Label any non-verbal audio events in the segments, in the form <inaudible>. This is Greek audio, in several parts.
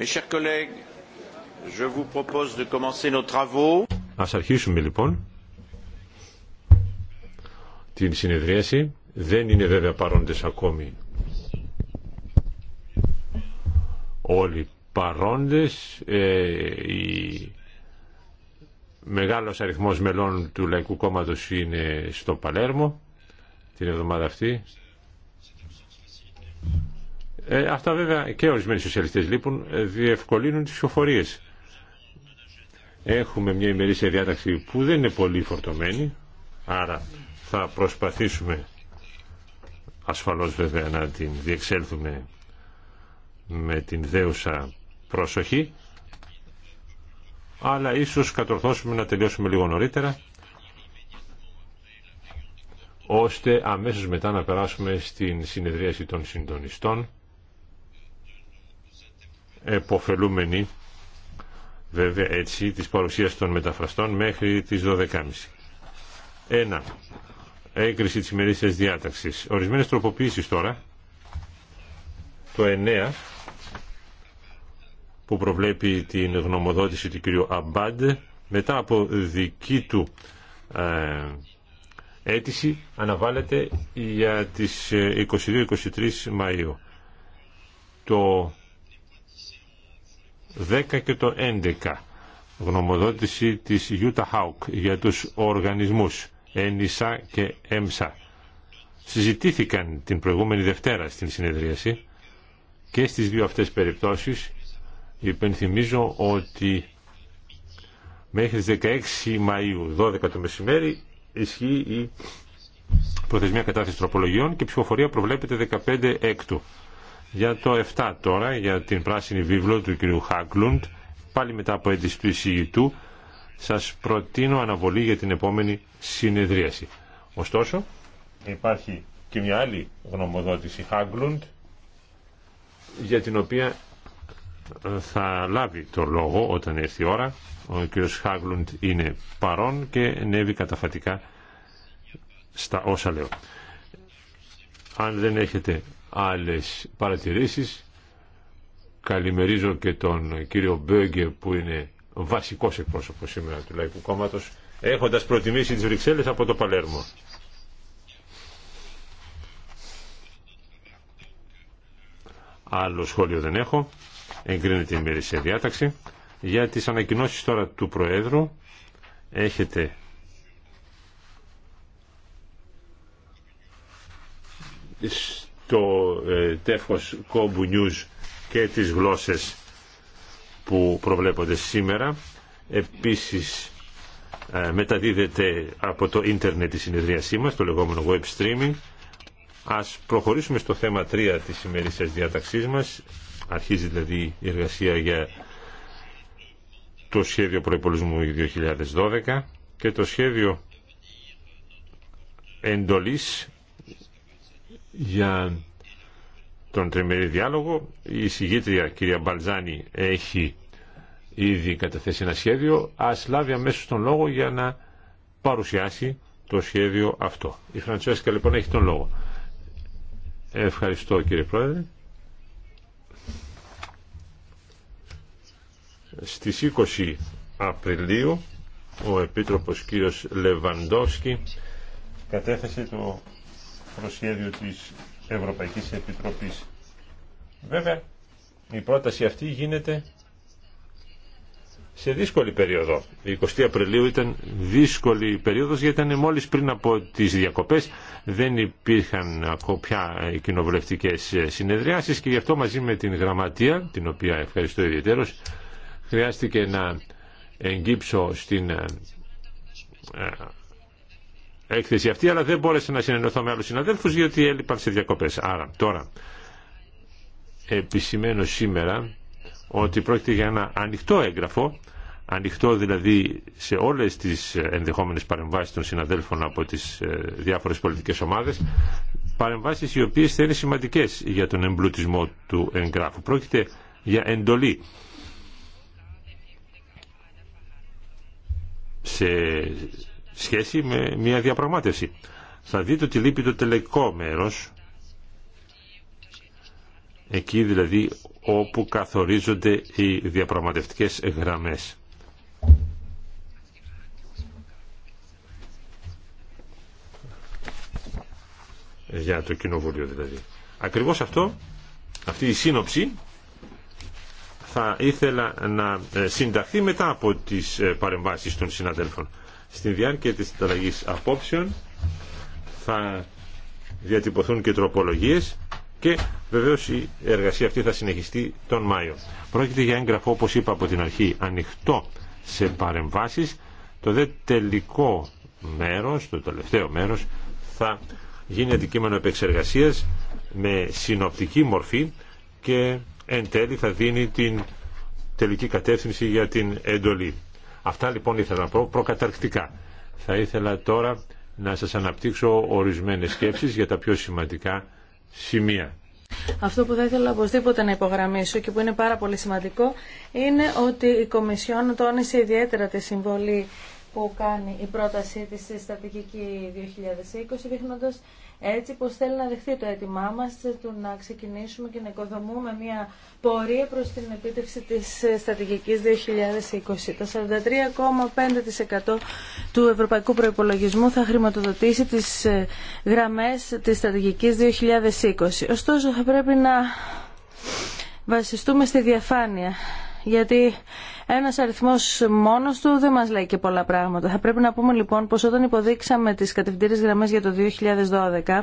Mes chers collègues, αρχίσουμε λοιπόν την συνεδρίαση. Δεν είναι βέβαια παρόντες ακόμη όλοι παρόντες. Ε, η... Μεγάλος αριθμός μελών του Λαϊκού Κόμματος είναι στο Παλέρμο την εβδομάδα αυτή. Ε, αυτά βέβαια και ορισμένοι σοσιαλιστές λείπουν, ε, διευκολύνουν τις ψηφοφορίες. Έχουμε μια ημερήσια διάταξη που δεν είναι πολύ φορτωμένη, άρα θα προσπαθήσουμε ασφαλώς βέβαια να την διεξέλθουμε με την δέουσα προσοχή αλλά ίσως κατορθώσουμε να τελειώσουμε λίγο νωρίτερα ώστε αμέσως μετά να περάσουμε στην συνεδρίαση των συντονιστών εποφελούμενοι βέβαια έτσι της παρουσίας των μεταφραστών μέχρι τις 12.30. Ένα. Έγκριση της ημερήσιας διάταξης. Ορισμένες τροποποιήσεις τώρα. Το 9 που προβλέπει την γνωμοδότηση του κυρίου Αμπάντ μετά από δική του ε, αίτηση αναβάλλεται για τις 22-23 ε, Μαΐου. Το 10 και το 11 γνωμοδότηση της Utah Hawk για τους οργανισμούς ΕΝΙΣΑ και ΕΜΣΑ συζητήθηκαν την προηγούμενη Δευτέρα στην συνεδρίαση και στις δύο αυτές περιπτώσεις υπενθυμίζω ότι μέχρι τις 16 Μαΐου 12 το μεσημέρι ισχύει η προθεσμία κατάθεση τροπολογιών και ψηφοφορία προβλέπεται 15 έκτου. Για το 7 τώρα, για την πράσινη βίβλο του κ. Χαγκλούντ πάλι μετά από έντηση του εισηγητού, σας προτείνω αναβολή για την επόμενη συνεδρίαση. Ωστόσο, υπάρχει και μια άλλη γνωμοδότηση Χάγκλουντ, για την οποία ε, θα λάβει το λόγο όταν έρθει η ώρα. Ο κ. Χάγκλουντ είναι παρόν και νεύει καταφατικά στα όσα λέω. Αν δεν έχετε άλλες παρατηρήσεις. Καλημερίζω και τον κύριο Μπέγκε που είναι βασικός εκπρόσωπος σήμερα του Λαϊκού Κόμματος έχοντας προτιμήσει τις Βρυξέλλες από το Παλέρμο. Άλλο σχόλιο δεν έχω. Εγκρίνεται η σε διάταξη. Για τις ανακοινώσεις τώρα του Προέδρου έχετε το ε, τεύχος κόμπου νιούς και τις γλώσσες που προβλέπονται σήμερα. Επίσης ε, μεταδίδεται από το ίντερνετ η συνεδρίασή μας, το λεγόμενο web streaming. Ας προχωρήσουμε στο θέμα 3 της ημερήσιας διάταξής μας. Αρχίζει δηλαδή η εργασία για το σχέδιο προϋπολισμού 2012 και το σχέδιο εντολής για τον τριμερή διάλογο. Η συγγήτρια κυρία Μπαλζάνη έχει ήδη καταθέσει ένα σχέδιο. Ας λάβει αμέσως τον λόγο για να παρουσιάσει το σχέδιο αυτό. Η Φραντσέσκα λοιπόν έχει τον λόγο. Ευχαριστώ κύριε Πρόεδρε. Στις 20 Απριλίου ο Επίτροπος κύριος Λεβαντόσκι κατέθεσε το προσχέδιο της Ευρωπαϊκής Επιτροπής. Βέβαια, η πρόταση αυτή γίνεται σε δύσκολη περίοδο. Η 20 Απριλίου ήταν δύσκολη περίοδος γιατί ήταν μόλις πριν από τις διακοπές δεν υπήρχαν ακόμα πια κοινοβουλευτικές συνεδριάσεις και γι' αυτό μαζί με την γραμματεία, την οποία ευχαριστώ ιδιαίτερος, χρειάστηκε να εγκύψω στην ε, έκθεση αυτή, αλλά δεν μπόρεσα να συνενωθώ με άλλους συναδέλφους γιατί έλειπαν σε διακοπές. Άρα τώρα επισημαίνω σήμερα ότι πρόκειται για ένα ανοιχτό έγγραφο, ανοιχτό δηλαδή σε όλες τις ενδεχόμενες παρεμβάσεις των συναδέλφων από τις ε, διάφορες πολιτικές ομάδες, παρεμβάσεις οι οποίες θα είναι σημαντικές για τον εμπλουτισμό του εγγράφου. Πρόκειται για εντολή σε σχέση με μια διαπραγμάτευση. Θα δείτε ότι λείπει το τελεκό μέρος, εκεί δηλαδή όπου καθορίζονται οι διαπραγματευτικές γραμμές. Για το κοινοβούλιο δηλαδή. Ακριβώς αυτό, αυτή η σύνοψη θα ήθελα να ε, συνταχθεί μετά από τις ε, παρεμβάσεις των συναδέλφων. Στη διάρκεια της συνταλλαγής απόψεων θα διατυπωθούν και τροπολογίες και βεβαίως η εργασία αυτή θα συνεχιστεί τον Μάιο. Πρόκειται για έγγραφο όπως είπα από την αρχή ανοιχτό σε παρεμβάσεις. Το δε τελικό μέρος, το τελευταίο μέρος θα γίνει αντικείμενο επεξεργασίας με συνοπτική μορφή και εν τέλει θα δίνει την τελική κατεύθυνση για την εντολή. Αυτά λοιπόν ήθελα να πω προκαταρκτικά. Θα ήθελα τώρα να σας αναπτύξω ορισμένες σκέψεις για τα πιο σημαντικά σημεία. Αυτό που θα ήθελα οπωσδήποτε να υπογραμμίσω και που είναι πάρα πολύ σημαντικό είναι ότι η Κομισιόν τόνισε ιδιαίτερα τη συμβολή που κάνει η πρότασή της στη 2020 δείχνοντας έτσι πως θέλει να δεχθεί το αίτημά μας του να ξεκινήσουμε και να οικοδομούμε μια πορεία προς την επίτευξη της στρατηγικής 2020. Το 43,5% του ευρωπαϊκού προϋπολογισμού θα χρηματοδοτήσει τις ε, γραμμές της στρατηγικής 2020. Ωστόσο θα πρέπει να βασιστούμε στη διαφάνεια γιατί ένας αριθμός μόνος του δεν μας λέει και πολλά πράγματα. Θα πρέπει να πούμε λοιπόν πως όταν υποδείξαμε τις κατευθυντήρες γραμμές για το 2012,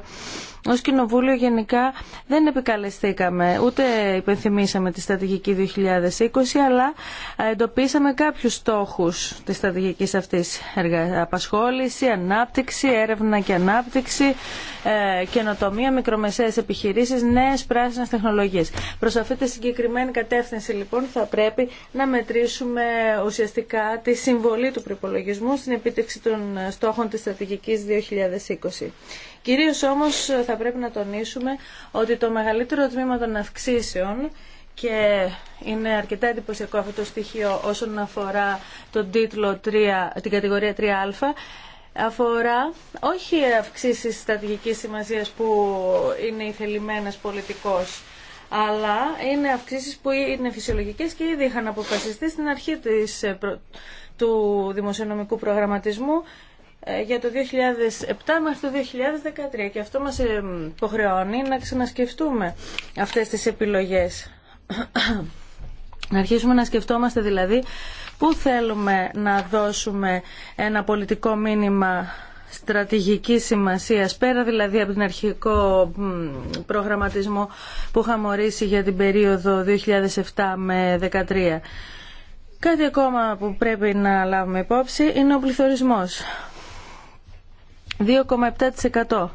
ως Κοινοβούλιο γενικά δεν επικαλεστήκαμε, ούτε υπενθυμίσαμε τη στρατηγική 2020, αλλά ε, εντοπίσαμε κάποιους στόχους της στρατηγικής αυτής απασχόληση, ανάπτυξη, έρευνα και ανάπτυξη, ε, καινοτομία, μικρομεσαίες επιχειρήσεις, νέες πράσινες τεχνολογίες. Προς αυτή τη συγκεκριμένη κατεύθυνση λοιπόν θα πρέπει να μετρήσουμε συζητήσουμε ουσιαστικά τη συμβολή του προπολογισμού στην επίτευξη των στόχων της στρατηγικής 2020. Κυρίως όμως θα πρέπει να τονίσουμε ότι το μεγαλύτερο τμήμα των αυξήσεων και είναι αρκετά εντυπωσιακό αυτό το στοιχείο όσον αφορά τον τίτλο 3, την κατηγορία 3α, αφορά όχι αυξήσεις στρατηγικής σημασίας που είναι οι θελημένες πολιτικός, αλλά είναι αυξήσεις που είναι φυσιολογικές και ήδη είχαν αποφασιστεί στην αρχή της, ε, του δημοσιονομικού προγραμματισμού ε, για το 2007 μέχρι το 2013 και αυτό μας ε, υποχρεώνει να ξανασκεφτούμε αυτές τις επιλογές. <clears throat> Να αρχίσουμε να σκεφτόμαστε δηλαδή πού θέλουμε να δώσουμε ένα πολιτικό μήνυμα στρατηγικής σημασίας, πέρα δηλαδή από την αρχικό προγραμματισμό που είχαμε ορίσει για την περίοδο 2007 με 2013. Κάτι ακόμα που πρέπει να λάβουμε υπόψη είναι ο πληθωρισμός. 2,7%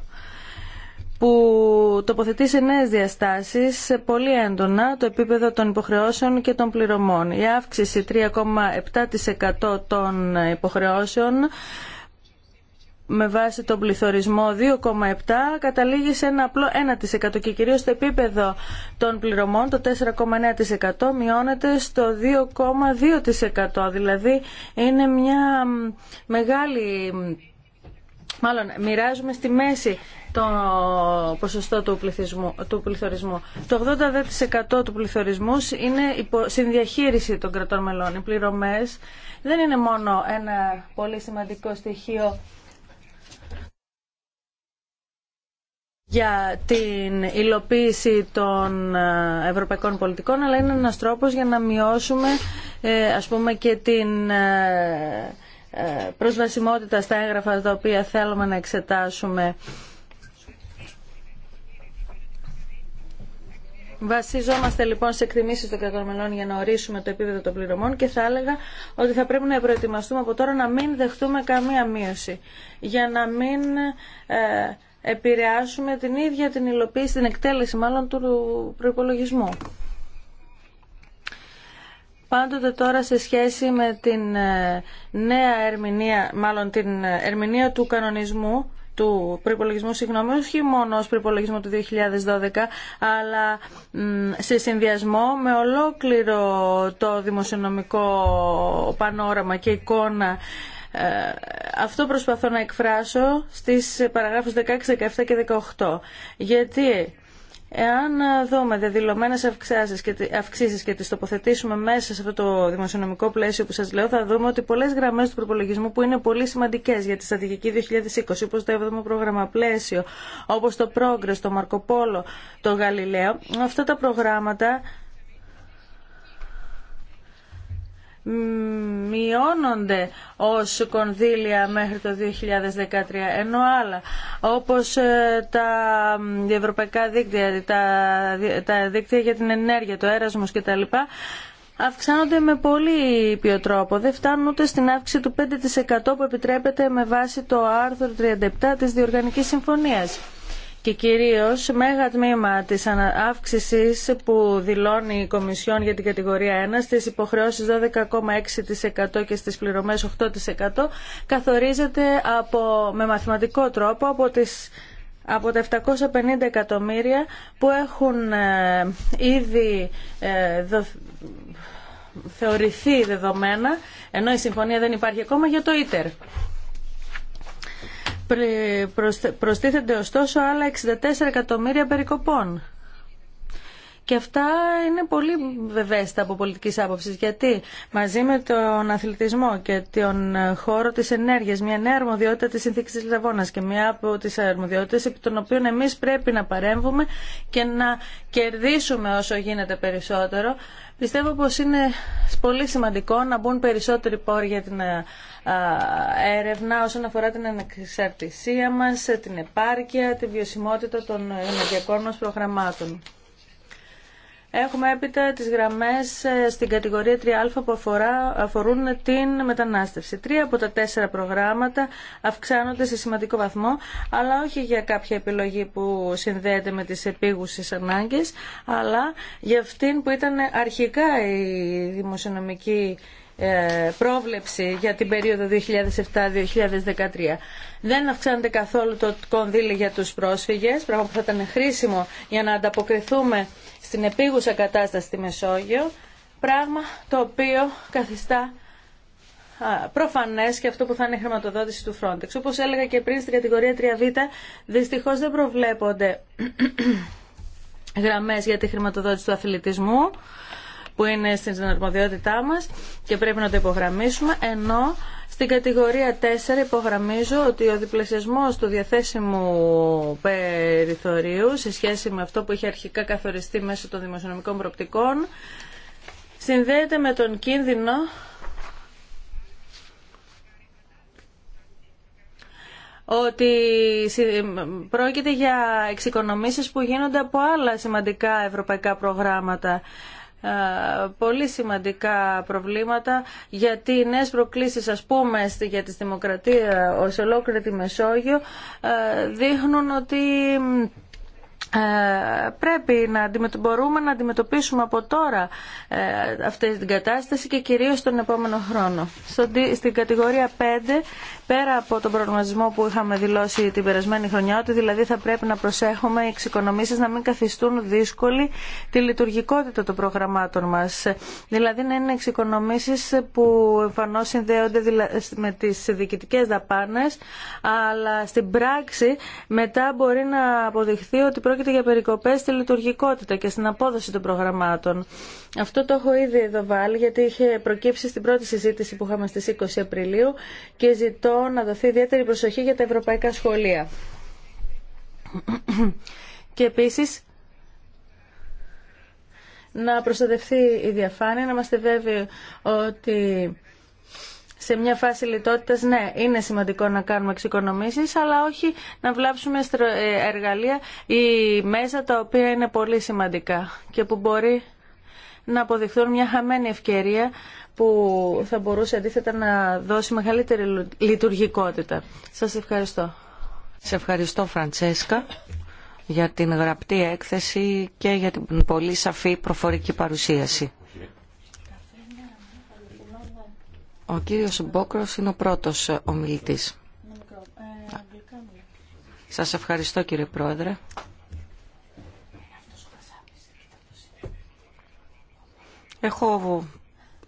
που τοποθετεί σε νέες διαστάσεις πολύ έντονα το επίπεδο των υποχρεώσεων και των πληρωμών. Η αύξηση 3,7% των υποχρεώσεων με βάση τον πληθωρισμό 2,7 καταλήγει σε ένα απλό 1% και κυρίως το επίπεδο των πληρωμών το 4,9% μειώνεται στο 2,2% δηλαδή είναι μια μεγάλη μάλλον μοιράζουμε στη μέση το ποσοστό του, του πληθωρισμού. Το 80% του πληθωρισμού είναι η συνδιαχείριση των κρατών μελών. Οι πληρωμές δεν είναι μόνο ένα πολύ σημαντικό στοιχείο για την υλοποίηση των ε, ευρωπαϊκών πολιτικών, αλλά είναι ένας τρόπος για να μειώσουμε ε, ας πούμε και την ε, προσβασιμότητα στα έγγραφα τα οποία θέλουμε να εξετάσουμε. Βασιζόμαστε λοιπόν σε εκτιμήσει των κρατών για να ορίσουμε το επίπεδο των πληρωμών και θα έλεγα ότι θα πρέπει να προετοιμαστούμε από τώρα να μην δεχτούμε καμία μείωση. Για να μην επηρεάσουμε την ίδια την υλοποίηση, την εκτέλεση μάλλον του προϋπολογισμού. Πάντοτε τώρα σε σχέση με την ε, νέα ερμηνεία, μάλλον την ε, ερμηνεία του κανονισμού, του προϋπολογισμού, συγγνώμη, όχι μόνο ω προπολογισμό του 2012, αλλά σε συνδυασμό με ολόκληρο το δημοσιονομικό πανόραμα και εικόνα ε, αυτό προσπαθώ να εκφράσω στις παραγράφους 16, 17 και 18. Γιατί Εάν δούμε δεδηλωμένε αυξήσει και τις τοποθετήσουμε μέσα σε αυτό το δημοσιονομικό πλαίσιο που σας λέω, θα δούμε ότι πολλές γραμμές του προπολογισμού που είναι πολύ σημαντικές για τη στρατηγική 2020, όπως το 7ο πρόγραμμα πλαίσιο, όπως το Progress, το Μαρκοπόλο, το Γαλιλαίο, αυτά τα προγράμματα μειώνονται ως κονδύλια μέχρι το 2013 ενώ άλλα όπως ε, τα ευρωπαϊκά δίκτυα, τα, τα δίκτυα για την ενέργεια, το έρασμος κτλ αυξάνονται με πολύ πιο τρόπο. Δεν φτάνουν ούτε στην αύξηση του 5% που επιτρέπεται με βάση το άρθρο 37 της Διοργανικής Συμφωνίας και κυρίως μέγα τμήμα της αύξησης που δηλώνει η Κομισιόν για την κατηγορία 1 στις υποχρεώσεις 12,6% και στις πληρωμές 8% καθορίζεται από, με μαθηματικό τρόπο από τις από τα 750 εκατομμύρια που έχουν ε, ήδη ε, θεωρηθεί δεδομένα, ενώ η συμφωνία δεν υπάρχει ακόμα για το ίτερ προστίθενται ωστόσο άλλα 64 εκατομμύρια περικοπών. Και αυτά είναι πολύ βεβαίστα από πολιτικής άποψης, γιατί μαζί με τον αθλητισμό και τον χώρο της ενέργειας, μια νέα αρμοδιότητα της συνθήκης της Λαβώνας και μια από τις αρμοδιότητες επί των οποίων εμείς πρέπει να παρέμβουμε και να κερδίσουμε όσο γίνεται περισσότερο, Πιστεύω πως είναι πολύ σημαντικό να μπουν περισσότεροι πόροι για την ε, έρευνα όσον αφορά την ανεξαρτησία μας, την επάρκεια, τη βιωσιμότητα των ενεργειακών μας προγραμμάτων. Έχουμε έπειτα τις γραμμές ε, στην κατηγορία 3α που αφορούν την μετανάστευση. Τρία από τα τέσσερα προγράμματα αυξάνονται σε σημαντικό βαθμό, αλλά όχι για κάποια επιλογή που συνδέεται με τις επίγουσες ανάγκες, αλλά για αυτήν που ήταν αρχικά η δημοσιονομική ε, πρόβλεψη για την περίοδο 2007-2013. Δεν αυξάνεται καθόλου το κονδύλι για τους πρόσφυγες, πράγμα που θα ήταν χρήσιμο για να ανταποκριθούμε στην επίγουσα κατάσταση στη Μεσόγειο, πράγμα το οποίο καθιστά προφανές και αυτό που θα είναι η χρηματοδότηση του Frontex. Όπως έλεγα και πριν στην κατηγορία 3β, δυστυχώς δεν προβλέπονται <clears throat> γραμμές για τη χρηματοδότηση του αθλητισμού που είναι στην αρμοδιότητά μας και πρέπει να το υπογραμμίσουμε, ενώ στην κατηγορία 4 υπογραμμίζω ότι ο διπλασιασμός του διαθέσιμου περιθωρίου σε σχέση με αυτό που είχε αρχικά καθοριστεί μέσω των δημοσιονομικών προπτικών συνδέεται με τον κίνδυνο ότι πρόκειται για εξοικονομήσεις που γίνονται από άλλα σημαντικά ευρωπαϊκά προγράμματα. Ε, πολύ σημαντικά προβλήματα γιατί οι νέες προκλήσεις ας πούμε για τη δημοκρατία ως ολόκληρη τη Μεσόγειο ε, δείχνουν ότι ε, πρέπει να μπορούμε να αντιμετωπίσουμε από τώρα ε, αυτή την κατάσταση και κυρίως τον επόμενο χρόνο. στην κατηγορία 5, πέρα από τον προγραμματισμό που είχαμε δηλώσει την περασμένη χρονιά, ότι δηλαδή θα πρέπει να προσέχουμε οι εξοικονομήσεις να μην καθιστούν δύσκολη τη λειτουργικότητα των προγραμμάτων μας. Δηλαδή να είναι εξοικονομήσεις που εμφανώς συνδέονται με τις διοικητικές δαπάνες, αλλά στην πράξη μετά μπορεί να αποδειχθεί ότι πρόκειται για περικοπές στη λειτουργικότητα και στην απόδοση των προγραμμάτων. Αυτό το έχω ήδη εδώ βάλει γιατί είχε προκύψει στην πρώτη συζήτηση που είχαμε στις 20 Απριλίου και ζητώ να δοθεί ιδιαίτερη προσοχή για τα ευρωπαϊκά σχολεία. Και επίσης να προστατευτεί η διαφάνεια, να είμαστε βέβαιοι ότι σε μια φάση λιτότητα, ναι, είναι σημαντικό να κάνουμε εξοικονομήσει, αλλά όχι να βλάψουμε ε, εργαλεία ή μέσα τα οποία είναι πολύ σημαντικά και που μπορεί να αποδειχθούν μια χαμένη ευκαιρία που θα μπορούσε αντίθετα να δώσει μεγαλύτερη λειτουργικότητα. Σας ευχαριστώ. Σε ευχαριστώ Φραντσέσκα για την γραπτή έκθεση και για την πολύ σαφή προφορική παρουσίαση. Ο κύριος Μπόκρος είναι ο πρώτος ομιλητής. Σας ευχαριστώ κύριε Πρόεδρε. Έχω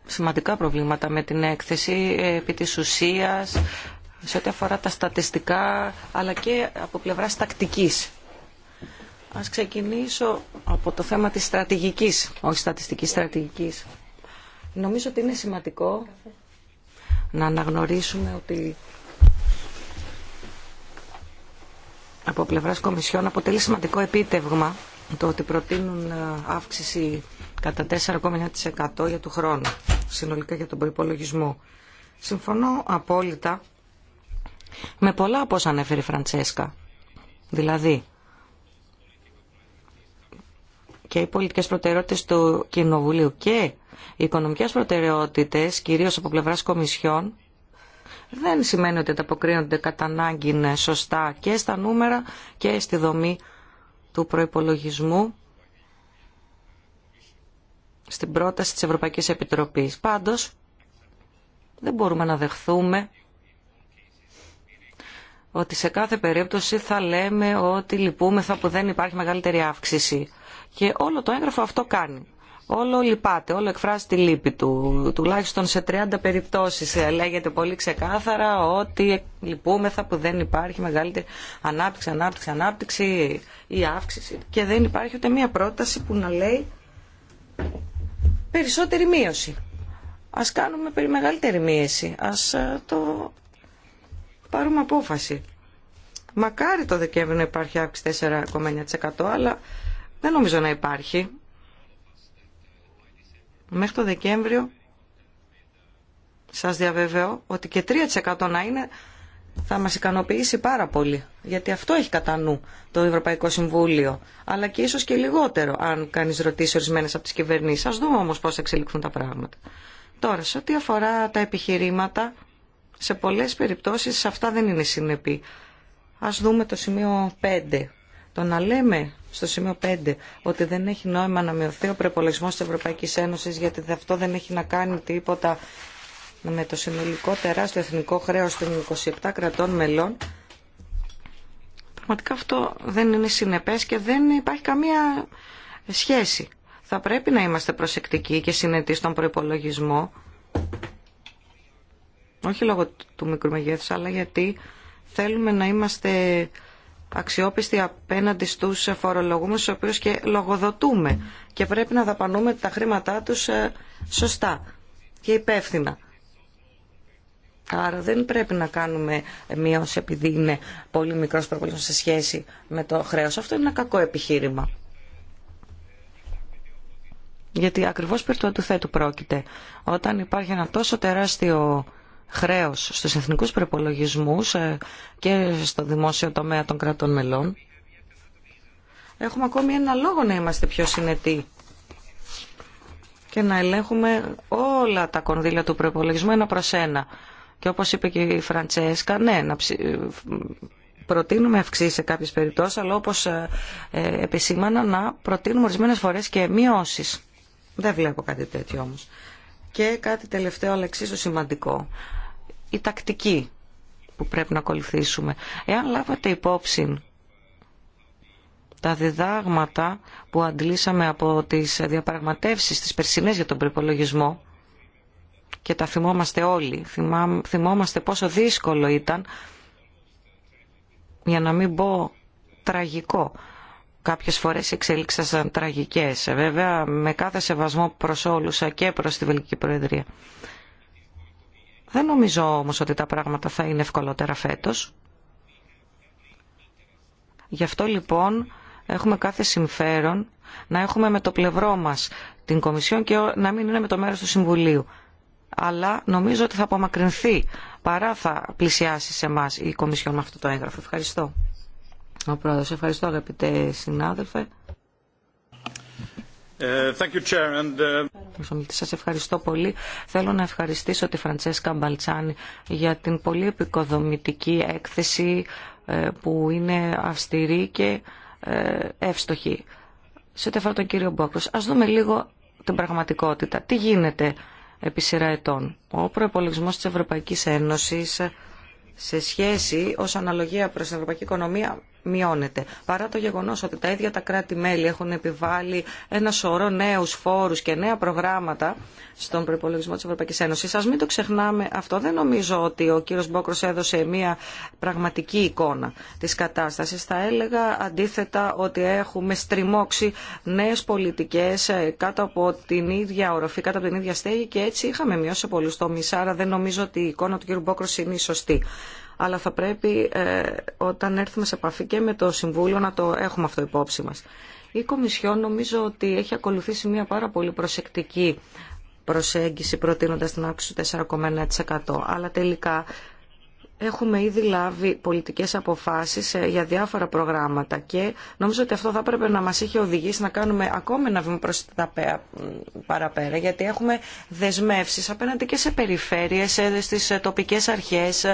σημαντικά προβλήματα με την έκθεση επί της ουσίας, σε ό,τι αφορά τα στατιστικά, αλλά και από πλευράς τακτικής. Ας ξεκινήσω από το θέμα της στρατηγικής, όχι στατιστικής στρατηγικής. Νομίζω ότι είναι σημαντικό να αναγνωρίσουμε ότι από πλευράς Κομισιόν αποτελεί σημαντικό επίτευγμα το ότι προτείνουν ε, αύξηση κατά 4,9% για του χρόνου, συνολικά για τον προϋπολογισμό. Συμφωνώ απόλυτα με πολλά από όσα ανέφερε η Φραντσέσκα. Δηλαδή, και οι πολιτικές προτεραιότητες του Κοινοβουλίου και οι οικονομικές προτεραιότητες, κυρίως από πλευράς Κομισιών, δεν σημαίνει ότι ανταποκρίνονται κατά ανάγκη ναι, σωστά και στα νούμερα και στη δομή του προϋπολογισμού στην πρόταση της Ευρωπαϊκής Επιτροπής. Πάντως, δεν μπορούμε να δεχθούμε ότι σε κάθε περίπτωση θα λέμε ότι λυπούμεθα που δεν υπάρχει μεγαλύτερη αύξηση. Και όλο το έγγραφο αυτό κάνει. Όλο λυπάται, όλο εκφράζει τη λύπη του. Τουλάχιστον σε 30 περιπτώσει. Ε, λέγεται πολύ ξεκάθαρα ότι λυπούμεθα που δεν υπάρχει μεγαλύτερη ανάπτυξη, ανάπτυξη, ανάπτυξη ή αύξηση και δεν υπάρχει ούτε μία πρόταση που να λέει περισσότερη μείωση. Α κάνουμε περί μεγαλύτερη μείωση. Α ε, το πάρουμε απόφαση. Μακάρι το Δεκέμβριο να υπάρχει αύξηση 4,9% αλλά δεν νομίζω να υπάρχει. Μέχρι το Δεκέμβριο σας διαβεβαιώ ότι και 3% να είναι θα μας ικανοποιήσει πάρα πολύ. Γιατί αυτό έχει κατά νου το Ευρωπαϊκό Συμβούλιο. Αλλά και ίσως και λιγότερο, αν κανείς ρωτήσει ορισμένε από τις κυβερνήσεις. Ας δούμε όμως πώς θα εξελιχθούν τα πράγματα. Τώρα, σε ό,τι αφορά τα επιχειρήματα, σε πολλές περιπτώσεις αυτά δεν είναι συνεπή. Ας δούμε το σημείο 5. Το να λέμε στο σημείο 5 ότι δεν έχει νόημα να μειωθεί ο προπολογισμό τη Ευρωπαϊκή Ένωση γιατί αυτό δεν έχει να κάνει τίποτα με το συνολικό τεράστιο εθνικό χρέο των 27 κρατών μελών. Πραγματικά αυτό δεν είναι συνεπές και δεν υπάρχει καμία σχέση. Θα πρέπει να είμαστε προσεκτικοί και συνετοί στον προπολογισμό. Όχι λόγω του μικρού μεγέθους, αλλά γιατί θέλουμε να είμαστε αξιόπιστοι απέναντι στους φορολογούμενους, στους οποίους και λογοδοτούμε και πρέπει να δαπανούμε τα χρήματά τους ε, σωστά και υπεύθυνα. Άρα δεν πρέπει να κάνουμε μείωση επειδή είναι πολύ μικρός προβλήμα σε σχέση με το χρέος. Αυτό είναι ένα κακό επιχείρημα. Γιατί ακριβώς περί του αντιθέτου πρόκειται. Όταν υπάρχει ένα τόσο τεράστιο χρέος στους εθνικούς προπολογισμούς ε, και στο δημόσιο τομέα των κρατών μελών, έχουμε ακόμη ένα λόγο να είμαστε πιο συνετοί και να ελέγχουμε όλα τα κονδύλια του προπολογισμού ένα προς ένα. Και όπως είπε και η Φραντσέσκα, ναι, να προτείνουμε αυξήσει σε κάποιες περιπτώσεις, αλλά όπως ε, ε, επισήμανα να προτείνουμε ορισμένες φορές και μειώσεις. Δεν βλέπω κάτι τέτοιο όμως. Και κάτι τελευταίο, αλλά εξίσου σημαντικό η τακτική που πρέπει να ακολουθήσουμε. Εάν λάβατε υπόψη τα διδάγματα που αντλήσαμε από τις διαπραγματεύσεις της περσινές για τον προπολογισμό και τα θυμόμαστε όλοι, θυμόμαστε πόσο δύσκολο ήταν, για να μην πω τραγικό, κάποιες φορές εξελίξασαν τραγικές, ε, βέβαια με κάθε σεβασμό προς όλους ε, και προς τη Βελική Προεδρία. Δεν νομίζω όμως ότι τα πράγματα θα είναι ευκολότερα φέτος. Γι' αυτό λοιπόν έχουμε κάθε συμφέρον να έχουμε με το πλευρό μας την Κομισιόν και να μην είναι με το μέρος του Συμβουλίου. Αλλά νομίζω ότι θα απομακρυνθεί παρά θα πλησιάσει σε εμά η Κομισιόν με αυτό το έγγραφο. Ευχαριστώ. Ο Πρόεδρος, ευχαριστώ αγαπητέ συνάδελφε. Ε, ε, Σας ευχαριστώ πολύ. Θέλω να ευχαριστήσω τη Φραντσέσκα Μπαλτσάνη για την πολύ επικοδομητική έκθεση ε, που είναι αυστηρή και εύστοχη. Σε ό,τι τον κύριο Μπόκρος, ας δούμε λίγο την πραγματικότητα. Τι γίνεται επί σειρά ετών. Ο προπολογισμό της Ευρωπαϊκής Ένωσης σε σχέση ως αναλογία προς την ευρωπαϊκή οικονομία μειώνεται. Παρά το γεγονός ότι τα ίδια τα κράτη-μέλη έχουν επιβάλει ένα σωρό νέους φόρους και νέα προγράμματα στον προπολογισμό της Ευρωπαϊκής Ένωσης, ας μην το ξεχνάμε αυτό. Δεν νομίζω ότι ο κύριος Μπόκρος έδωσε μια πραγματική εικόνα της κατάστασης. Θα έλεγα αντίθετα ότι έχουμε στριμώξει νέες πολιτικές ε, κάτω από την ίδια οροφή, κάτω από την ίδια στέγη και έτσι είχαμε μειώσει πολλούς τομείς. Άρα δεν νομίζω ότι η εικόνα του κύριου Μπόκρος είναι η σωστή αλλά θα πρέπει ε, όταν έρθουμε σε επαφή και με το Συμβούλιο να το έχουμε αυτό υπόψη μας. Η Κομισιόν νομίζω ότι έχει ακολουθήσει μια πάρα πολύ προσεκτική προσέγγιση προτείνοντας την αύξηση του 4,1%. Αλλά τελικά έχουμε ήδη λάβει πολιτικές αποφάσεις ε, για διάφορα προγράμματα και νομίζω ότι αυτό θα έπρεπε να μας είχε οδηγήσει να κάνουμε ακόμη ένα βήμα προς τα παραπέρα γιατί έχουμε δεσμεύσεις απέναντι και σε περιφέρειες, ε, στις τοπικές αρχές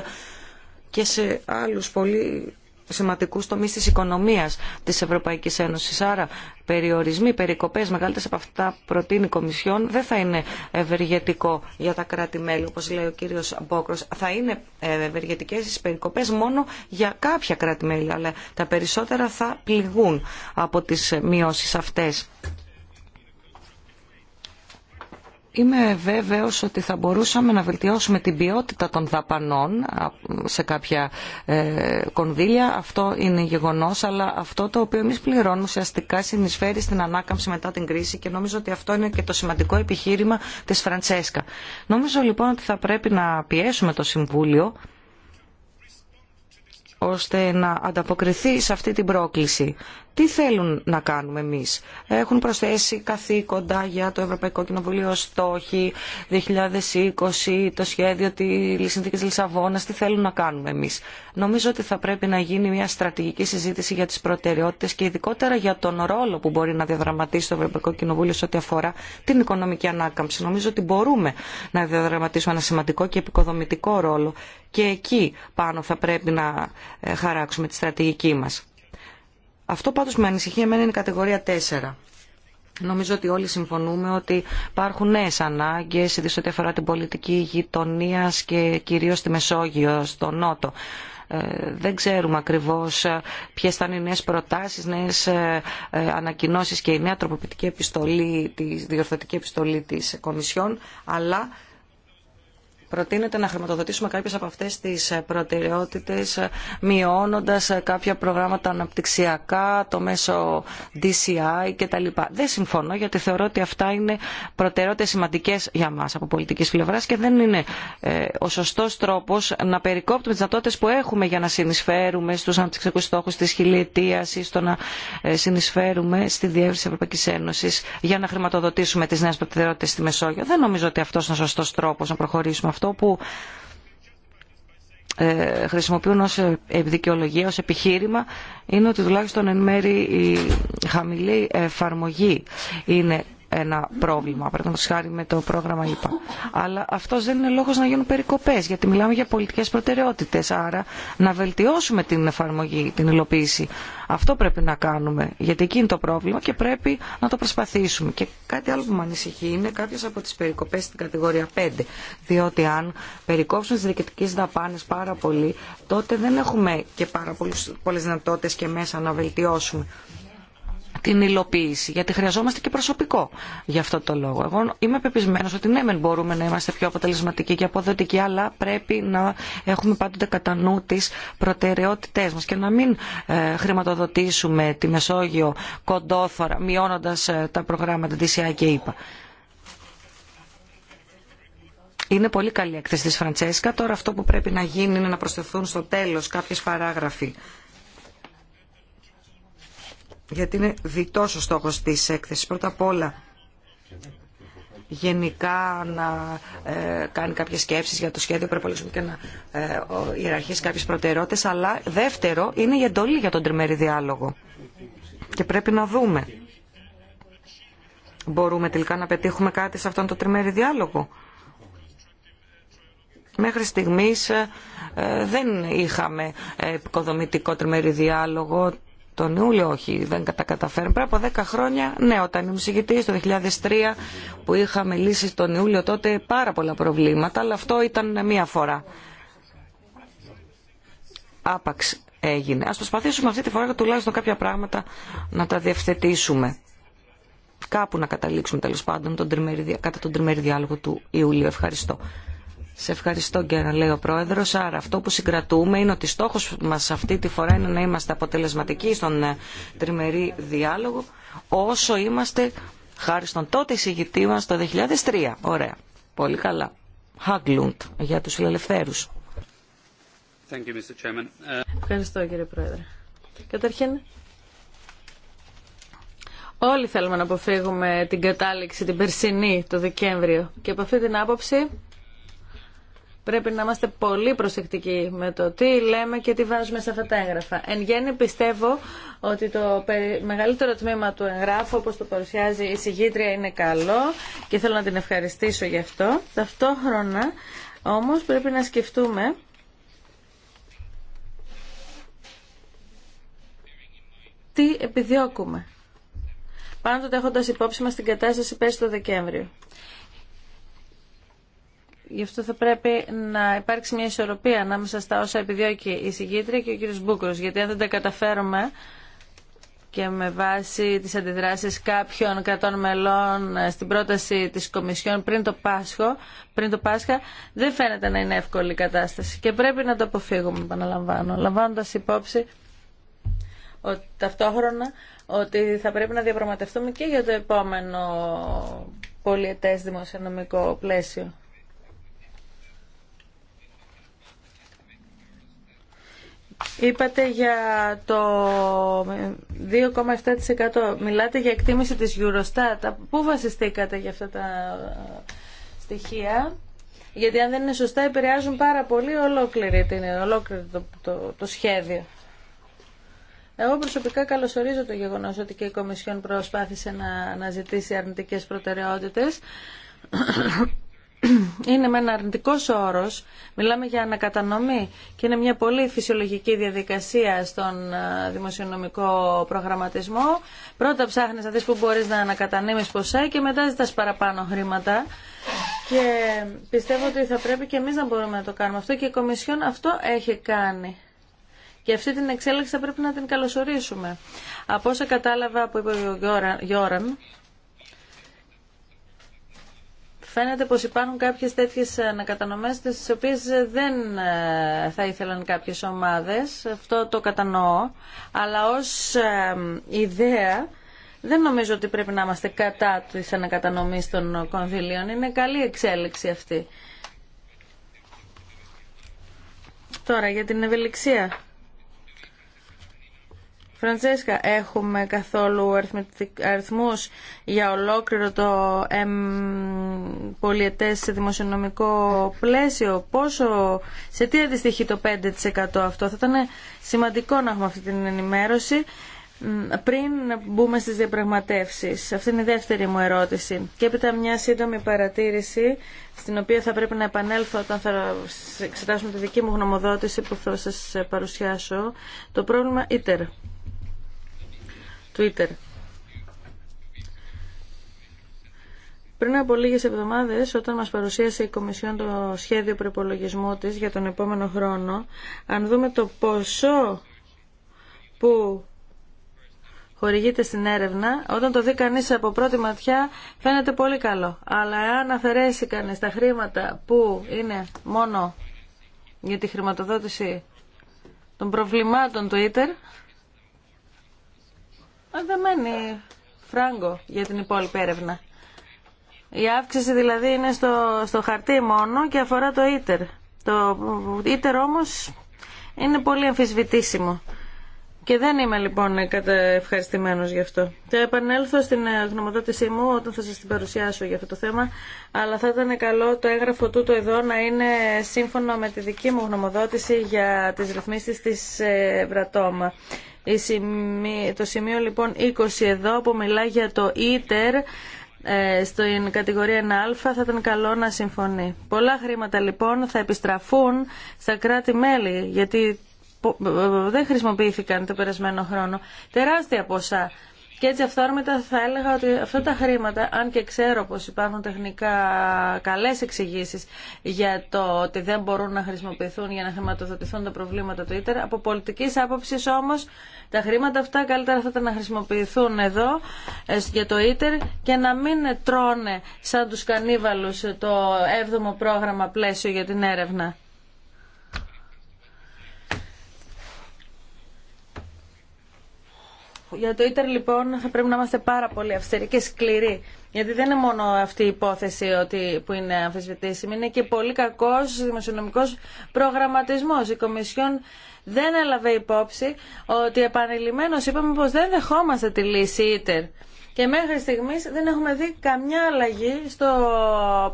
και σε άλλους πολύ σημαντικούς τομείς της οικονομίας της Ευρωπαϊκής Ένωσης. Άρα περιορισμοί, περικοπές μεγαλύτερες από αυτά προτείνει η Κομισιόν δεν θα είναι ευεργετικό για τα κράτη-μέλη όπως λέει ο κύριος Μπόκρος. Θα είναι ευεργετικές οι περικοπές μόνο για κάποια κράτη-μέλη αλλά τα περισσότερα θα πληγούν από τις μειώσεις αυτές. Είμαι βέβαιος ότι θα μπορούσαμε να βελτιώσουμε την ποιότητα των δαπανών σε κάποια ε, κονδύλια. Αυτό είναι γεγονός, αλλά αυτό το οποίο εμείς πληρώνουμε ουσιαστικά συνεισφέρει στην ανάκαμψη μετά την κρίση και νομίζω ότι αυτό είναι και το σημαντικό επιχείρημα της Φραντσέσκα. Νομίζω λοιπόν ότι θα πρέπει να πιέσουμε το Συμβούλιο ώστε να ανταποκριθεί σε αυτή την πρόκληση. Τι θέλουν να κάνουμε εμεί. Έχουν προσθέσει καθήκοντα για το Ευρωπαϊκό Κοινοβουλίο στόχοι 2020, το σχέδιο τη Συνθήκης Λισαβόνα, Τι θέλουν να κάνουμε εμεί. Νομίζω ότι θα πρέπει να γίνει μια στρατηγική συζήτηση για τι προτεραιότητε και ειδικότερα για τον ρόλο που μπορεί να διαδραματίσει το Ευρωπαϊκό Κοινοβούλιο σε ό,τι αφορά την οικονομική ανάκαμψη. Νομίζω ότι μπορούμε να διαδραματίσουμε ένα σημαντικό και επικοδομητικό ρόλο και εκεί πάνω θα πρέπει να ε, χαράξουμε τη στρατηγική μας. Αυτό πάντως με ανησυχεί εμένα είναι η κατηγορία 4. Νομίζω ότι όλοι συμφωνούμε ότι υπάρχουν νέε ανάγκε, ιδίω ό,τι αφορά την πολιτική γειτονία και κυρίω στη Μεσόγειο, στο Νότο. Ε, δεν ξέρουμε ακριβώ ε, ποιε θα είναι οι νέε προτάσεις, νέες ε, ανακοινώσει και η νέα τροποποιητική επιστολή, τη διορθωτική επιστολή της Κομισιόν, αλλά προτείνεται να χρηματοδοτήσουμε κάποιες από αυτές τις προτεραιότητες μειώνοντας κάποια προγράμματα αναπτυξιακά, το μέσο DCI κτλ. Δεν συμφωνώ γιατί θεωρώ ότι αυτά είναι προτεραιότητες σημαντικές για μας από πολιτικής πλευράς και δεν είναι ε, ο σωστός τρόπος να περικόπτουμε τις δυνατότητες που έχουμε για να συνεισφέρουμε στους αναπτυξιακούς στόχους της χιλιετίας ή στο να ε, συνεισφέρουμε στη διεύρυνση της Ευρωπαϊκής Ένωσης για να χρηματοδοτήσουμε τις νέες προτεραιότητες στη Μεσόγειο. Δεν νομίζω ότι αυτός είναι ο σωστός τρόπος να προχωρήσουμε αυτό που ε, χρησιμοποιούν ως δικαιολογία, ως επιχείρημα είναι ότι τουλάχιστον εν μέρη η χαμηλή εφαρμογή είναι ένα πρόβλημα, παραδείγματο χάρη με το πρόγραμμα ΙΠΑ. Αλλά αυτό δεν είναι λόγο να γίνουν περικοπέ, γιατί μιλάμε για πολιτικέ προτεραιότητε. Άρα να βελτιώσουμε την εφαρμογή, την υλοποίηση. Αυτό πρέπει να κάνουμε, γιατί εκεί είναι το πρόβλημα και πρέπει να το προσπαθήσουμε. Και κάτι άλλο που με ανησυχεί είναι κάποιε από τι περικοπέ στην κατηγορία 5. Διότι αν περικόψουν τι διοικητικέ δαπάνε πάρα πολύ, τότε δεν έχουμε και πάρα πολλέ δυνατότητε και μέσα να βελτιώσουμε την υλοποίηση, γιατί χρειαζόμαστε και προσωπικό για αυτό το λόγο. Εγώ είμαι πεπισμένος ότι ναι, μεν μπορούμε να είμαστε πιο αποτελεσματικοί και αποδοτικοί, αλλά πρέπει να έχουμε πάντοτε κατά νου τις προτεραιότητές μας και να μην ε, χρηματοδοτήσουμε τη Μεσόγειο κοντόθωρα, μειώνοντας ε, τα προγράμματα της ΕΑ και ΕΙΠΑ. Είναι πολύ καλή έκθεση της Φραντσέσκα. Τώρα αυτό που πρέπει να γίνει είναι να προσθεθούν στο τέλος κάποιες παράγραφοι γιατί είναι διτός ο στόχος της έκθεσης. Πρώτα απ' όλα, γενικά να ε, κάνει κάποιες σκέψεις για το σχέδιο προπολογισμού και να ε, ο, ιεραρχήσει κάποιες προτεραιότητες, αλλά δεύτερο είναι η εντολή για τον τριμερή διάλογο. Και πρέπει να δούμε. Μπορούμε τελικά να πετύχουμε κάτι σε αυτόν τον τριμερή διάλογο. Μέχρι στιγμής ε, ε, δεν είχαμε επικοδομητικό τριμερή διάλογο. Τον Ιούλιο όχι, δεν τα καταφέρνουμε. Πριν από 10 χρόνια, ναι, όταν ήμουν συγκητής το 2003 που είχαμε λύσει τον Ιούλιο τότε πάρα πολλά προβλήματα, αλλά αυτό ήταν μία φορά. Άπαξ έγινε. Ας προσπαθήσουμε αυτή τη φορά τουλάχιστον κάποια πράγματα να τα διευθετήσουμε. Κάπου να καταλήξουμε τέλος πάντων κατά τον τριμέρι διάλογο του Ιούλιο Ευχαριστώ. Σε ευχαριστώ να λέει ο πρόεδρο. Άρα αυτό που συγκρατούμε είναι ότι στόχο μα αυτή τη φορά είναι να είμαστε αποτελεσματικοί στον ε, τριμερή διάλογο όσο είμαστε χάρη στον τότε εισηγητή μα το 2003. Ωραία. Πολύ καλά. Χάγκλουντ για του φιλελευθέρου. Ευχαριστώ κύριε Πρόεδρε. Καταρχήν, όλοι θέλουμε να αποφύγουμε την κατάληξη την περσινή το Δεκέμβριο και από αυτή την άποψη Πρέπει να είμαστε πολύ προσεκτικοί με το τι λέμε και τι βάζουμε σε αυτά τα έγγραφα. Εν γέννη πιστεύω ότι το μεγαλύτερο τμήμα του εγγράφου, όπως το παρουσιάζει η συγγήτρια, είναι καλό και θέλω να την ευχαριστήσω γι' αυτό. Ταυτόχρονα όμως πρέπει να σκεφτούμε τι επιδιώκουμε. Πάντοτε έχοντας υπόψη μας την κατάσταση πέρσι το Δεκέμβριο. Γι' αυτό θα πρέπει να υπάρξει μια ισορροπία ανάμεσα στα όσα επιδιώκει η συγκήτρια και ο κύριος Μπούκρος. Γιατί αν δεν τα καταφέρουμε και με βάση τις αντιδράσεις κάποιων κρατών μελών ε, στην πρόταση της Κομισιόν πριν το, Πάσχο, πριν το Πάσχα, δεν φαίνεται να είναι εύκολη η κατάσταση. Και πρέπει να το αποφύγουμε, επαναλαμβάνω, λαμβάνοντα υπόψη ότι, ταυτόχρονα ότι θα πρέπει να διαπραγματευτούμε και για το επόμενο πολιετές δημοσιονομικό πλαίσιο. Είπατε για το 2,7%. Μιλάτε για εκτίμηση της Eurostat. Πού βασιστήκατε για αυτά τα στοιχεία. Γιατί αν δεν είναι σωστά επηρεάζουν πάρα πολύ ολόκληρη, την, ολόκληρη το, το, το σχέδιο. Εγώ προσωπικά καλωσορίζω το γεγονός ότι και η Κομισιόν προσπάθησε να αναζητήσει αρνητικές προτεραιότητες είναι με ένα αρνητικό όρο. Μιλάμε για ανακατανομή και είναι μια πολύ φυσιολογική διαδικασία στον δημοσιονομικό προγραμματισμό. Πρώτα ψάχνεις να δει που μπορεί να ανακατανείμεις ποσά και μετά ζητά παραπάνω χρήματα. Και πιστεύω ότι θα πρέπει και εμείς να μπορούμε να το κάνουμε αυτό και η Κομισιόν αυτό έχει κάνει. Και αυτή την εξέλιξη θα πρέπει να την καλωσορίσουμε. Από όσα κατάλαβα από είπε ο Γιώραν, Φαίνεται πως υπάρχουν κάποιες τέτοιες ανακατανομές τις οποίες δεν ε, θα ήθελαν κάποιες ομάδες, αυτό το κατανοώ, αλλά ως ε, ιδέα δεν νομίζω ότι πρέπει να είμαστε κατά της ανακατανομής των κονδυλίων. Είναι καλή εξέλιξη αυτή. Τώρα για την ευελιξία. Φραντζέσκα, έχουμε καθόλου αριθμούς για ολόκληρο το εμ, σε δημοσιονομικό πλαίσιο. Πόσο, σε τι αντιστοιχεί το 5% αυτό. Θα ήταν σημαντικό να έχουμε αυτή την ενημέρωση πριν μπούμε στις διαπραγματεύσεις. Αυτή είναι η δεύτερη μου ερώτηση. Και έπειτα μια σύντομη παρατήρηση, στην οποία θα πρέπει να επανέλθω όταν θα εξετάσουμε τη δική μου γνωμοδότηση που θα σας παρουσιάσω, το πρόβλημα ITER. Twitter. Πριν από λίγες εβδομάδες, όταν μας παρουσίασε η Κομισιόν το σχέδιο προπολογισμού της για τον επόμενο χρόνο, αν δούμε το ποσό που χορηγείται στην έρευνα, όταν το δει κανεί από πρώτη ματιά φαίνεται πολύ καλό. Αλλά αν αφαιρέσει κανεί τα χρήματα που είναι μόνο για τη χρηματοδότηση των προβλημάτων Twitter, δεν μένει φράγκο για την υπόλοιπη έρευνα. Η αύξηση δηλαδή είναι στο, στο χαρτί μόνο και αφορά το ίτερ. Το ίτερ όμως είναι πολύ αμφισβητήσιμο. Και δεν είμαι λοιπόν ευχαριστημένος γι' αυτό. Θα επανέλθω στην ε, γνωμοδότησή μου όταν θα σα την παρουσιάσω για αυτό το θέμα. Αλλά θα ήταν καλό το έγγραφο τούτο εδώ να είναι σύμφωνο με τη δική μου γνωμοδότηση για τι ρυθμίσει τη Βρατόμα. Ε, το σημείο λοιπόν 20 εδώ που μιλά για το ίτερ ε, στην κατηγορία 1α θα ήταν καλό να συμφωνεί. Πολλά χρήματα λοιπόν θα επιστραφούν στα κράτη-μέλη γιατί ε, ε, δεν χρησιμοποιήθηκαν το περασμένο χρόνο. Τεράστια ποσά και έτσι αυθόρμητα θα έλεγα ότι αυτά τα χρήματα, αν και ξέρω πως υπάρχουν τεχνικά καλές εξηγήσεις για το ότι δεν μπορούν να χρησιμοποιηθούν για να χρηματοδοτηθούν τα προβλήματα του ίτερ, από πολιτικής άποψης όμως τα χρήματα αυτά καλύτερα θα ήταν να χρησιμοποιηθούν εδώ ε, για το ίτερ και να μην τρώνε σαν τους κανίβαλους το 7ο πρόγραμμα πλαίσιο για την έρευνα. Για το ίτερ λοιπόν θα πρέπει να είμαστε πάρα πολύ αυστηροί και σκληροί. Γιατί δεν είναι μόνο αυτή η υπόθεση ότι, που είναι αμφισβητήσιμη, είναι και πολύ κακό δημοσιονομικό προγραμματισμό. Η Κομισιόν δεν έλαβε υπόψη ότι επανειλημμένω είπαμε πω δεν δεχόμαστε τη λύση ίτερ. Και μέχρι στιγμή δεν έχουμε δει καμιά αλλαγή στο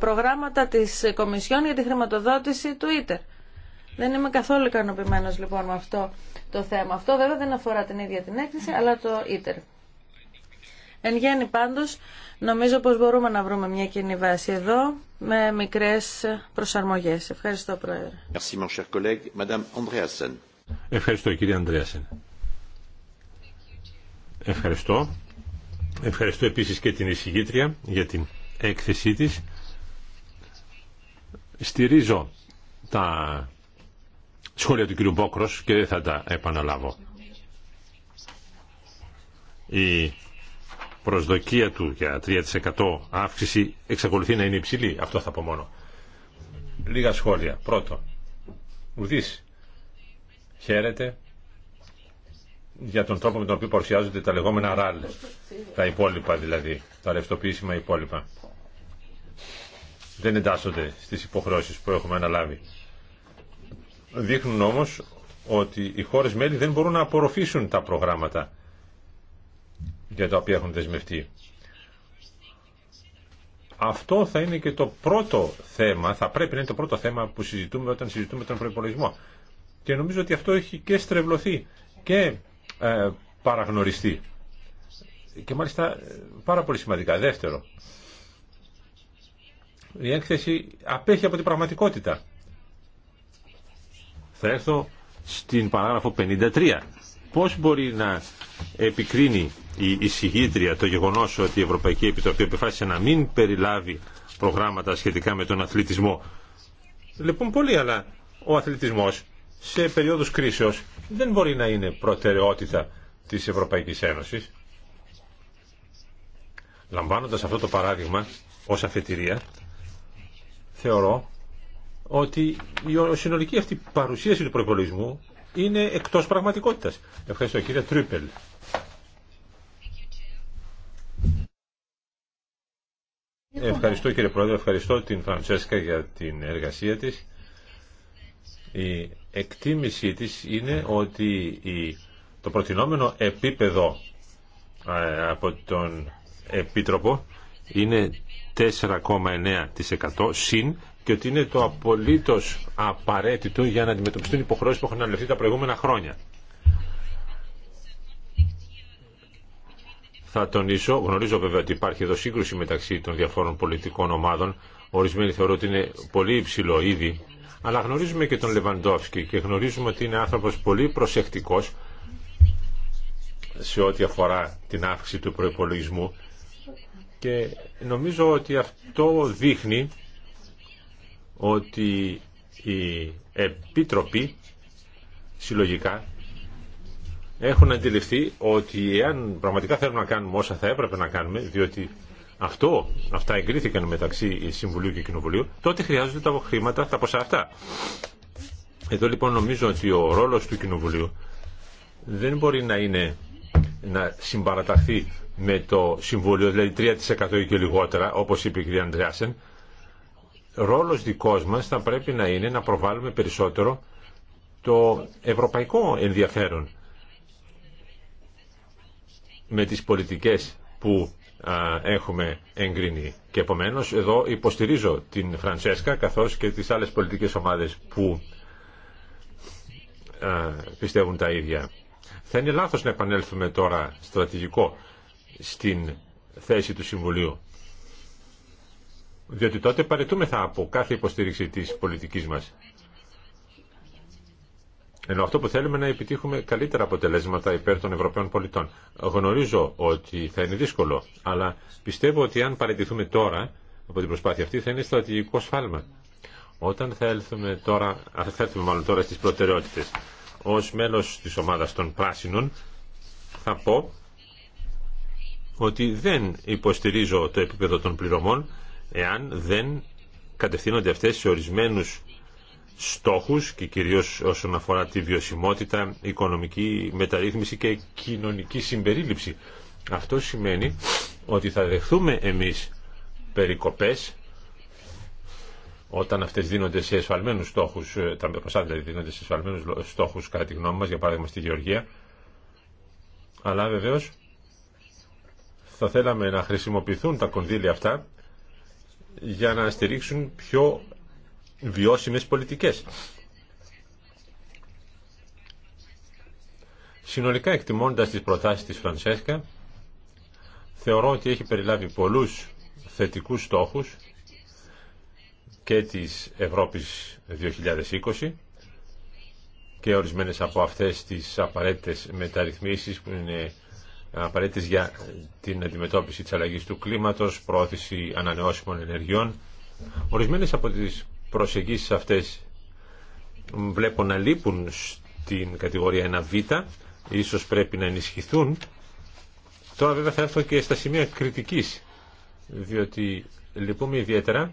προγράμματα τη Κομισιόν για τη χρηματοδότηση του ίτερ. Δεν είμαι καθόλου ικανοποιημένο λοιπόν με αυτό το θέμα. Αυτό βέβαια δεν αφορά την ίδια την έκθεση, αλλά το ίτερ. Εν γέννη πάντως, νομίζω πως μπορούμε να βρούμε μια κοινή βάση εδώ με μικρές προσαρμογές. Ευχαριστώ, Πρόεδρε. Ευχαριστώ, κύριε Ανδρέασεν. Ευχαριστώ. Ευχαριστώ επίσης και την εισηγήτρια για την έκθεσή της. Στηρίζω τα σχόλια του κ. Μπόκρος και δεν θα τα επαναλάβω. Η προσδοκία του για 3% αύξηση εξακολουθεί να είναι υψηλή. Αυτό θα πω μόνο. Λίγα σχόλια. Πρώτο, ουδής χαίρεται για τον τρόπο με τον οποίο παρουσιάζονται τα λεγόμενα ραλ, τα υπόλοιπα δηλαδή, τα ρευτοποιήσιμα υπόλοιπα. Δεν εντάσσονται στις υποχρεώσεις που έχουμε αναλάβει δείχνουν όμως ότι οι χώρες μέλη δεν μπορούν να απορροφήσουν τα προγράμματα για τα οποία έχουν δεσμευτεί. Αυτό θα είναι και το πρώτο θέμα, θα πρέπει να είναι το πρώτο θέμα που συζητούμε όταν συζητούμε τον προπολογισμό. Και νομίζω ότι αυτό έχει και στρεβλωθεί και ε, παραγνωριστεί. Και μάλιστα ε, πάρα πολύ σημαντικά. Δεύτερο, η έκθεση απέχει από την πραγματικότητα. Θα έρθω στην παράγραφο 53. Πώς μπορεί να επικρίνει η εισηγήτρια το γεγονός ότι η Ευρωπαϊκή Επιτροπή επιφάσισε να μην περιλάβει προγράμματα σχετικά με τον αθλητισμό. Λοιπόν πολύ, αλλά ο αθλητισμός σε περίοδους κρίσεως δεν μπορεί να είναι προτεραιότητα της Ευρωπαϊκής Ένωσης. Λαμβάνοντας αυτό το παράδειγμα ως αφετηρία, θεωρώ ότι η συνολική αυτή παρουσίαση του προπολογισμού είναι εκτός πραγματικότητας. Ευχαριστώ κύριε Τρίπελ. Ευχαριστώ κύριε Πρόεδρε, ευχαριστώ την Φραντσέσκα για την εργασία της. Η εκτίμησή της είναι ότι το προτινόμενο επίπεδο ε, από τον Επίτροπο είναι 4,9% συν και ότι είναι το απολύτω απαραίτητο για να αντιμετωπιστούν υποχρεώσει που έχουν αναλυθεί τα προηγούμενα χρόνια. Θα τονίσω, γνωρίζω βέβαια ότι υπάρχει εδώ σύγκρουση μεταξύ των διαφόρων πολιτικών ομάδων, ορισμένοι θεωρώ ότι είναι πολύ υψηλό ήδη, αλλά γνωρίζουμε και τον Λεβαντόφσκι και γνωρίζουμε ότι είναι άνθρωπο πολύ προσεκτικό σε ό,τι αφορά την αύξηση του προπολογισμού. και νομίζω ότι αυτό δείχνει ότι οι επίτροποι συλλογικά έχουν αντιληφθεί ότι εάν πραγματικά θέλουμε να κάνουμε όσα θα έπρεπε να κάνουμε, διότι αυτό, αυτά εγκρίθηκαν μεταξύ Συμβουλίου και Κοινοβουλίου, τότε χρειάζονται τα χρήματα, τα ποσά αυτά. Εδώ λοιπόν νομίζω ότι ο ρόλος του Κοινοβουλίου δεν μπορεί να είναι να συμπαραταχθεί με το Συμβούλιο, δηλαδή 3% ή και λιγότερα, όπως είπε η κυρία Αντρέασεν, ρόλος δικός μας θα πρέπει να είναι να προβάλλουμε περισσότερο το ευρωπαϊκό ενδιαφέρον με τις πολιτικές που έχουμε εγκρίνει. Και επομένως εδώ υποστηρίζω την Φρανσέσκα καθώς και τις άλλες πολιτικές ομάδες που πιστεύουν τα ίδια. Θα είναι λάθος να επανέλθουμε τώρα στρατηγικό στην θέση του Συμβουλίου διότι τότε παρετούμεθα από κάθε υποστήριξη της πολιτικής μας. Ενώ αυτό που θέλουμε να επιτύχουμε καλύτερα αποτελέσματα υπέρ των Ευρωπαίων πολιτών. Γνωρίζω ότι θα είναι δύσκολο, αλλά πιστεύω ότι αν παρετηθούμε τώρα από την προσπάθεια αυτή θα είναι στρατηγικό σφάλμα. Όταν θα έλθουμε τώρα, θα έλθουμε μάλλον τώρα στις προτεραιότητες, ως μέλος της ομάδας των πράσινων θα πω ότι δεν υποστηρίζω το επίπεδο των πληρωμών, εάν δεν κατευθύνονται αυτές σε ορισμένους στόχους και κυρίως όσον αφορά τη βιωσιμότητα, οικονομική μεταρρύθμιση και κοινωνική συμπερίληψη. Αυτό σημαίνει ότι θα δεχθούμε εμείς περικοπές όταν αυτές δίνονται σε εσφαλμένους στόχους, ε, τα ποσά δηλαδή δίνονται σε εσφαλμένους στόχους κατά τη γνώμη μας, για παράδειγμα στη Γεωργία, αλλά βεβαίως θα θέλαμε να χρησιμοποιηθούν τα κονδύλια αυτά για να στηρίξουν πιο βιώσιμες πολιτικές. Συνολικά εκτιμώντας τις προτάσεις της Φρανσέσκα, θεωρώ ότι έχει περιλάβει πολλούς θετικούς στόχους και της Ευρώπης 2020 και ορισμένες από αυτές τις απαραίτητες μεταρρυθμίσεις που είναι απαραίτητε για την αντιμετώπιση της αλλαγής του κλίματος, πρόθεση ανανεώσιμων ενεργειών. Ορισμένες από τις προσεγγίσεις αυτές βλέπω να λείπουν στην κατηγορία 1β, ίσως πρέπει να ενισχυθούν. Τώρα βέβαια θα έρθω και στα σημεία κριτικής, διότι λυπούμε ιδιαίτερα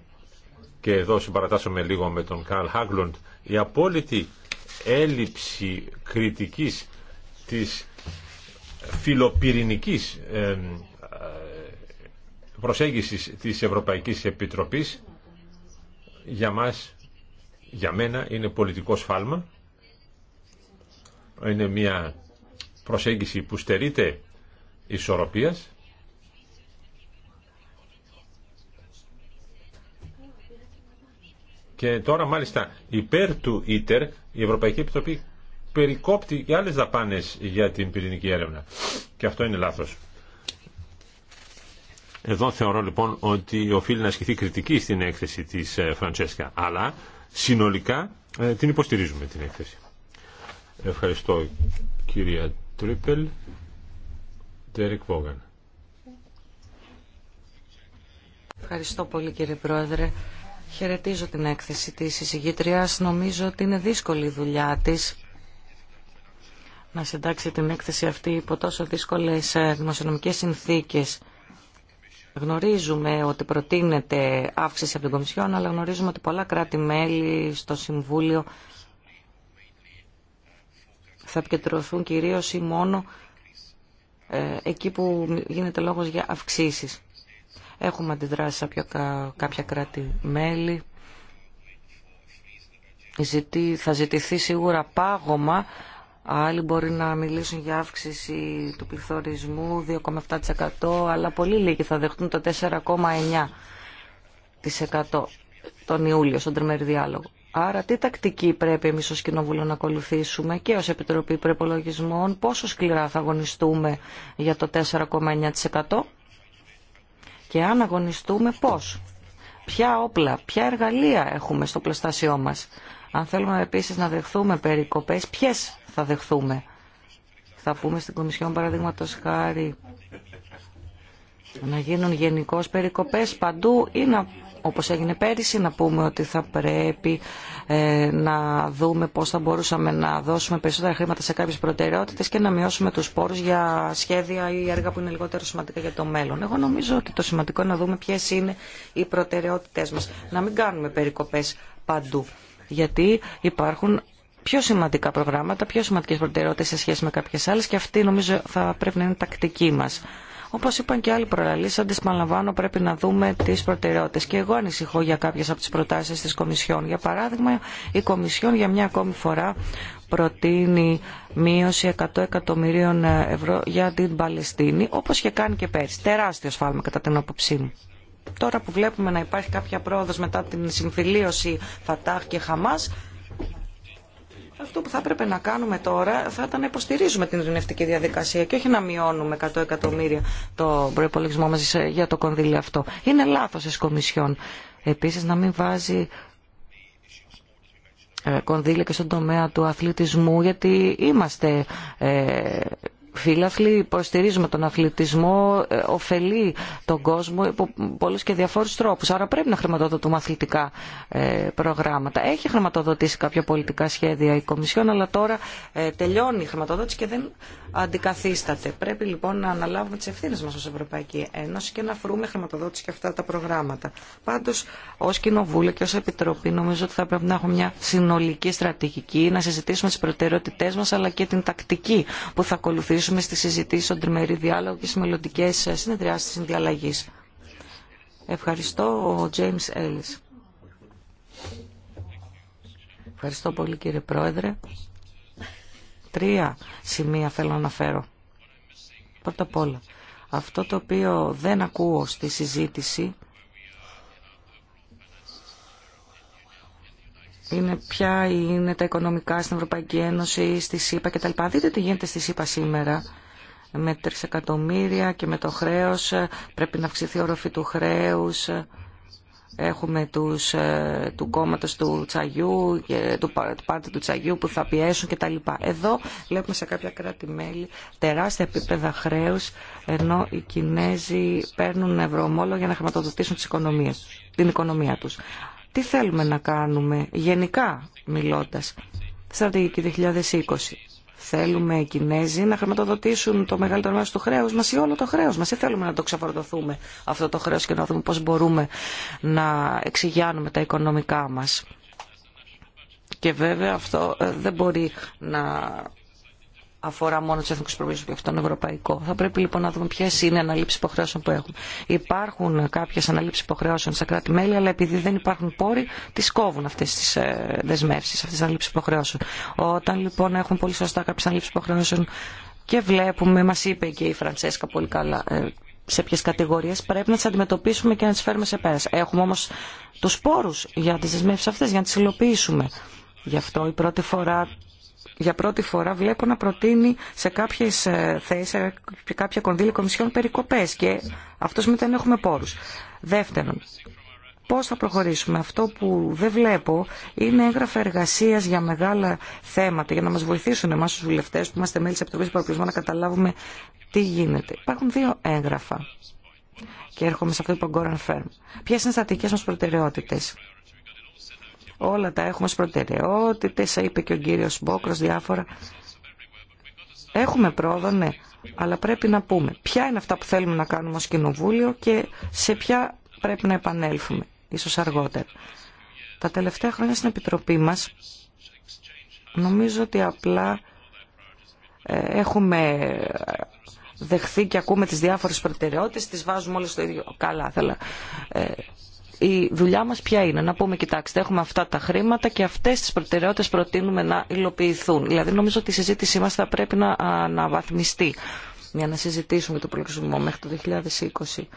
και εδώ συμπαρατάσσομαι λίγο με τον Καρλ Χάγκλοντ, η απόλυτη έλλειψη κριτικής της φιλοπυρηνικής ε, προσέγγισης της Ευρωπαϊκής Επιτροπής για μας, για μένα είναι πολιτικό σφάλμα είναι μια προσέγγιση που στερείται ισορροπίας και τώρα μάλιστα υπέρ του ΙΤΕΡ η Ευρωπαϊκή Επιτροπή περικόπτει και άλλες δαπάνες για την πυρηνική έρευνα. Και αυτό είναι λάθος. Εδώ θεωρώ λοιπόν ότι οφείλει να ασκηθεί κριτική στην έκθεση της ε, Φραντσέσκα, αλλά συνολικά ε, την υποστηρίζουμε την έκθεση. Ευχαριστώ κυρία Τρίπελ. Τέρικ Βόγαν. Ευχαριστώ πολύ κύριε Πρόεδρε. Χαιρετίζω την έκθεση της εισηγήτριας. Νομίζω ότι είναι δύσκολη η δουλειά της να συντάξει την έκθεση αυτή υπό τόσο δύσκολες ε, δημοσιονομικές συνθήκες. Γνωρίζουμε ότι προτείνεται αύξηση από την Κομισιόν, αλλά γνωρίζουμε ότι πολλά κράτη-μέλη στο Συμβούλιο θα επικεντρωθούν κυρίως ή μόνο ε, εκεί που γίνεται λόγος για αυξήσεις. Έχουμε αντιδράσει από κάποια κράτη-μέλη. Θα ζητηθεί σίγουρα πάγωμα Άλλοι μπορεί να μιλήσουν για αύξηση του πληθωρισμού 2,7% αλλά πολύ λίγοι θα δεχτούν το 4,9% τον Ιούλιο στον τριμερή διάλογο. Άρα τι τακτική πρέπει εμείς ως Κοινοβούλιο να ακολουθήσουμε και ως Επιτροπή Προπολογισμών, πόσο σκληρά θα αγωνιστούμε για το 4,9% και αν αγωνιστούμε πώς. Ποια όπλα, ποια εργαλεία έχουμε στο πλαστάσιό μας. Αν θέλουμε επίσης να δεχθούμε περικοπές, ποιες θα δεχθούμε. Θα πούμε στην Κομισιόν παραδείγματο χάρη να γίνουν γενικώ περικοπές παντού ή να, όπως έγινε πέρυσι να πούμε ότι θα πρέπει ε, να δούμε πώς θα μπορούσαμε να δώσουμε περισσότερα χρήματα σε κάποιες προτεραιότητες και να μειώσουμε τους πόρους για σχέδια ή έργα που είναι λιγότερο σημαντικά για το μέλλον. Εγώ νομίζω ότι το σημαντικό είναι να δούμε ποιες είναι οι προτεραιότητες μας. Να μην κάνουμε περικοπές παντού γιατί υπάρχουν πιο σημαντικά προγράμματα, πιο σημαντικές προτεραιότητες σε σχέση με κάποιες άλλες και αυτή νομίζω θα πρέπει να είναι τακτική μας. Όπω είπαν και άλλοι προλαλήσαντε, παραλαμβάνω πρέπει να δούμε τι προτεραιότητε. Και εγώ ανησυχώ για κάποιε από τι προτάσει τη Κομισιόν. Για παράδειγμα, η Κομισιόν για μια ακόμη φορά προτείνει μείωση 100 εκατομμυρίων ευρώ για την Παλαιστίνη, όπω και κάνει και πέρσι. Τεράστιο σφάλμα κατά την άποψή μου. Τώρα που βλέπουμε να υπάρχει κάποια πρόοδος μετά την συμφιλίωση Φατάχ και Χαμάς, αυτό που θα έπρεπε να κάνουμε τώρα θα ήταν να υποστηρίζουμε την ειρηνευτική διαδικασία και όχι να μειώνουμε 100 εκατομμύρια το προπολογισμό μα για το κονδύλι αυτό. Είναι λάθο τη Κομισιόν. Επίση, να μην βάζει ε, κονδύλια και στον τομέα του αθλητισμού, γιατί είμαστε ε, φίλαθλοι υποστηρίζουμε τον αθλητισμό, ε, ωφελεί τον κόσμο υπό πολλούς και διαφόρους τρόπους. Άρα πρέπει να χρηματοδοτούμε αθλητικά ε, προγράμματα. Έχει χρηματοδοτήσει κάποια πολιτικά σχέδια η Κομισιόν, αλλά τώρα ε, τελειώνει η χρηματοδότηση και δεν αντικαθίσταται. Πρέπει λοιπόν να αναλάβουμε τις ευθύνες μας ως Ευρωπαϊκή Ένωση και να φρούμε χρηματοδότηση και αυτά τα προγράμματα. Πάντως, ως Κοινοβούλιο και ως Επιτροπή νομίζω ότι θα πρέπει να έχουμε μια συνολική στρατηγική, να συζητήσουμε τις προτεραιότητές μας αλλά και την τακτική που θα ακολουθήσουμε προχωρήσουμε στη συζητήση, στον τριμερή διάλογο και στις μελλοντικές συνεδριάσεις της συνδιαλλαγής. Ευχαριστώ, ο James Ellis. Ευχαριστώ πολύ κύριε Πρόεδρε. Τρία σημεία θέλω να φέρω. Πρώτα απ' όλα, αυτό το οποίο δεν ακούω στη συζήτηση είναι ποια είναι τα οικονομικά στην Ευρωπαϊκή Ένωση, στη ΣΥΠΑ κτλ. Δείτε τι γίνεται στη ΣΥΠΑ σήμερα με τρισεκατομμύρια εκατομμύρια και με το χρέος ε, πρέπει να αυξηθεί η οροφή του χρέους ε, έχουμε τους, ε, του κόμματο του τσαγιού και του, του του τσαγιού που θα πιέσουν κτλ. Εδώ βλέπουμε σε κάποια κράτη-μέλη τεράστια επίπεδα χρέους ενώ οι Κινέζοι παίρνουν ευρωομόλογα για να χρηματοδοτήσουν τις την οικονομία τους. Τι θέλουμε να κάνουμε γενικά μιλώντας. Στρατηγική 2020. Θέλουμε οι Κινέζοι να χρηματοδοτήσουν το μεγαλύτερο μέρο του χρέου μα ή όλο το χρέο μα, ή θέλουμε να το ξεφορτωθούμε αυτό το χρέο και να δούμε πώ μπορούμε να εξηγιάνουμε τα οικονομικά μα. Και βέβαια αυτό ε, δεν μπορεί να αφορά μόνο του εθνικού προβλήματο και αυτόν ευρωπαϊκό. Θα πρέπει λοιπόν να δούμε ποιε είναι οι αναλήψει υποχρεώσεων που έχουμε. Υπάρχουν κάποιε αναλήψει υποχρεώσεων στα κράτη-μέλη, αλλά επειδή δεν υπάρχουν πόροι, τι κόβουν αυτέ τι ε, δεσμεύσει, αυτέ τι αναλήψει υποχρεώσεων. Όταν λοιπόν έχουν πολύ σωστά κάποιε αναλήψει υποχρεώσεων και βλέπουμε, μα είπε και η Φραντσέσκα πολύ καλά, ε, σε ποιε κατηγορίε πρέπει να τι αντιμετωπίσουμε και να τι φέρουμε σε πέρα. Έχουμε όμω του πόρου για τι δεσμεύσει αυτέ, για να τι υλοποιήσουμε. Γι' αυτό η πρώτη φορά για πρώτη φορά βλέπω να προτείνει σε κάποιε θέσει ε, και κάποια κονδύλια κομισιών περικοπέ. και αυτό μετά δεν έχουμε πόρου. Δεύτερον, πώ θα προχωρήσουμε. Αυτό που δεν βλέπω είναι έγγραφα εργασία για μεγάλα θέματα, για να μα βοηθήσουν εμά του βουλευτέ που είμαστε μέλη τη Επιτροπή Προκλεισμού να καταλάβουμε τι γίνεται. Υπάρχουν δύο έγγραφα και έρχομαι σε αυτό που είπε ο Γκόραν Φέρμ. Ποιε είναι οι στατικέ μα προτεραιότητε όλα τα έχουμε ως προτεραιότητες, είπε και ο κύριος Μπόκρος διάφορα. Έχουμε πρόοδο, ναι, αλλά πρέπει να πούμε ποια είναι αυτά που θέλουμε να κάνουμε ως κοινοβούλιο και σε ποια πρέπει να επανέλθουμε, ίσως αργότερα. Τα τελευταία χρόνια στην Επιτροπή μας νομίζω ότι απλά ε, έχουμε δεχθεί και ακούμε τις διάφορες προτεραιότητες, τις βάζουμε όλες στο ίδιο. Καλά, θέλω. Ε, η δουλειά μας ποια είναι. Να πούμε, κοιτάξτε, έχουμε αυτά τα χρήματα και αυτές τις προτεραιότητες προτείνουμε να υλοποιηθούν. Δηλαδή, νομίζω ότι η συζήτησή μας θα πρέπει να αναβαθμιστεί για να συζητήσουμε το προορισμό μέχρι το 2020.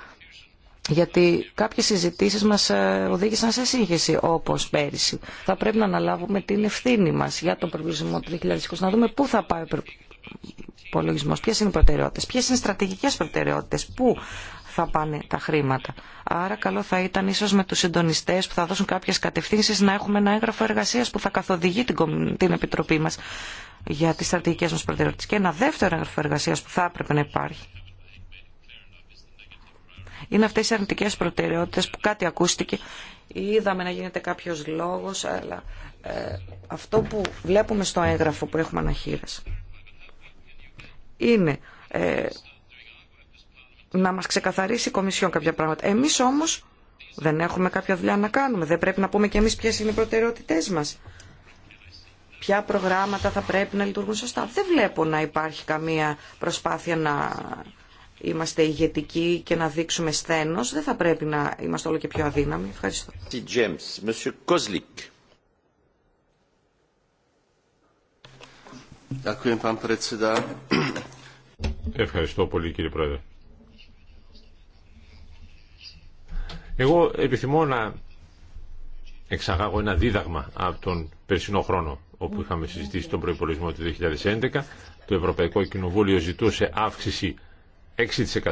Γιατί κάποιες συζητήσεις μας ε, οδήγησαν σε σύγχυση όπως πέρυσι. Θα πρέπει να αναλάβουμε την ευθύνη μας για τον προβλησμό του 2020, να δούμε πού θα πάει ο υπολογισμός, ποιες είναι οι προτεραιότητες, ποιες είναι οι στρατηγικές προτεραιότητες, πού θα πάνε τα χρήματα. Άρα καλό θα ήταν ίσως με τους συντονιστές που θα δώσουν κάποιες κατευθύνσεις να έχουμε ένα έγγραφο εργασίας που θα καθοδηγεί την Επιτροπή μας για τις στρατηγικές μας προτεραιότητες και ένα δεύτερο έγγραφο εργασίας που θα έπρεπε να υπάρχει. Είναι αυτές οι αρνητικές προτεραιότητες που κάτι ακούστηκε. Είδαμε να γίνεται κάποιος λόγος, αλλά ε, αυτό που βλέπουμε στο έγγραφο που έχουμε αναχείρες είναι ε, να μας ξεκαθαρίσει η Κομισιόν κάποια πράγματα. Εμείς όμως δεν έχουμε κάποια δουλειά να κάνουμε. Δεν πρέπει να πούμε και εμείς ποιες είναι οι προτεραιότητές μας. Ποια προγράμματα θα πρέπει να λειτουργούν σωστά. Δεν βλέπω να υπάρχει καμία προσπάθεια να είμαστε ηγετικοί και να δείξουμε σθένος. Δεν θα πρέπει να είμαστε όλο και πιο αδύναμοι. Ευχαριστώ. Ευχαριστώ πολύ κύριε Πρόεδρε. Εγώ επιθυμώ να εξαγάγω ένα δίδαγμα από τον περσινό χρόνο όπου είχαμε συζητήσει τον προϋπολογισμό του 2011. Το Ευρωπαϊκό Κοινοβούλιο ζητούσε αύξηση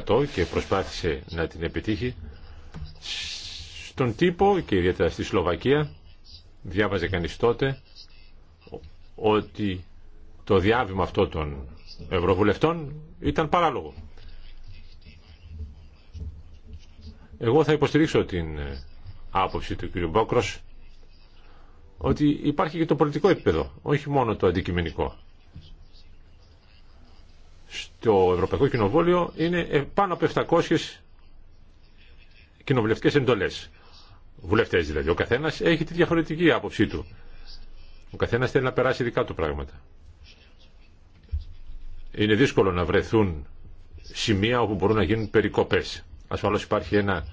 6% και προσπάθησε να την επιτύχει. Στον τύπο και ιδιαίτερα στη Σλοβακία διάβαζε κανείς τότε ότι το διάβημα αυτό των Ευρωβουλευτών ήταν παράλογο. Εγώ θα υποστηρίξω την ε, άποψη του κ. Μπόκρος ότι υπάρχει και το πολιτικό επίπεδο, όχι μόνο το αντικειμενικό. Στο Ευρωπαϊκό Κοινοβούλιο είναι ε, πάνω από 700 κοινοβουλευτικές εντολές. Βουλευτές δηλαδή. Ο καθένας έχει τη διαφορετική άποψή του. Ο καθένας θέλει να περάσει δικά του πράγματα. Είναι δύσκολο να βρεθούν σημεία όπου μπορούν να γίνουν περικοπές ασφαλώς υπάρχει ένα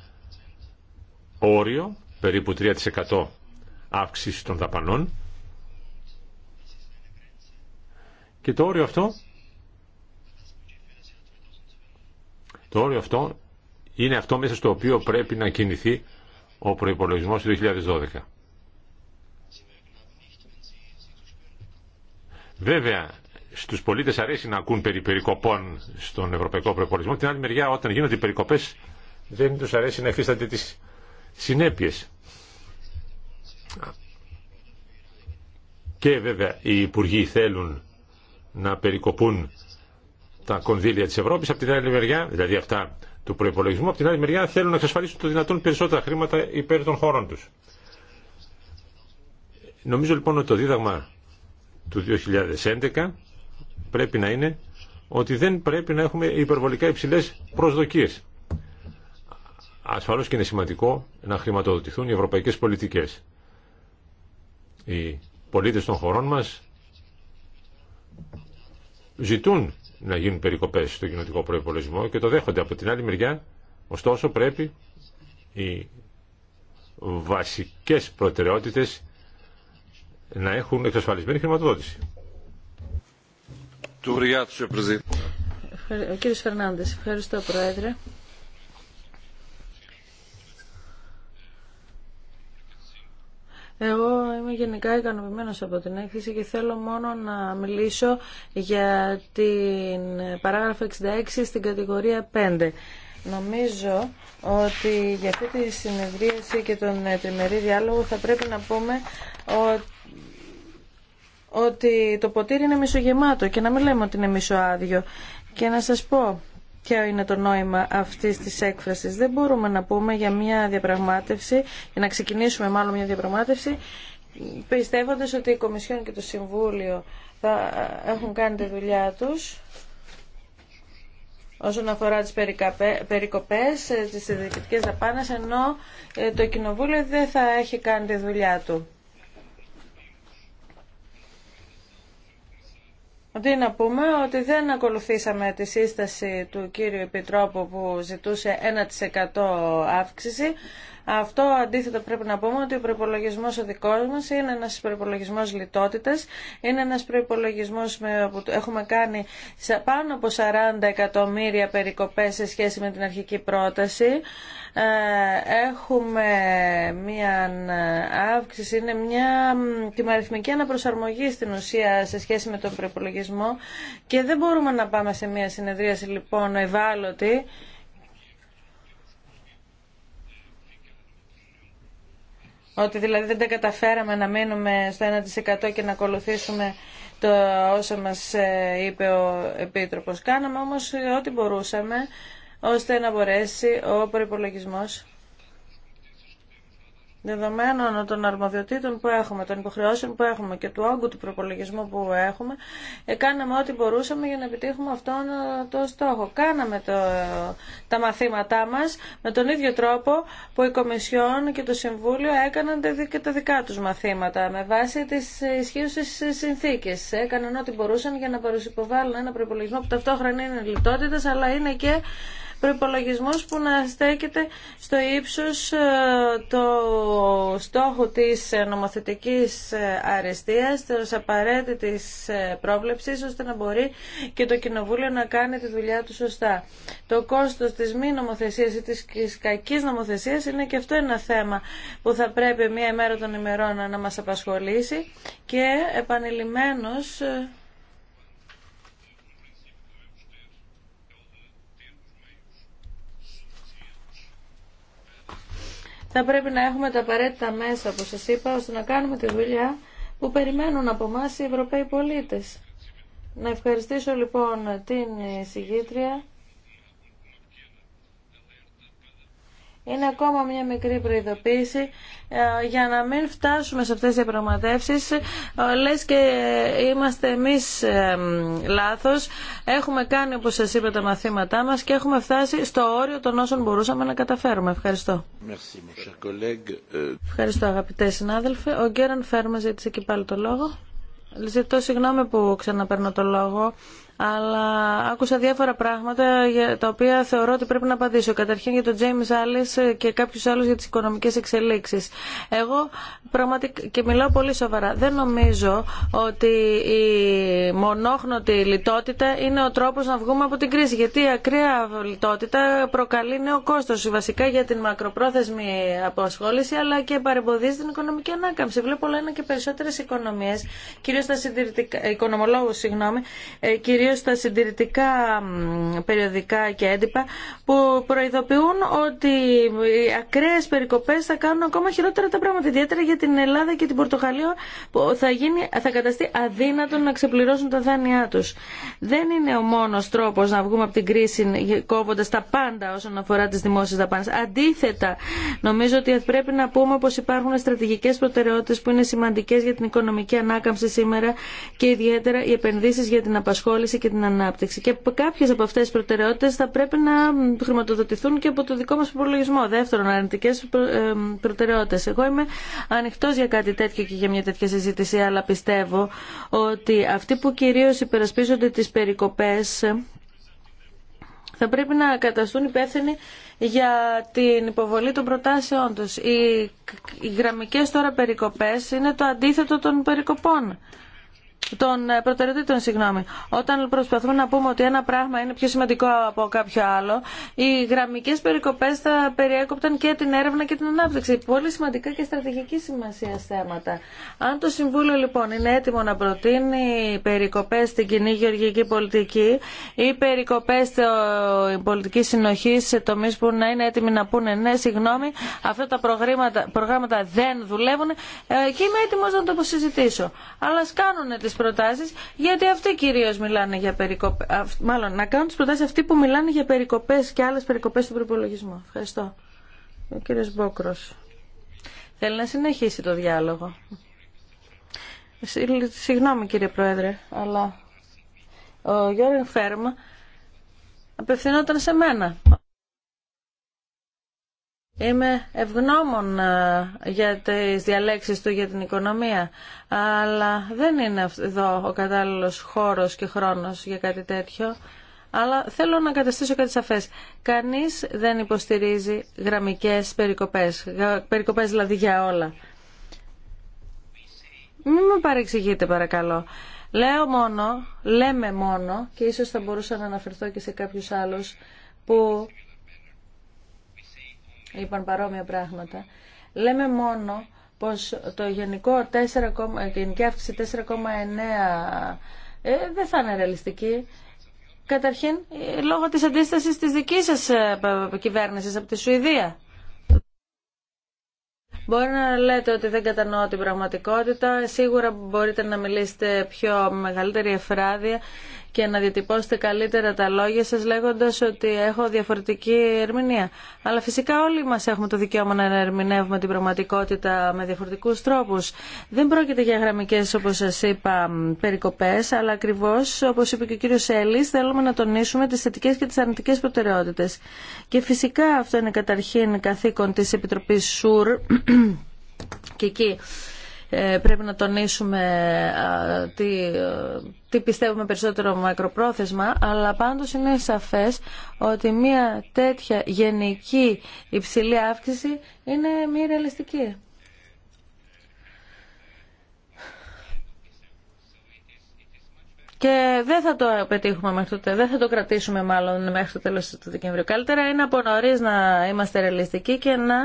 όριο, περίπου 3% αύξηση των δαπανών. Και το όριο αυτό, το όριο αυτό είναι αυτό μέσα στο οποίο πρέπει να κινηθεί ο προϋπολογισμός του 2012. Βέβαια, στους πολίτες αρέσει να ακούν περί περικοπών στον ευρωπαϊκό προπολογισμό. Την άλλη μεριά όταν γίνονται οι περικοπές δεν τους αρέσει να εφίστανται τις συνέπειες. Και βέβαια οι υπουργοί θέλουν να περικοπούν τα κονδύλια της Ευρώπης, από την άλλη μεριά, δηλαδή αυτά του προϋπολογισμού, από την άλλη μεριά θέλουν να εξασφαλίσουν το δυνατόν περισσότερα χρήματα υπέρ των χώρων τους. Νομίζω λοιπόν ότι το δίδαγμα του 2011 πρέπει να είναι ότι δεν πρέπει να έχουμε υπερβολικά υψηλές προσδοκίες. Ασφαλώς και είναι σημαντικό να χρηματοδοτηθούν οι ευρωπαϊκές πολιτικές. Οι πολίτες των χωρών μας ζητούν να γίνουν περικοπές στο κοινωτικό προϋπολογισμό και το δέχονται. Από την άλλη μεριά, ωστόσο, πρέπει οι βασικές προτεραιότητες να έχουν εξασφαλισμένη χρηματοδότηση. Ο κύριο ευχαριστώ Πρόεδρε. Εγώ είμαι γενικά ικανοποιημένο από την έκθεση και θέλω μόνο να μιλήσω για την παράγραφο 66 στην κατηγορία 5. Νομίζω ότι για αυτή τη συνεδρίαση και τον τριμερή διάλογο θα πρέπει να πούμε ότι ότι το ποτήρι είναι μισογεμάτο και να μην λέμε ότι είναι μισοάδιο. Και να σας πω ποιο είναι το νόημα αυτής της έκφρασης. Δεν μπορούμε να πούμε για μια διαπραγμάτευση, για να ξεκινήσουμε μάλλον μια διαπραγμάτευση, πιστεύοντας ότι η Κομισιόν και το Συμβούλιο θα ε, έχουν κάνει τη δουλειά τους όσον αφορά τις περικοπές, ε, τις διοικητικές δαπάνες, ενώ ε, το Κοινοβούλιο δεν θα έχει κάνει τη δουλειά του. Αντί να πούμε ότι δεν ακολουθήσαμε τη σύσταση του κύριου Επιτρόπου που ζητούσε 1% αύξηση, αυτό αντίθετα πρέπει να πούμε ότι ο προπολογισμό ο δικό μα είναι ένα προπολογισμό λιτότητα. Είναι ένα προπολογισμό που έχουμε κάνει πάνω από 40 εκατομμύρια περικοπέ σε σχέση με την αρχική πρόταση. Ε, έχουμε μία αύξηση, είναι μια τιμαριθμική αναπροσαρμογή στην ουσία σε σχέση με τον προπολογισμό και δεν μπορούμε να πάμε σε μία συνεδρίαση λοιπόν ευάλωτη Ότι δηλαδή δεν τα καταφέραμε να μείνουμε στο 1% και να ακολουθήσουμε το όσα μας ε, είπε ο Επίτροπος. Κάναμε όμως ό,τι μπορούσαμε ώστε να μπορέσει ο προπολογισμό δεδομένων των αρμοδιοτήτων που έχουμε, των υποχρεώσεων που έχουμε και του όγκου του προπολογισμού που έχουμε, ε, κάναμε ό,τι μπορούσαμε για να επιτύχουμε αυτόν ε, τον στόχο. Κάναμε το, τα μαθήματά μας με τον ίδιο τρόπο που η Κομισιόν και το Συμβούλιο έκαναν και τα δικά τους μαθήματα με βάση τις ισχύουσες συνθήκες. Έκαναν ό,τι μπορούσαν για να παρουσιποβάλουν ένα προπολογισμό που ταυτόχρονα είναι λιτότητας αλλά είναι και Προπολογισμό που να στέκεται στο ύψο ε, το στόχο της ε, νομοθετική ε, αρεστίας, της απαραίτητη πρόβλεψης, ώστε να μπορεί και το Κοινοβούλιο να κάνει τη δουλειά του σωστά. Το κόστος της μη νομοθεσία ή της κακή νομοθεσία είναι και αυτό ένα θέμα που θα πρέπει μία ημέρα των ημερών να μα απασχολήσει και επανειλημμένως θα πρέπει να έχουμε τα απαραίτητα μέσα, όπως σας είπα, ώστε να κάνουμε τη δουλειά που περιμένουν από εμά οι Ευρωπαίοι πολίτες. Να ευχαριστήσω λοιπόν την συγγήτρια είναι ακόμα μια μικρή προειδοποίηση ε, για να μην φτάσουμε σε αυτές τις διαπραγματεύσεις ε, λες και είμαστε εμείς ε, λάθος έχουμε κάνει όπως σας είπα τα μαθήματά μας και έχουμε φτάσει στο όριο των όσων μπορούσαμε να καταφέρουμε. Ευχαριστώ. Ευχαριστώ αγαπητέ συνάδελφε. Ο Γκέραν Φέρμα ζήτησε και πάλι το λόγο. Ζητώ συγγνώμη που ξαναπαίρνω το λόγο αλλά άκουσα διάφορα πράγματα για τα οποία θεωρώ ότι πρέπει να απαντήσω. Καταρχήν για τον Τζέιμ Άλλη και κάποιου άλλου για τι οικονομικέ εξελίξει. Εγώ πραγματικά και μιλάω πολύ σοβαρά. Δεν νομίζω ότι η μονόχνοτη λιτότητα είναι ο τρόπο να βγούμε από την κρίση. Γιατί η ακραία λιτότητα προκαλεί νέο κόστο βασικά για την μακροπρόθεσμη απασχόληση αλλά και παρεμποδίζει την οικονομική ανάκαμψη. Βλέπω όλα ένα και περισσότερε οικονομίε, κυρίω τα συντηρητικά, συγγνώμη, ε, κυρίως στα συντηρητικά περιοδικά και έντυπα που προειδοποιούν ότι οι ακραίες περικοπές θα κάνουν ακόμα χειρότερα τα πράγματα ιδιαίτερα για την Ελλάδα και την Πορτογαλία που θα, γίνει, θα καταστεί αδύνατο να ξεπληρώσουν τα δάνειά τους. Δεν είναι ο μόνος τρόπος να βγούμε από την κρίση κόβοντας τα πάντα όσον αφορά τις δημόσιες δαπάνες. Αντίθετα, νομίζω ότι πρέπει να πούμε πως υπάρχουν στρατηγικές προτεραιότητες που είναι σημαντικές για την οικονομική ανάκαμψη σήμερα και ιδιαίτερα οι επενδύσεις για την απασχόληση και την ανάπτυξη. Και κάποιε από αυτέ τι προτεραιότητε θα πρέπει να χρηματοδοτηθούν και από το δικό μα προπολογισμό. Δεύτερον, αρνητικέ ε, προτεραιότητε. Εγώ είμαι ανοιχτό για κάτι τέτοιο και για μια τέτοια συζήτηση, αλλά πιστεύω ότι αυτοί που κυρίω υπερασπίζονται τι περικοπέ ε, θα πρέπει να καταστούν υπεύθυνοι για την υποβολή των προτάσεών τους. Οι, οι γραμμικές τώρα περικοπές είναι το αντίθετο των περικοπών των ε, προτεραιοτήτων, συγγνώμη. Όταν προσπαθούμε να πούμε ότι ένα πράγμα είναι πιο σημαντικό από κάποιο άλλο, οι γραμμικέ περικοπέ θα περιέκοπταν και την έρευνα και την ανάπτυξη. Πολύ σημαντικά και στρατηγική σημασία θέματα. Αν το Συμβούλιο λοιπόν είναι έτοιμο να προτείνει περικοπέ στην κοινή γεωργική πολιτική ή περικοπέ στην πολιτική συνοχή σε τομεί που να είναι έτοιμοι να πούνε ναι, συγγνώμη, αυτά τα προγράμματα, δεν δουλεύουν, ε, και είμαι έτοιμο να το συζητήσω. Αλλά κάνουν τι προτάσεις, γιατί αυτοί κυρίω μιλάνε για περικοπές, μάλλον να κάνουν τις προτάσεις αυτοί που μιλάνε για περικοπές και άλλες περικοπές του προπολογισμού. Ευχαριστώ. Ο κύριος Μπόκρο. Θέλει να συνεχίσει το διάλογο. Συγγνώμη κύριε Πρόεδρε, αλλά ο Γιώργο Φέρμα απευθυνόταν σε μένα. Είμαι ευγνώμων ε, για τις διαλέξεις του για την οικονομία, αλλά δεν είναι εδώ ο κατάλληλος χώρος και χρόνος για κάτι τέτοιο. Αλλά θέλω να καταστήσω κάτι σαφές. Κανείς δεν υποστηρίζει γραμμικές περικοπές, περικοπές δηλαδή για όλα. Μην με παρεξηγείτε παρακαλώ. Λέω μόνο, λέμε μόνο και ίσως θα μπορούσα να αναφερθώ και σε κάποιους άλλους που είπαν παρόμοια πράγματα. Λέμε μόνο πως το γενικό 4, γενική αύξηση 4,9 ε, δεν θα είναι ρεαλιστική. Καταρχήν, ε, λόγω της αντίστασης της δικής σας ε, κυβέρνησης από τη Σουηδία. Μπορεί να λέτε ότι δεν κατανοώ την πραγματικότητα. Σίγουρα μπορείτε να μιλήσετε πιο μεγαλύτερη εφράδια και να διατυπώσετε καλύτερα τα λόγια σας λέγοντας ότι έχω διαφορετική ερμηνεία. Αλλά φυσικά όλοι μας έχουμε το δικαίωμα να ερμηνεύουμε την πραγματικότητα με διαφορετικούς τρόπους. Δεν πρόκειται για γραμμικές όπως σας είπα περικοπές, αλλά ακριβώς όπως είπε και ο κύριος Έλλης θέλουμε να τονίσουμε τις θετικές και τις αρνητικές προτεραιότητες. Και φυσικά αυτό είναι καταρχήν καθήκον της Επιτροπής ΣΟΥΡ <clears throat> και εκεί ε, πρέπει να τονίσουμε τι, τι πιστεύουμε περισσότερο μακροπρόθεσμα, αλλά πάντως είναι σαφές ότι μια τέτοια γενική υψηλή αύξηση είναι μη ρεαλιστική. και δεν θα το πετύχουμε μέχρι τότε, δεν θα το κρατήσουμε μάλλον μέχρι το τέλος του Δεκεμβρίου. Καλύτερα είναι από νωρί να είμαστε ρεαλιστικοί και να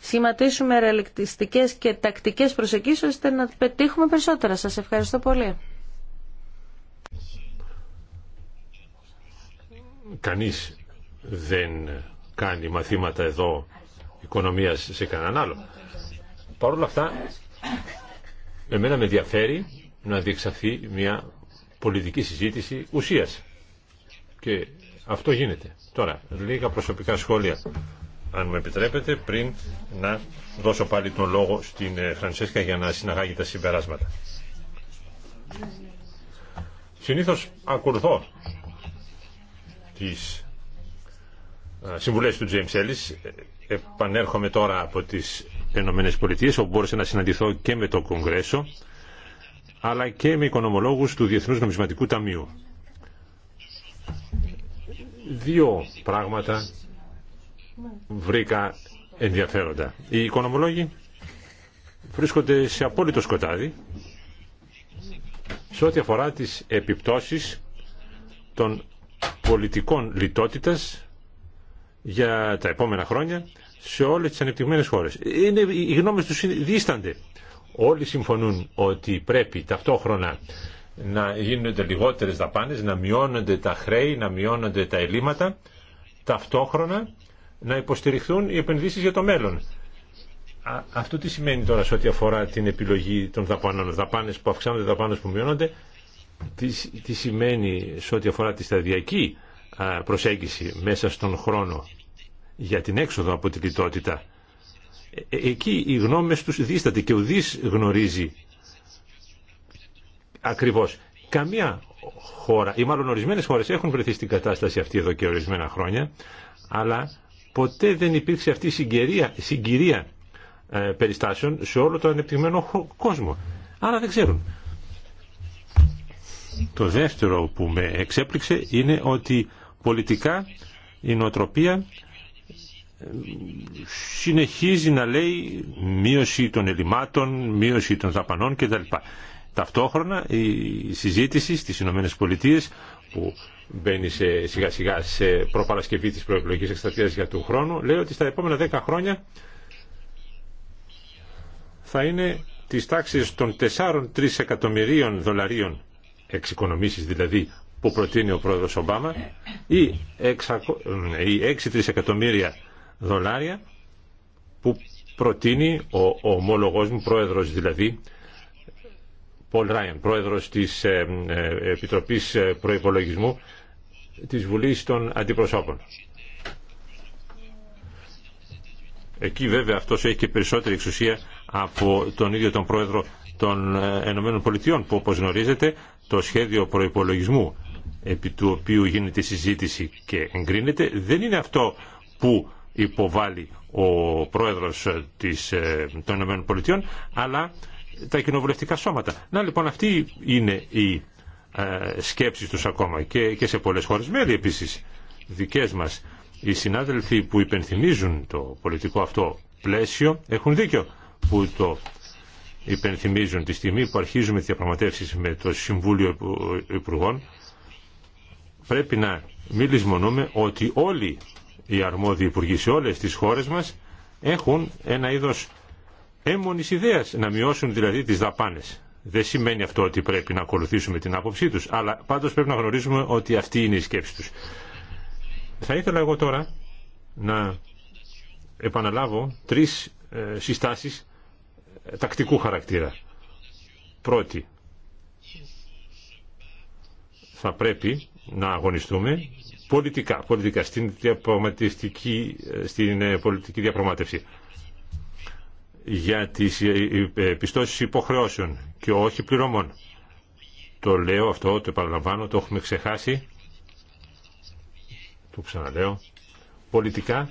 σχηματίσουμε ρεαλιστικέ και τακτικές προσεγγίσει, ώστε να πετύχουμε περισσότερα. Σας ευχαριστώ πολύ. Κανεί δεν κάνει μαθήματα εδώ οικονομία σε κανέναν άλλο. Παρ' όλα αυτά, εμένα με ενδιαφέρει να διεξαχθεί μια πολιτική συζήτηση ουσίας. Και αυτό γίνεται. Τώρα, λίγα προσωπικά σχόλια, αν μου επιτρέπετε, πριν να δώσω πάλι τον λόγο στην ε, Φρανσέσκα για να συναγάγει τα συμπεράσματα. Συνήθως ακολουθώ τις ε, συμβουλές του James Ellis. Ε, επανέρχομαι τώρα από τις Ηνωμένε Πολιτείες, όπου μπόρεσα να συναντηθώ και με το Κογκρέσο αλλά και με οικονομολόγους του Διεθνούς Νομισματικού Ταμείου. Δύο πράγματα βρήκα ενδιαφέροντα. Οι οικονομολόγοι βρίσκονται σε απόλυτο σκοτάδι σε ό,τι αφορά τις επιπτώσεις των πολιτικών λιτότητας για τα επόμενα χρόνια σε όλες τις ανεπτυγμένες χώρες. Είναι, οι γνώμες τους δίστανται. Όλοι συμφωνούν ότι πρέπει ταυτόχρονα να γίνονται λιγότερες δαπάνες, να μειώνονται τα χρέη, να μειώνονται τα ελλείμματα, ταυτόχρονα να υποστηριχθούν οι επενδύσεις για το μέλλον. αυτό τι σημαίνει τώρα σε ό,τι αφορά την επιλογή των δαπάνων, δαπάνες που αυξάνονται, δαπάνες που μειώνονται, τι, τι σημαίνει σε ό,τι αφορά τη σταδιακή προσέγγιση μέσα στον χρόνο για την έξοδο από τη λιτότητα. Εκεί οι γνώμες τους δίσταται και ουδής γνωρίζει ακριβώς. Καμία χώρα, ή μάλλον ορισμένες χώρες έχουν βρεθεί στην κατάσταση αυτή εδώ και ορισμένα χρόνια, αλλά ποτέ δεν υπήρξε αυτή η συγκυρία, συγκυρία ε, περιστάσεων σε όλο τον ανεπτυγμένο κόσμο. Άρα δεν υπηρξε αυτη η συγκυρια συγκυρια περιστασεων σε ολο Το ανεπτυγμενο κοσμο αρα δεν ξερουν Το δεύτερο που με εξέπληξε είναι ότι πολιτικά η νοοτροπία συνεχίζει να λέει μείωση των ελλημάτων, μείωση των δαπανών κτλ. Ταυτόχρονα η συζήτηση στις Ηνωμένες Πολιτείες που μπαίνει σε, σιγά σιγά σε προπαρασκευή της προεκλογικής εκστρατείας για του χρόνου λέει ότι στα επόμενα 10 χρόνια θα είναι της τάξης των 4-3 εκατομμυρίων δολαρίων εξοικονομήσεις δηλαδή που προτείνει ο πρόεδρος Ομπάμα ή 6-3 ε, εκατομμύρια δολάρια που προτείνει ο ομόλογός μου, πρόεδρος δηλαδή, Πολ Ράιαν, πρόεδρος της ε, ε, Επιτροπής ε, Προϋπολογισμού της Βουλής των Αντιπροσώπων. Εκεί βέβαια αυτός έχει και περισσότερη εξουσία από τον ίδιο τον πρόεδρο των Ενωμένων Πολιτειών που όπως γνωρίζετε το σχέδιο προϋπολογισμού επί του οποίου γίνεται συζήτηση και εγκρίνεται δεν είναι αυτό που υποβάλει ο πρόεδρος της, ε, των ΗΠΑ, αλλά τα κοινοβουλευτικά σώματα. Να λοιπόν αυτή είναι η ε, σκέψη τους ακόμα και, και σε πολλές χώρες μέλη επίσης δικές μας. Οι συνάδελφοι που υπενθυμίζουν το πολιτικό αυτό πλαίσιο έχουν δίκιο που το υπενθυμίζουν τη στιγμή που αρχίζουμε τις διαπραγματεύσεις με το Συμβούλιο Υπουργών πρέπει να μην ότι όλοι οι αρμόδιοι υπουργοί σε όλες τις χώρες μας έχουν ένα είδος έμμονης ιδέας να μειώσουν δηλαδή τις δαπάνες. Δεν σημαίνει αυτό ότι πρέπει να ακολουθήσουμε την άποψή τους, αλλά πάντως πρέπει να γνωρίζουμε ότι αυτή είναι η σκέψη τους. Θα ήθελα εγώ τώρα να επαναλάβω τρεις ε, συστάσεις ε, τακτικού χαρακτήρα. Πρώτη, θα πρέπει να αγωνιστούμε πολιτικά, πολιτικά στην, στην ε, πολιτική διαπραγμάτευση για τις ε, ε, πιστώσεις υποχρεώσεων και όχι πληρωμών. Το λέω αυτό, το επαναλαμβάνω, το έχουμε ξεχάσει. Το ξαναλέω. Πολιτικά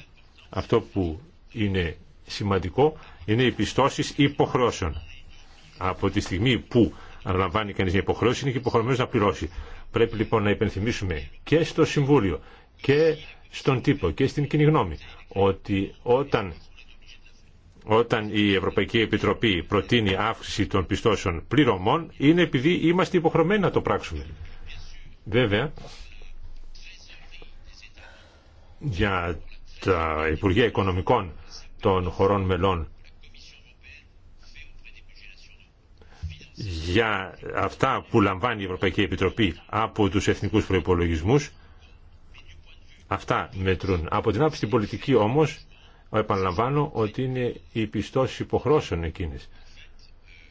αυτό που είναι σημαντικό είναι οι πιστώσεις υποχρεώσεων. Από τη στιγμή που αναλαμβάνει κανεί μια υποχρέωση είναι και υποχρεωμένο να πληρώσει. Πρέπει λοιπόν να υπενθυμίσουμε και στο Συμβούλιο και στον τύπο και στην κοινή γνώμη ότι όταν, όταν η Ευρωπαϊκή Επιτροπή προτείνει αύξηση των πιστώσεων πληρωμών είναι επειδή είμαστε υποχρεωμένοι να το πράξουμε. Βέβαια, για τα Υπουργεία Οικονομικών των χωρών μελών για αυτά που λαμβάνει η Ευρωπαϊκή Επιτροπή από τους εθνικούς προϋπολογισμούς. Αυτά μετρούν. Από την άποψη πολιτική όμως, επαναλαμβάνω ότι είναι οι πιστώσεις υποχρώσεων εκείνες.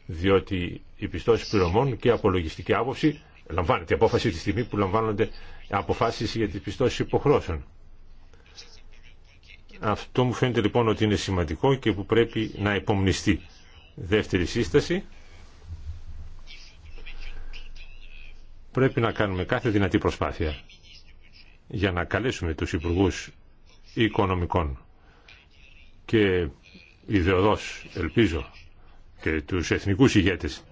Διότι οι πιστώσεις πληρωμών και απολογιστική άποψη λαμβάνεται η απόφαση τη στιγμή που λαμβάνονται αποφάσεις για τις πιστώσεις υποχρώσεων. Αυτό μου φαίνεται λοιπόν ότι είναι σημαντικό και που πρέπει να υπομνηστεί. Δεύτερη σύσταση. πρέπει να κάνουμε κάθε δυνατή προσπάθεια για να καλέσουμε τους Υπουργούς Οικονομικών και ιδεοδός, ελπίζω, και τους εθνικούς ηγέτες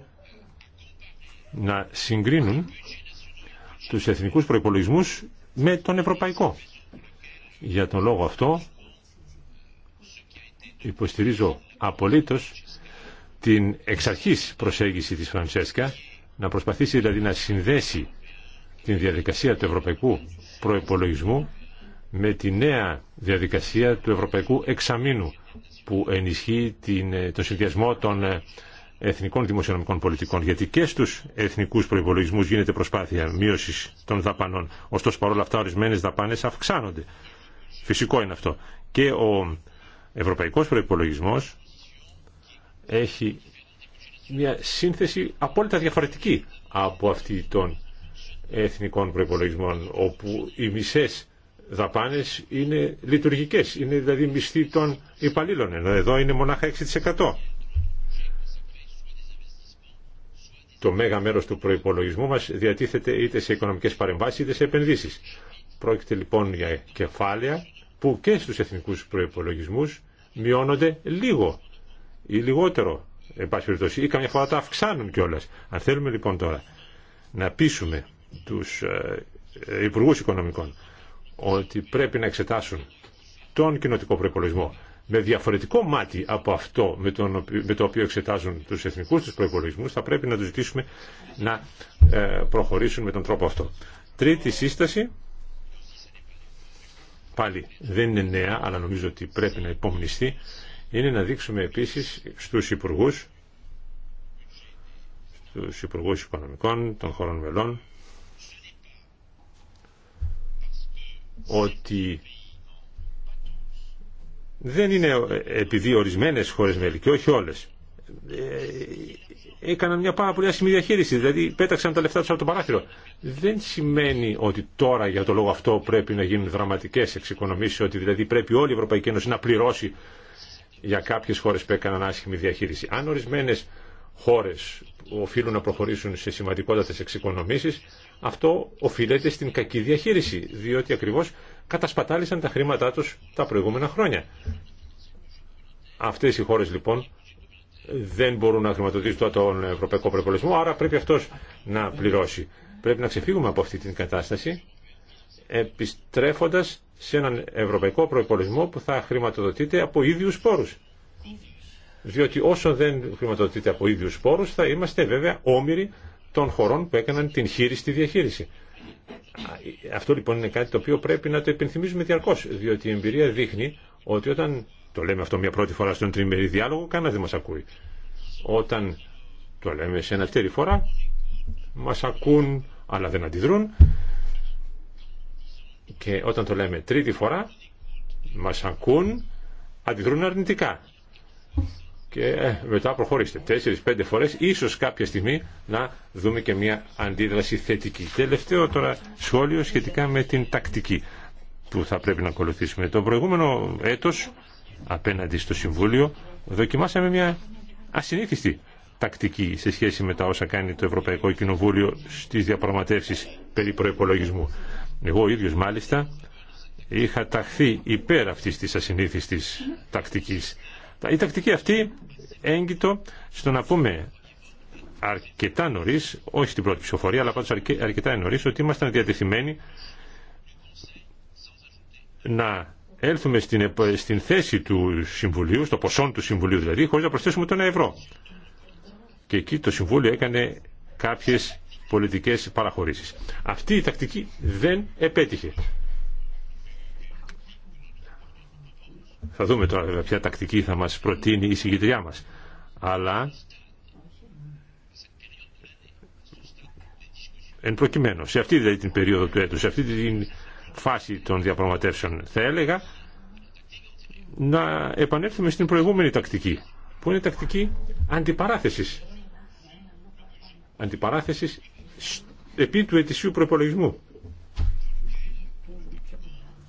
να συγκρίνουν τους εθνικούς προϋπολογισμούς με τον ευρωπαϊκό. Για τον λόγο αυτό υποστηρίζω απολύτως την εξαρχής προσέγγιση της Φρανσέσκα να προσπαθήσει δηλαδή να συνδέσει την διαδικασία του ευρωπαϊκού προϋπολογισμού με τη νέα διαδικασία του ευρωπαϊκού εξαμήνου που ενισχύει την, τον συνδυασμό των ε, εθνικών δημοσιονομικών πολιτικών. Γιατί και στους εθνικούς προϋπολογισμούς γίνεται προσπάθεια μείωσης των δαπανών. Ωστόσο παρόλα αυτά ορισμένες δαπάνες αυξάνονται. Φυσικό είναι αυτό. Και ο ευρωπαϊκός προϋπολογισμός έχει μια σύνθεση απόλυτα διαφορετική από αυτή των εθνικών προπολογισμών, όπου οι μισές δαπάνες είναι λειτουργικές, είναι δηλαδή μισθή των υπαλλήλων, ενώ εδώ είναι μονάχα 6%. Το μέγα μέρος του προϋπολογισμού μας διατίθεται είτε σε οικονομικές παρεμβάσεις είτε σε επενδύσεις. Πρόκειται λοιπόν για κεφάλαια που και στους εθνικούς προϋπολογισμούς μειώνονται λίγο ή λιγότερο εν πάση ή καμιά φορά τα αυξάνουν κιόλα. Αν θέλουμε λοιπόν τώρα να πείσουμε του ε, ε, υπουργού οικονομικών ότι πρέπει να εξετάσουν τον κοινοτικό προπολογισμό με διαφορετικό μάτι από αυτό με, τον, με το οποίο εξετάζουν τους εθνικούς του προπολογισμού, θα πρέπει να τους ζητήσουμε να ε, προχωρήσουν με τον τρόπο αυτό. Τρίτη σύσταση, πάλι δεν είναι νέα, αλλά νομίζω ότι πρέπει να υπομνηστεί, είναι να δείξουμε επίσης στους υπουργούς, στους υπουργούς οικονομικών των χωρών μελών, ότι δεν είναι επειδή ορισμένες χώρες μέλη και όχι όλες ε, έκαναν μια πάρα πολύ άσχημη διαχείριση, δηλαδή πέταξαν τα λεφτά τους από το παράθυρο. Δεν σημαίνει ότι τώρα για το λόγο αυτό πρέπει να γίνουν δραματικές εξοικονομήσεις, ότι δηλαδή πρέπει όλη η Ευρωπαϊκή Ένωση να πληρώσει για κάποιες χώρες που έκαναν άσχημη διαχείριση. Αν ορισμένες χώρες οφείλουν να προχωρήσουν σε σημαντικότατες εξοικονομήσεις, αυτό οφείλεται στην κακή διαχείριση, διότι ακριβώς κατασπατάλησαν τα χρήματά τους τα προηγούμενα χρόνια. Αυτές οι χώρες λοιπόν δεν μπορούν να χρηματοδοτήσουν τον ευρωπαϊκό προπολογισμό, άρα πρέπει αυτός να πληρώσει. Πρέπει να ξεφύγουμε από αυτή την κατάσταση, επιστρέφοντας σε έναν ευρωπαϊκό προπολογισμό που θα χρηματοδοτείται από ίδιους πόρους. Διότι όσο δεν χρηματοδοτείται από ίδιους πόρους θα είμαστε βέβαια όμοιροι των χωρών που έκαναν την χείριστη διαχείριση. Αυτό λοιπόν είναι κάτι το οποίο πρέπει να το επιθυμίζουμε διαρκώ, διότι η εμπειρία δείχνει ότι όταν, το λέμε αυτό μια πρώτη φορά στον τριμερή διάλογο, κανένα δεν μα ακούει. Όταν το λέμε σε ένα τέρι φορά, μα ακούν αλλά δεν αντιδρούν και όταν το λέμε τρίτη φορά, μας ακούν, αντιδρούν αρνητικά. Και ε, μετά προχωρήστε. Τέσσερις-πέντε φορές, ίσως κάποια στιγμή να δούμε και μια αντίδραση θετική. Τελευταίο τώρα σχόλιο σχετικά με την τακτική που θα πρέπει να ακολουθήσουμε. Το προηγούμενο έτος, απέναντι στο Συμβούλιο, δοκιμάσαμε μια ασυνήθιστη τακτική σε σχέση με τα όσα κάνει το Ευρωπαϊκό Κοινοβούλιο στις διαπραγματεύσεις περί προϋπολογισμού. Εγώ ο ίδιος μάλιστα είχα ταχθεί υπέρ αυτής της ασυνήθιστης τακτικής. Η τακτική αυτή έγκυτο στο να πούμε αρκετά νωρί, όχι στην πρώτη ψηφοφορία, αλλά πάντως αρκετά νωρί, ότι ήμασταν διατεθειμένοι να έλθουμε στην, στην θέση του Συμβουλίου, στο ποσό του Συμβουλίου δηλαδή, χωρίς να προσθέσουμε τον ευρώ. Και εκεί το Συμβούλιο έκανε κάποιες πολιτικές παραχωρήσεις. Αυτή η τακτική δεν επέτυχε. Θα δούμε τώρα ποια τακτική θα μας προτείνει η συγκεντριά μας. Αλλά εν προκειμένου, σε αυτή δηλαδή την περίοδο του έτους, σε αυτή τη φάση των διαπραγματεύσεων θα έλεγα να επανέλθουμε στην προηγούμενη τακτική που είναι τακτική αντιπαράθεσης αντιπαράθεσης επί του ετησίου προπολογισμού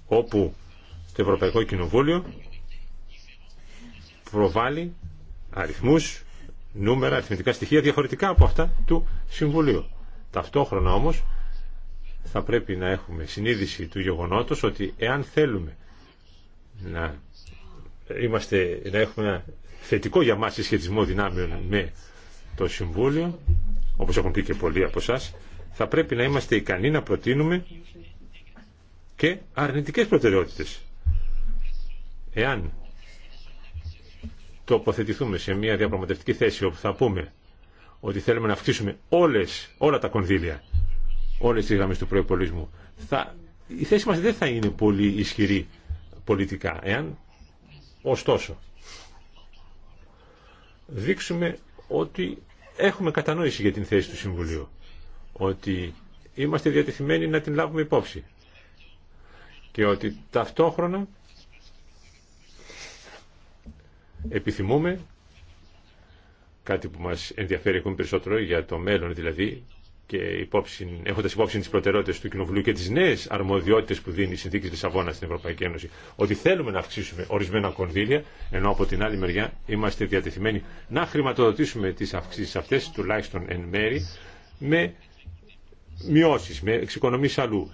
όπου το Ευρωπαϊκό Κοινοβούλιο προβάλλει αριθμούς, νούμερα, αριθμητικά στοιχεία διαφορετικά από αυτά του Συμβουλίου. Ταυτόχρονα όμως θα πρέπει να έχουμε συνείδηση του γεγονότος ότι εάν θέλουμε να, είμαστε, να έχουμε θετικό για μας συσχετισμό δυνάμεων με το Συμβούλιο όπως έχουν πει και πολλοί από εσά, θα πρέπει να είμαστε ικανοί να προτείνουμε και αρνητικές προτεραιότητες. Εάν τοποθετηθούμε σε μια διαπραγματευτική θέση όπου θα πούμε ότι θέλουμε να αυξήσουμε όλες, όλα τα κονδύλια, όλες τις γραμμές του προϋπολισμού, θα, η θέση μας δεν θα είναι πολύ ισχυρή πολιτικά, εάν ωστόσο δείξουμε ότι Έχουμε κατανόηση για την θέση του Συμβουλίου, ότι είμαστε διατεθειμένοι να την λάβουμε υπόψη και ότι ταυτόχρονα επιθυμούμε κάτι που μας ενδιαφέρει ακόμη περισσότερο για το μέλλον δηλαδή και υπόψη, έχοντας υπόψη τις προτεραιότητες του Κοινοβουλίου και τι νέε αρμοδιότητε που δίνει η Συνθήκη τη Λισαβόνα στην Ευρωπαϊκή Ένωση, ότι θέλουμε να αυξήσουμε ορισμένα κονδύλια, ενώ από την άλλη μεριά είμαστε διατεθειμένοι να χρηματοδοτήσουμε τι αυξήσεις αυτέ τουλάχιστον εν μέρη, με μειώσει, με εξοικονομήσει αλλού.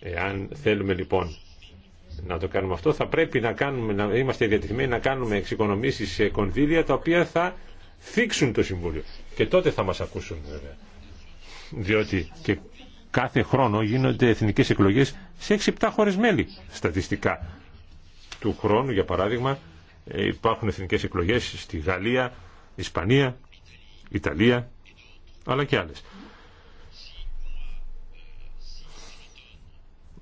Εάν θέλουμε λοιπόν να το κάνουμε αυτό, θα πρέπει να, κάνουμε, να είμαστε διατεθειμένοι να κάνουμε εξοικονομήσεις σε κονδύλια τα οποία θα θίξουν το Συμβούλιο. Και τότε θα μας ακούσουν βέβαια. Διότι και κάθε χρόνο γίνονται εθνικές εκλογές σε 6-7 χώρες μέλη στατιστικά. Του χρόνου για παράδειγμα ε, υπάρχουν εθνικές εκλογές στη Γαλλία, Ισπανία, Ιταλία αλλά και άλλες.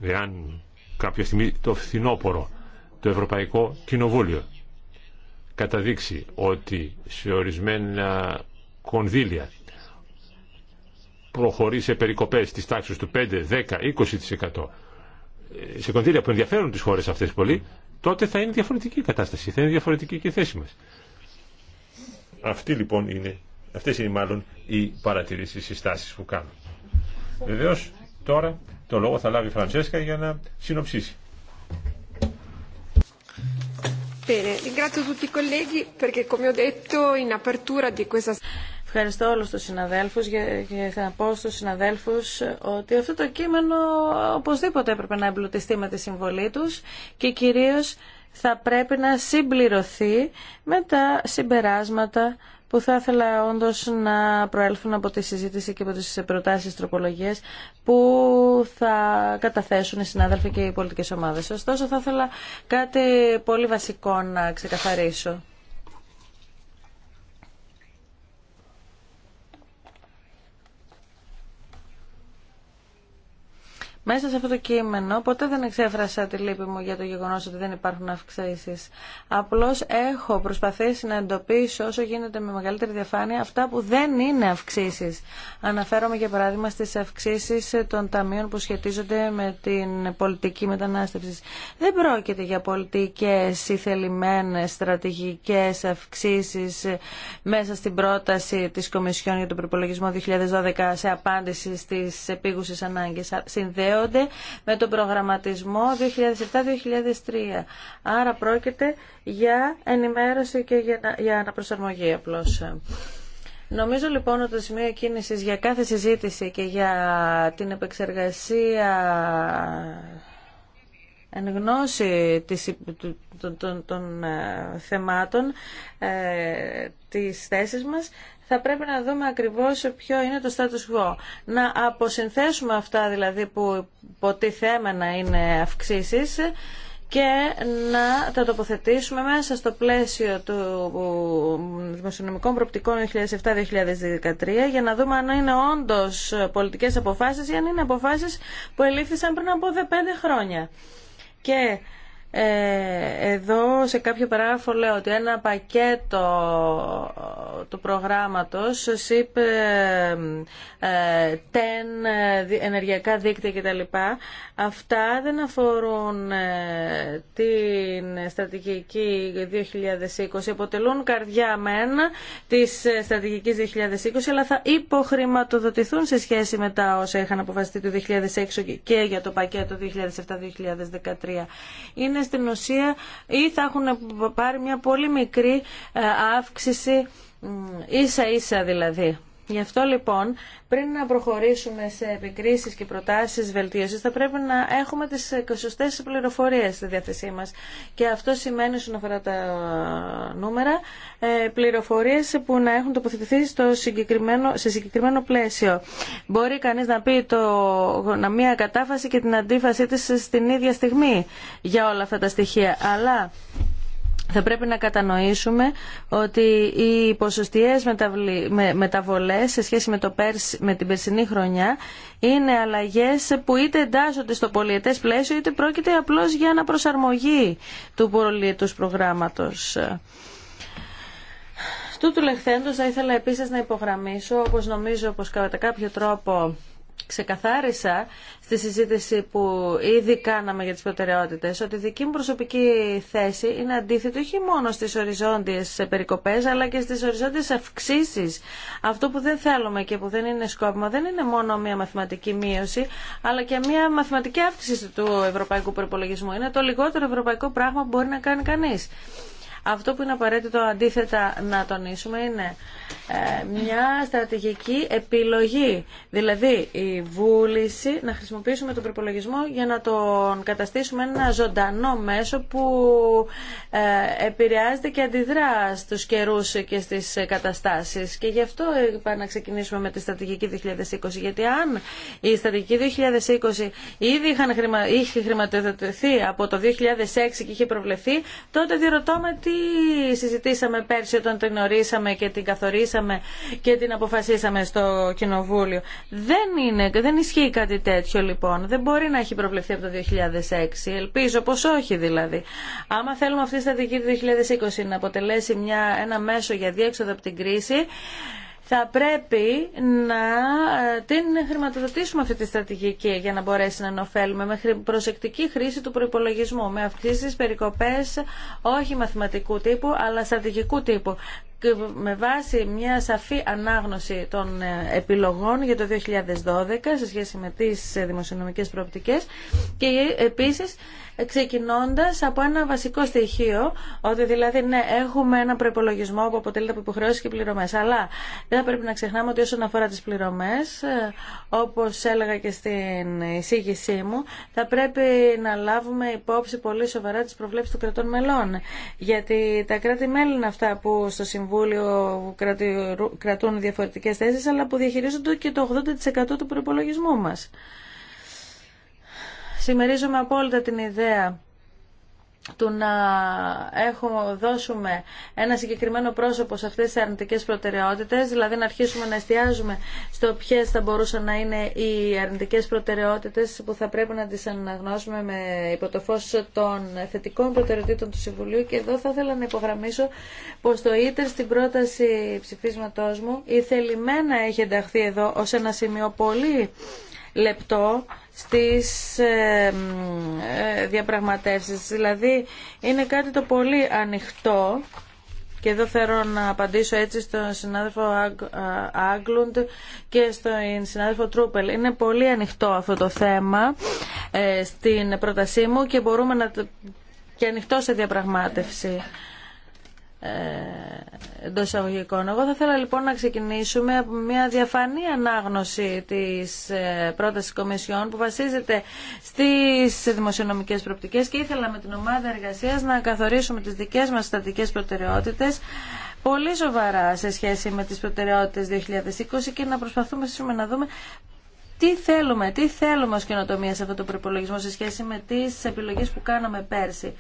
Εάν κάποια στιγμή το φθινόπορο το Ευρωπαϊκό Κοινοβούλιο καταδείξει ότι σε ορισμένα κονδύλια προχωρεί σε περικοπές της τάξης του 5, 10, 20% σε κονδύλια που ενδιαφέρουν τις χώρες αυτές πολύ, τότε θα είναι διαφορετική η κατάσταση, θα είναι διαφορετική και η θέση μας. Αυτή λοιπόν είναι, αυτές είναι μάλλον οι παρατηρήσεις, οι συστάσεις που κάνω. Βεβαίω, τώρα το λόγο θα λάβει η Φραντσέσκα για να συνοψίσει. Ευχαριστώ όλους τους συναδέλφους και θα πω στους συναδέλφους ότι αυτό το κείμενο οπωσδήποτε έπρεπε να εμπλουτιστεί με τη συμβολή τους και κυρίως θα πρέπει να συμπληρωθεί με τα συμπεράσματα που θα ήθελα όντω να προέλθουν από τη συζήτηση και από τις προτάσει τροπολογίες που θα καταθέσουν οι συνάδελφοι και οι πολιτικέ ομάδες. Ωστόσο θα ήθελα κάτι πολύ βασικό να ξεκαθαρίσω. Μέσα σε αυτό το κείμενο ποτέ δεν εξέφρασα τη λύπη μου για το γεγονός ότι δεν υπάρχουν αυξήσεις. Απλώς έχω προσπαθήσει να εντοπίσω όσο γίνεται με μεγαλύτερη διαφάνεια αυτά που δεν είναι αυξήσεις. Αναφέρομαι για παράδειγμα στις αυξήσεις των ταμείων που σχετίζονται με την πολιτική μετανάστευση. Δεν πρόκειται για πολιτικές ή θελημένες στρατηγικές αυξήσεις μέσα στην πρόταση της Κομισιόν για τον προπολογισμό 2012 σε απάντηση στις επίγουσες ανάγκες. Συνδέω συνδέονται με τον προγραμματισμό 2007-2003. Άρα πρόκειται για ενημέρωση και για να αναπροσαρμογή απλώς. Νομίζω λοιπόν ότι το σημείο κίνησης για κάθε συζήτηση και για την επεξεργασία εν γνώση των, ε, θεμάτων ε, της θέσης μας θα πρέπει να δούμε ακριβώς ποιο είναι το status quo. Να αποσυνθέσουμε αυτά δηλαδή που να είναι αυξήσεις και να τα τοποθετήσουμε μέσα στο πλαίσιο του δημοσιονομικών προπτικών 2007-2013 για να δούμε αν είναι όντως πολιτικές αποφάσεις ή αν είναι αποφάσεις που ελήφθησαν πριν από 5 χρόνια. Και ε, εδώ σε κάποιο παράγραφο λέω ότι ένα πακέτο του προγράμματος ΣΥΠ, ε, ε, ΤΕΝ, ενεργειακά δίκτυα κτλ. Αυτά δεν αφορούν την στρατηγική 2020. Αποτελούν καρδιά μεν της στρατηγικής 2020 αλλά θα υποχρηματοδοτηθούν σε σχέση με τα όσα είχαν αποφασιστεί το 2006 και για το πακέτο 2007-2013. Είναι στην ουσία ή θα έχουν πάρει μια πολύ μικρή ε, αύξηση ίσα ίσα δηλαδή. Γι' αυτό λοιπόν, πριν να προχωρήσουμε σε επικρίσεις και προτάσεις βελτίωσης, θα πρέπει να έχουμε τις σωστές πληροφορίες στη διάθεσή μας. Και αυτό σημαίνει, όσον αφορά τα νούμερα, ε, πληροφορίες που να έχουν τοποθετηθεί στο συγκεκριμένο, σε συγκεκριμένο πλαίσιο. Μπορεί κανείς να πει το, να μία κατάφαση και την αντίφαση της στην ίδια στιγμή για όλα αυτά τα στοιχεία. Αλλά θα πρέπει να κατανοήσουμε ότι οι ποσοστιαίες μεταβολές σε σχέση με, το πέρσι, με την περσινή χρονιά είναι αλλαγές που είτε εντάσσονται στο πολιετές πλαίσιο είτε πρόκειται απλώς για προσαρμογή του πολιετούς προγράμματος. Τούτου λεχθέντος θα ήθελα επίσης να υπογραμμίσω, όπως νομίζω πως κατά κάποιο τρόπο ξεκαθάρισα στη συζήτηση που ήδη κάναμε για τις προτεραιότητες ότι η δική μου προσωπική θέση είναι αντίθετη όχι μόνο στις οριζόντιες περικοπές αλλά και στις οριζόντιες αυξήσεις. Αυτό που δεν θέλουμε και που δεν είναι σκόπιμο δεν είναι μόνο μια μαθηματική μείωση αλλά και μια μαθηματική αύξηση του ευρωπαϊκού προπολογισμού. Είναι το λιγότερο ευρωπαϊκό πράγμα που μπορεί να κάνει κανείς. Αυτό που είναι απαραίτητο αντίθετα να τονίσουμε είναι ε, μια στρατηγική επιλογή. Δηλαδή η βούληση να χρησιμοποιήσουμε τον προπολογισμό για να τον καταστήσουμε ένα ζωντανό μέσο που ε, επηρεάζεται και αντιδρά στους καιρούς και στις καταστάσεις. Και γι' αυτό είπα να ξεκινήσουμε με τη στρατηγική 2020. Γιατί αν η στρατηγική 2020 ήδη είχε χρηματοδοτηθεί από το 2006 και είχε προβλεφθεί, τότε διερωτώ τι συζητήσαμε πέρσι όταν την ορίσαμε και την καθορίσαμε και την αποφασίσαμε στο Κοινοβούλιο. Δεν, είναι, δεν ισχύει κάτι τέτοιο λοιπόν. Δεν μπορεί να έχει προβλεφθεί από το 2006. Ελπίζω πως όχι δηλαδή. Άμα θέλουμε αυτή η στρατηγική του 2020 να αποτελέσει μια, ένα μέσο για διέξοδο από την κρίση, θα πρέπει να ε, την χρηματοδοτήσουμε αυτή τη στρατηγική για να μπορέσει να ενοφέλουμε με προσεκτική χρήση του προϋπολογισμού, με αυξήσεις, περικοπές, όχι μαθηματικού τύπου, αλλά στρατηγικού τύπου με βάση μια σαφή ανάγνωση των ε, επιλογών για το 2012 σε σχέση με τις ε, δημοσιονομικές προοπτικές και επίσης ξεκινώντας από ένα βασικό στοιχείο ότι δηλαδή ναι έχουμε ένα προπολογισμό που αποτελείται από υποχρεώσεις και πληρωμές αλλά δεν θα πρέπει να ξεχνάμε ότι όσον αφορά τις πληρωμές ε, όπως έλεγα και στην εισήγησή μου θα πρέπει να λάβουμε υπόψη πολύ σοβαρά τις προβλέψεις των κρατών μελών γιατί τα κράτη-μέλη είναι αυτά που στο Συμβούλιο Συμβούλιο κρατούν διαφορετικές θέσεις, αλλά που διαχειρίζονται και το 80% του προπολογισμού μας. Συμμερίζομαι απόλυτα την ιδέα του να έχω, δώσουμε ένα συγκεκριμένο πρόσωπο σε αυτές τις αρνητικές προτεραιότητες, δηλαδή να αρχίσουμε να εστιάζουμε στο ποιες θα μπορούσαν να είναι οι αρνητικές προτεραιότητες που θα πρέπει να τις αναγνώσουμε με υπό το φως των θετικών προτεραιοτήτων του Συμβουλίου και εδώ θα ήθελα να υπογραμμίσω πως το ίτερ στην πρόταση ψηφίσματός μου η θελημένα έχει ενταχθεί εδώ ως ένα σημείο πολύ λεπτό στις ε, ε, διαπραγματεύσεις. Δηλαδή είναι κάτι το πολύ ανοιχτό και εδώ θέλω να απαντήσω έτσι στον συνάδελφο ε, Άγκλουντ και στον συνάδελφο Τρούπελ. Είναι πολύ ανοιχτό αυτό το θέμα στην πρότασή μου και μπορούμε να και ανοιχτό σε διαπραγμάτευση. Ε, εντό εισαγωγικών. Εγώ θα ήθελα λοιπόν να ξεκινήσουμε από μια διαφανή ανάγνωση της ε, πρόταση Κομισιόν που βασίζεται στις δημοσιονομικέ προπτικές και ήθελα με την ομάδα εργασίας να καθορίσουμε τις δικές μας στατικές προτεραιότητες πολύ σοβαρά σε σχέση με τις προτεραιότητες 2020 και να προσπαθούμε να δούμε τι θέλουμε, τι θέλουμε ως καινοτομία σε αυτό το προπολογισμό σε σχέση με τις επιλογές που κάναμε πέρσι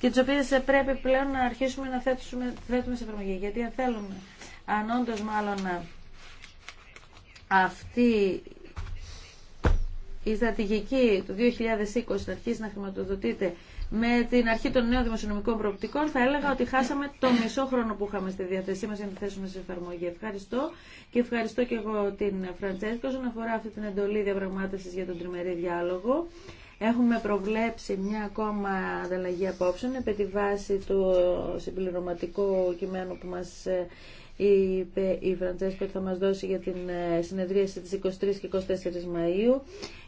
και τι οποίε ε, πρέπει πλέον να αρχίσουμε να θέτουμε, θέτουμε σε εφαρμογή. Γιατί αν θέλουμε, αν όντω μάλλον ε, αυτή η στρατηγική του 2020 να αρχίσει να χρηματοδοτείται με την αρχή των νέων δημοσιονομικών προοπτικών, θα έλεγα ότι χάσαμε το μισό χρόνο που είχαμε στη διάθεσή μα για να θέσουμε σε εφαρμογή. Ευχαριστώ και ευχαριστώ και εγώ την Φραντσέσκο όσον αφορά αυτή την εντολή διαπραγμάτευση για τον τριμερή διάλογο. Έχουμε προβλέψει μια ακόμα ανταλλαγή απόψεων επί τη βάση του συμπληρωματικού κειμένου που μας ε, είπε η Φραντσέσκο ότι θα μας δώσει για την ε, συνεδρίαση της 23 και 24 Μαΐου.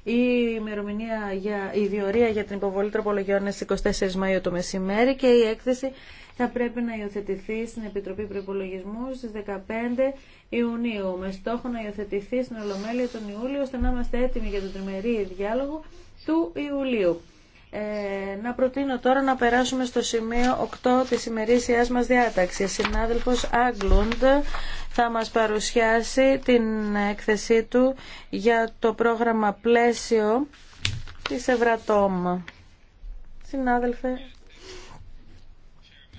Η ημερομηνία για, η διορία για την υποβολή τροπολογιών είναι στις 24 Μαΐου το μεσημέρι και η έκθεση θα πρέπει να υιοθετηθεί στην Επιτροπή Προπολογισμού στις 15 Ιουνίου με στόχο να υιοθετηθεί στην Ολομέλεια τον Ιούλιο ώστε να είμαστε έτοιμοι για τον τριμερή διάλογο του Ιουλίου. Ε, να προτείνω τώρα να περάσουμε στο σημείο 8 της ημερήσιάς μας διάταξης. Συνάδελφος Άγκλουντ θα μας παρουσιάσει την έκθεσή του για το πρόγραμμα πλαίσιο της Ευρατόμ. Συνάδελφε.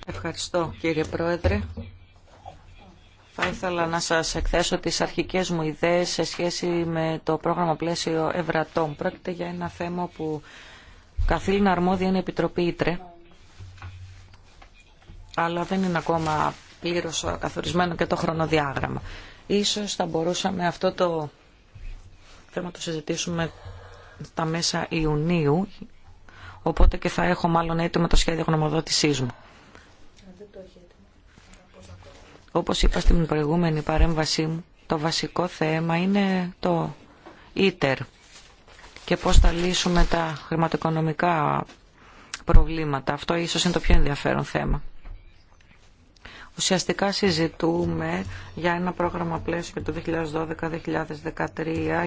Ευχαριστώ κύριε Πρόεδρε. Θα ήθελα να σας εκθέσω τις αρχικές μου ιδέες σε σχέση με το πρόγραμμα πλαίσιο Ευρατών. Πρόκειται για ένα θέμα που καθήλυνα αρμόδια είναι η Επιτροπή Ήτρε, αλλά δεν είναι ακόμα πλήρως καθορισμένο και το χρονοδιάγραμμα. Ίσως θα μπορούσαμε αυτό το θέμα το συζητήσουμε τα μέσα Ιουνίου, οπότε και θα έχω μάλλον έτοιμο το σχέδιο γνωμοδότησής μου. Όπως είπα στην προηγούμενη παρέμβασή μου, το βασικό θέμα είναι το ίτερ και πώς θα λύσουμε τα χρηματοοικονομικά προβλήματα. Αυτό ίσως είναι το πιο ενδιαφέρον θέμα. Ουσιαστικά συζητούμε για ένα πρόγραμμα πλαίσιο το 2012-2013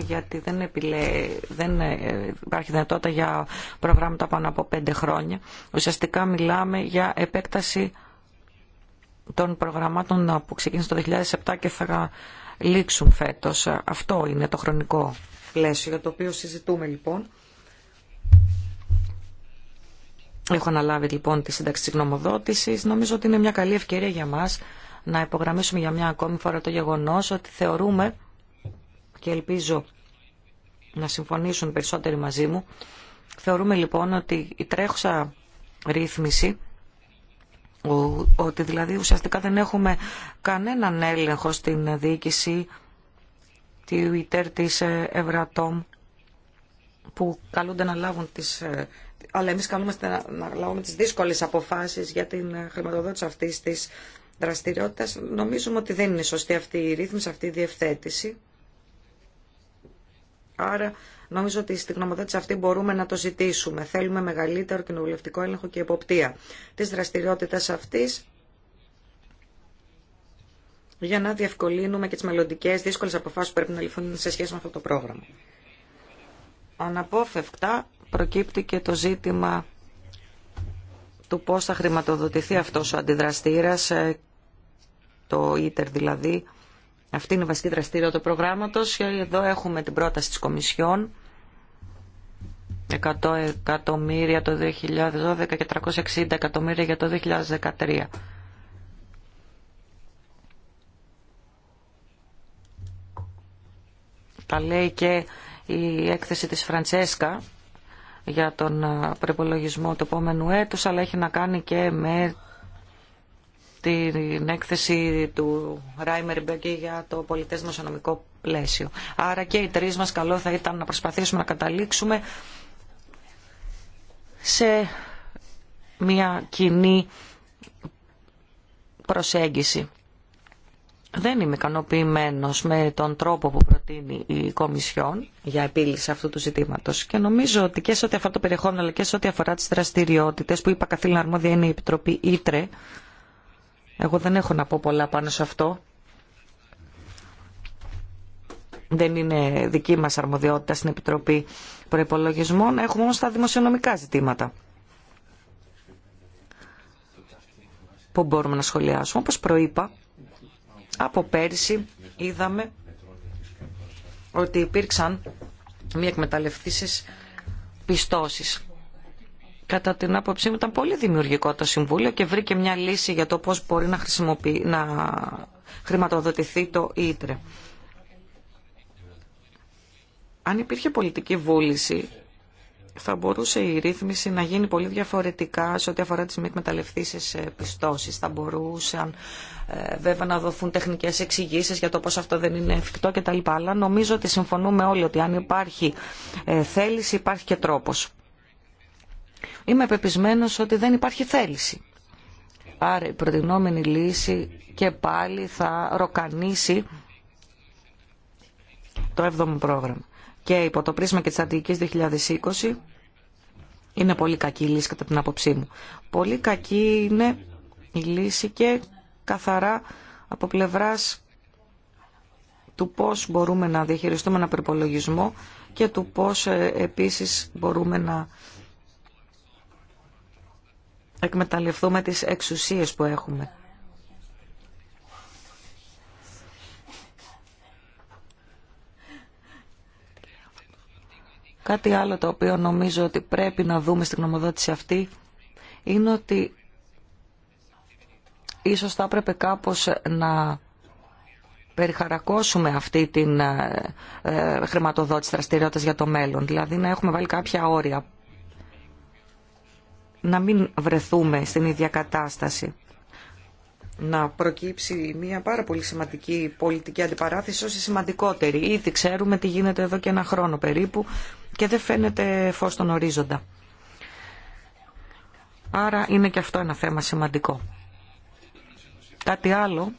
γιατί δεν, επιλέ... δεν ε, υπάρχει δυνατότητα για προγράμματα πάνω από πέντε χρόνια. Ουσιαστικά μιλάμε για επέκταση των προγραμμάτων που ξεκίνησαν το 2007 και θα λήξουν φέτος. Αυτό είναι το χρονικό πλαίσιο για το οποίο συζητούμε λοιπόν. Έχω αναλάβει λοιπόν τη σύνταξη της γνωμοδότησης. Νομίζω ότι είναι μια καλή ευκαιρία για μας να υπογραμμίσουμε για μια ακόμη φορά το γεγονός ότι θεωρούμε και ελπίζω να συμφωνήσουν περισσότεροι μαζί μου. Θεωρούμε λοιπόν ότι η τρέχουσα ρύθμιση ότι δηλαδή ουσιαστικά δεν έχουμε κανέναν έλεγχο στην διοίκηση ΙΤΕΡ της ε, Ευρατόμ που καλούνται να λάβουν τις ε, αλλά εμείς καλούμαστε να, να λάβουμε τις δύσκολες αποφάσεις για την ε, χρηματοδότηση αυτής της δραστηριότητας. Νομίζουμε ότι δεν είναι σωστή αυτή η ρύθμιση, αυτή η διευθέτηση. Άρα Νομίζω ότι στη γνωμοδότηση αυτή μπορούμε να το ζητήσουμε. Θέλουμε μεγαλύτερο κοινοβουλευτικό έλεγχο και υποπτία της δραστηριότητας αυτής για να διευκολύνουμε και τις μελλοντικέ δύσκολε αποφάσει που πρέπει να ληφθούν σε σχέση με αυτό το πρόγραμμα. Αναπόφευκτα προκύπτει και το ζήτημα του πώς θα χρηματοδοτηθεί αυτός ο αντιδραστήρας, ε, το ίτερ δηλαδή, αυτή είναι η βασική δραστηριότητα του προγράμματος. Εδώ έχουμε την πρόταση της Κομισιόν. 100 εκατομμύρια το 2012 και 360 εκατομμύρια για το 2013. Τα λέει και η έκθεση της Φραντσέσκα για τον προπολογισμό του επόμενου έτους, αλλά έχει να κάνει και με την έκθεση του Ράιμερ Μπέγκε για το πολιτές δημοσιονομικό πλαίσιο. Άρα και οι τρεις μας καλό θα ήταν να προσπαθήσουμε να καταλήξουμε σε μια κοινή προσέγγιση. Δεν είμαι ικανοποιημένο με τον τρόπο που προτείνει η Κομισιόν για επίλυση αυτού του ζητήματο. Και νομίζω ότι και σε ό,τι αφορά το περιεχόμενο, αλλά και σε ό,τι αφορά τι δραστηριότητε που είπα καθήλυνα αρμόδια είναι η Επιτροπή Ήτρε, εγώ δεν έχω να πω πολλά πάνω σε αυτό. Δεν είναι δική μας αρμοδιότητα στην Επιτροπή Προϋπολογισμών. Έχουμε όμως τα δημοσιονομικά ζητήματα. Που μπορούμε να σχολιάσουμε. Όπως προείπα, από πέρυσι είδαμε ότι υπήρξαν μη εκμεταλλευτήσεις πιστώσεις Κατά την άποψή μου ήταν πολύ δημιουργικό το Συμβούλιο και βρήκε μια λύση για το πώς μπορεί να, να χρηματοδοτηθεί το ΙΤΡΕ. Αν υπήρχε πολιτική βούληση, θα μπορούσε η ρύθμιση να γίνει πολύ διαφορετικά σε ό,τι αφορά τις μη εκμεταλλευτήσεις ε, πιστώσεις. Θα μπορούσαν ε, βέβαια να δοθούν τεχνικές εξηγήσει για το πώς αυτό δεν είναι εφικτό κτλ. Αλλά νομίζω ότι συμφωνούμε όλοι ότι αν υπάρχει ε, θέληση υπάρχει και τρόπος. Είμαι πεπισμένος ότι δεν υπάρχει θέληση. Άρα η προτινόμενη λύση και πάλι θα ροκανίσει το 7ο πρόγραμμα. Και υπό το πρίσμα και της Αντιγικής 2020 είναι πολύ κακή η λύση κατά την άποψή μου. Πολύ κακή είναι η λύση και καθαρά από πλευράς του πώς μπορούμε να διαχειριστούμε ένα προπολογισμό και του πώς ε, επίσης μπορούμε να εκμεταλλευτούμε τις εξουσίες που έχουμε. Κάτι άλλο το οποίο νομίζω ότι πρέπει να δούμε στην γνωμοδότηση αυτή είναι ότι ίσως θα έπρεπε κάπως να περιχαρακώσουμε αυτή την ε, ε, χρηματοδότηση δραστηριότητα για το μέλλον. Δηλαδή να έχουμε βάλει κάποια όρια να μην βρεθούμε στην ίδια κατάσταση. Να προκύψει μια πάρα πολύ σημαντική πολιτική αντιπαράθεση όσο σημαντικότερη. Ήδη ξέρουμε τι γίνεται εδώ και ένα χρόνο περίπου και δεν φαίνεται φως στον ορίζοντα. Άρα είναι και αυτό ένα θέμα σημαντικό. Κάτι άλλο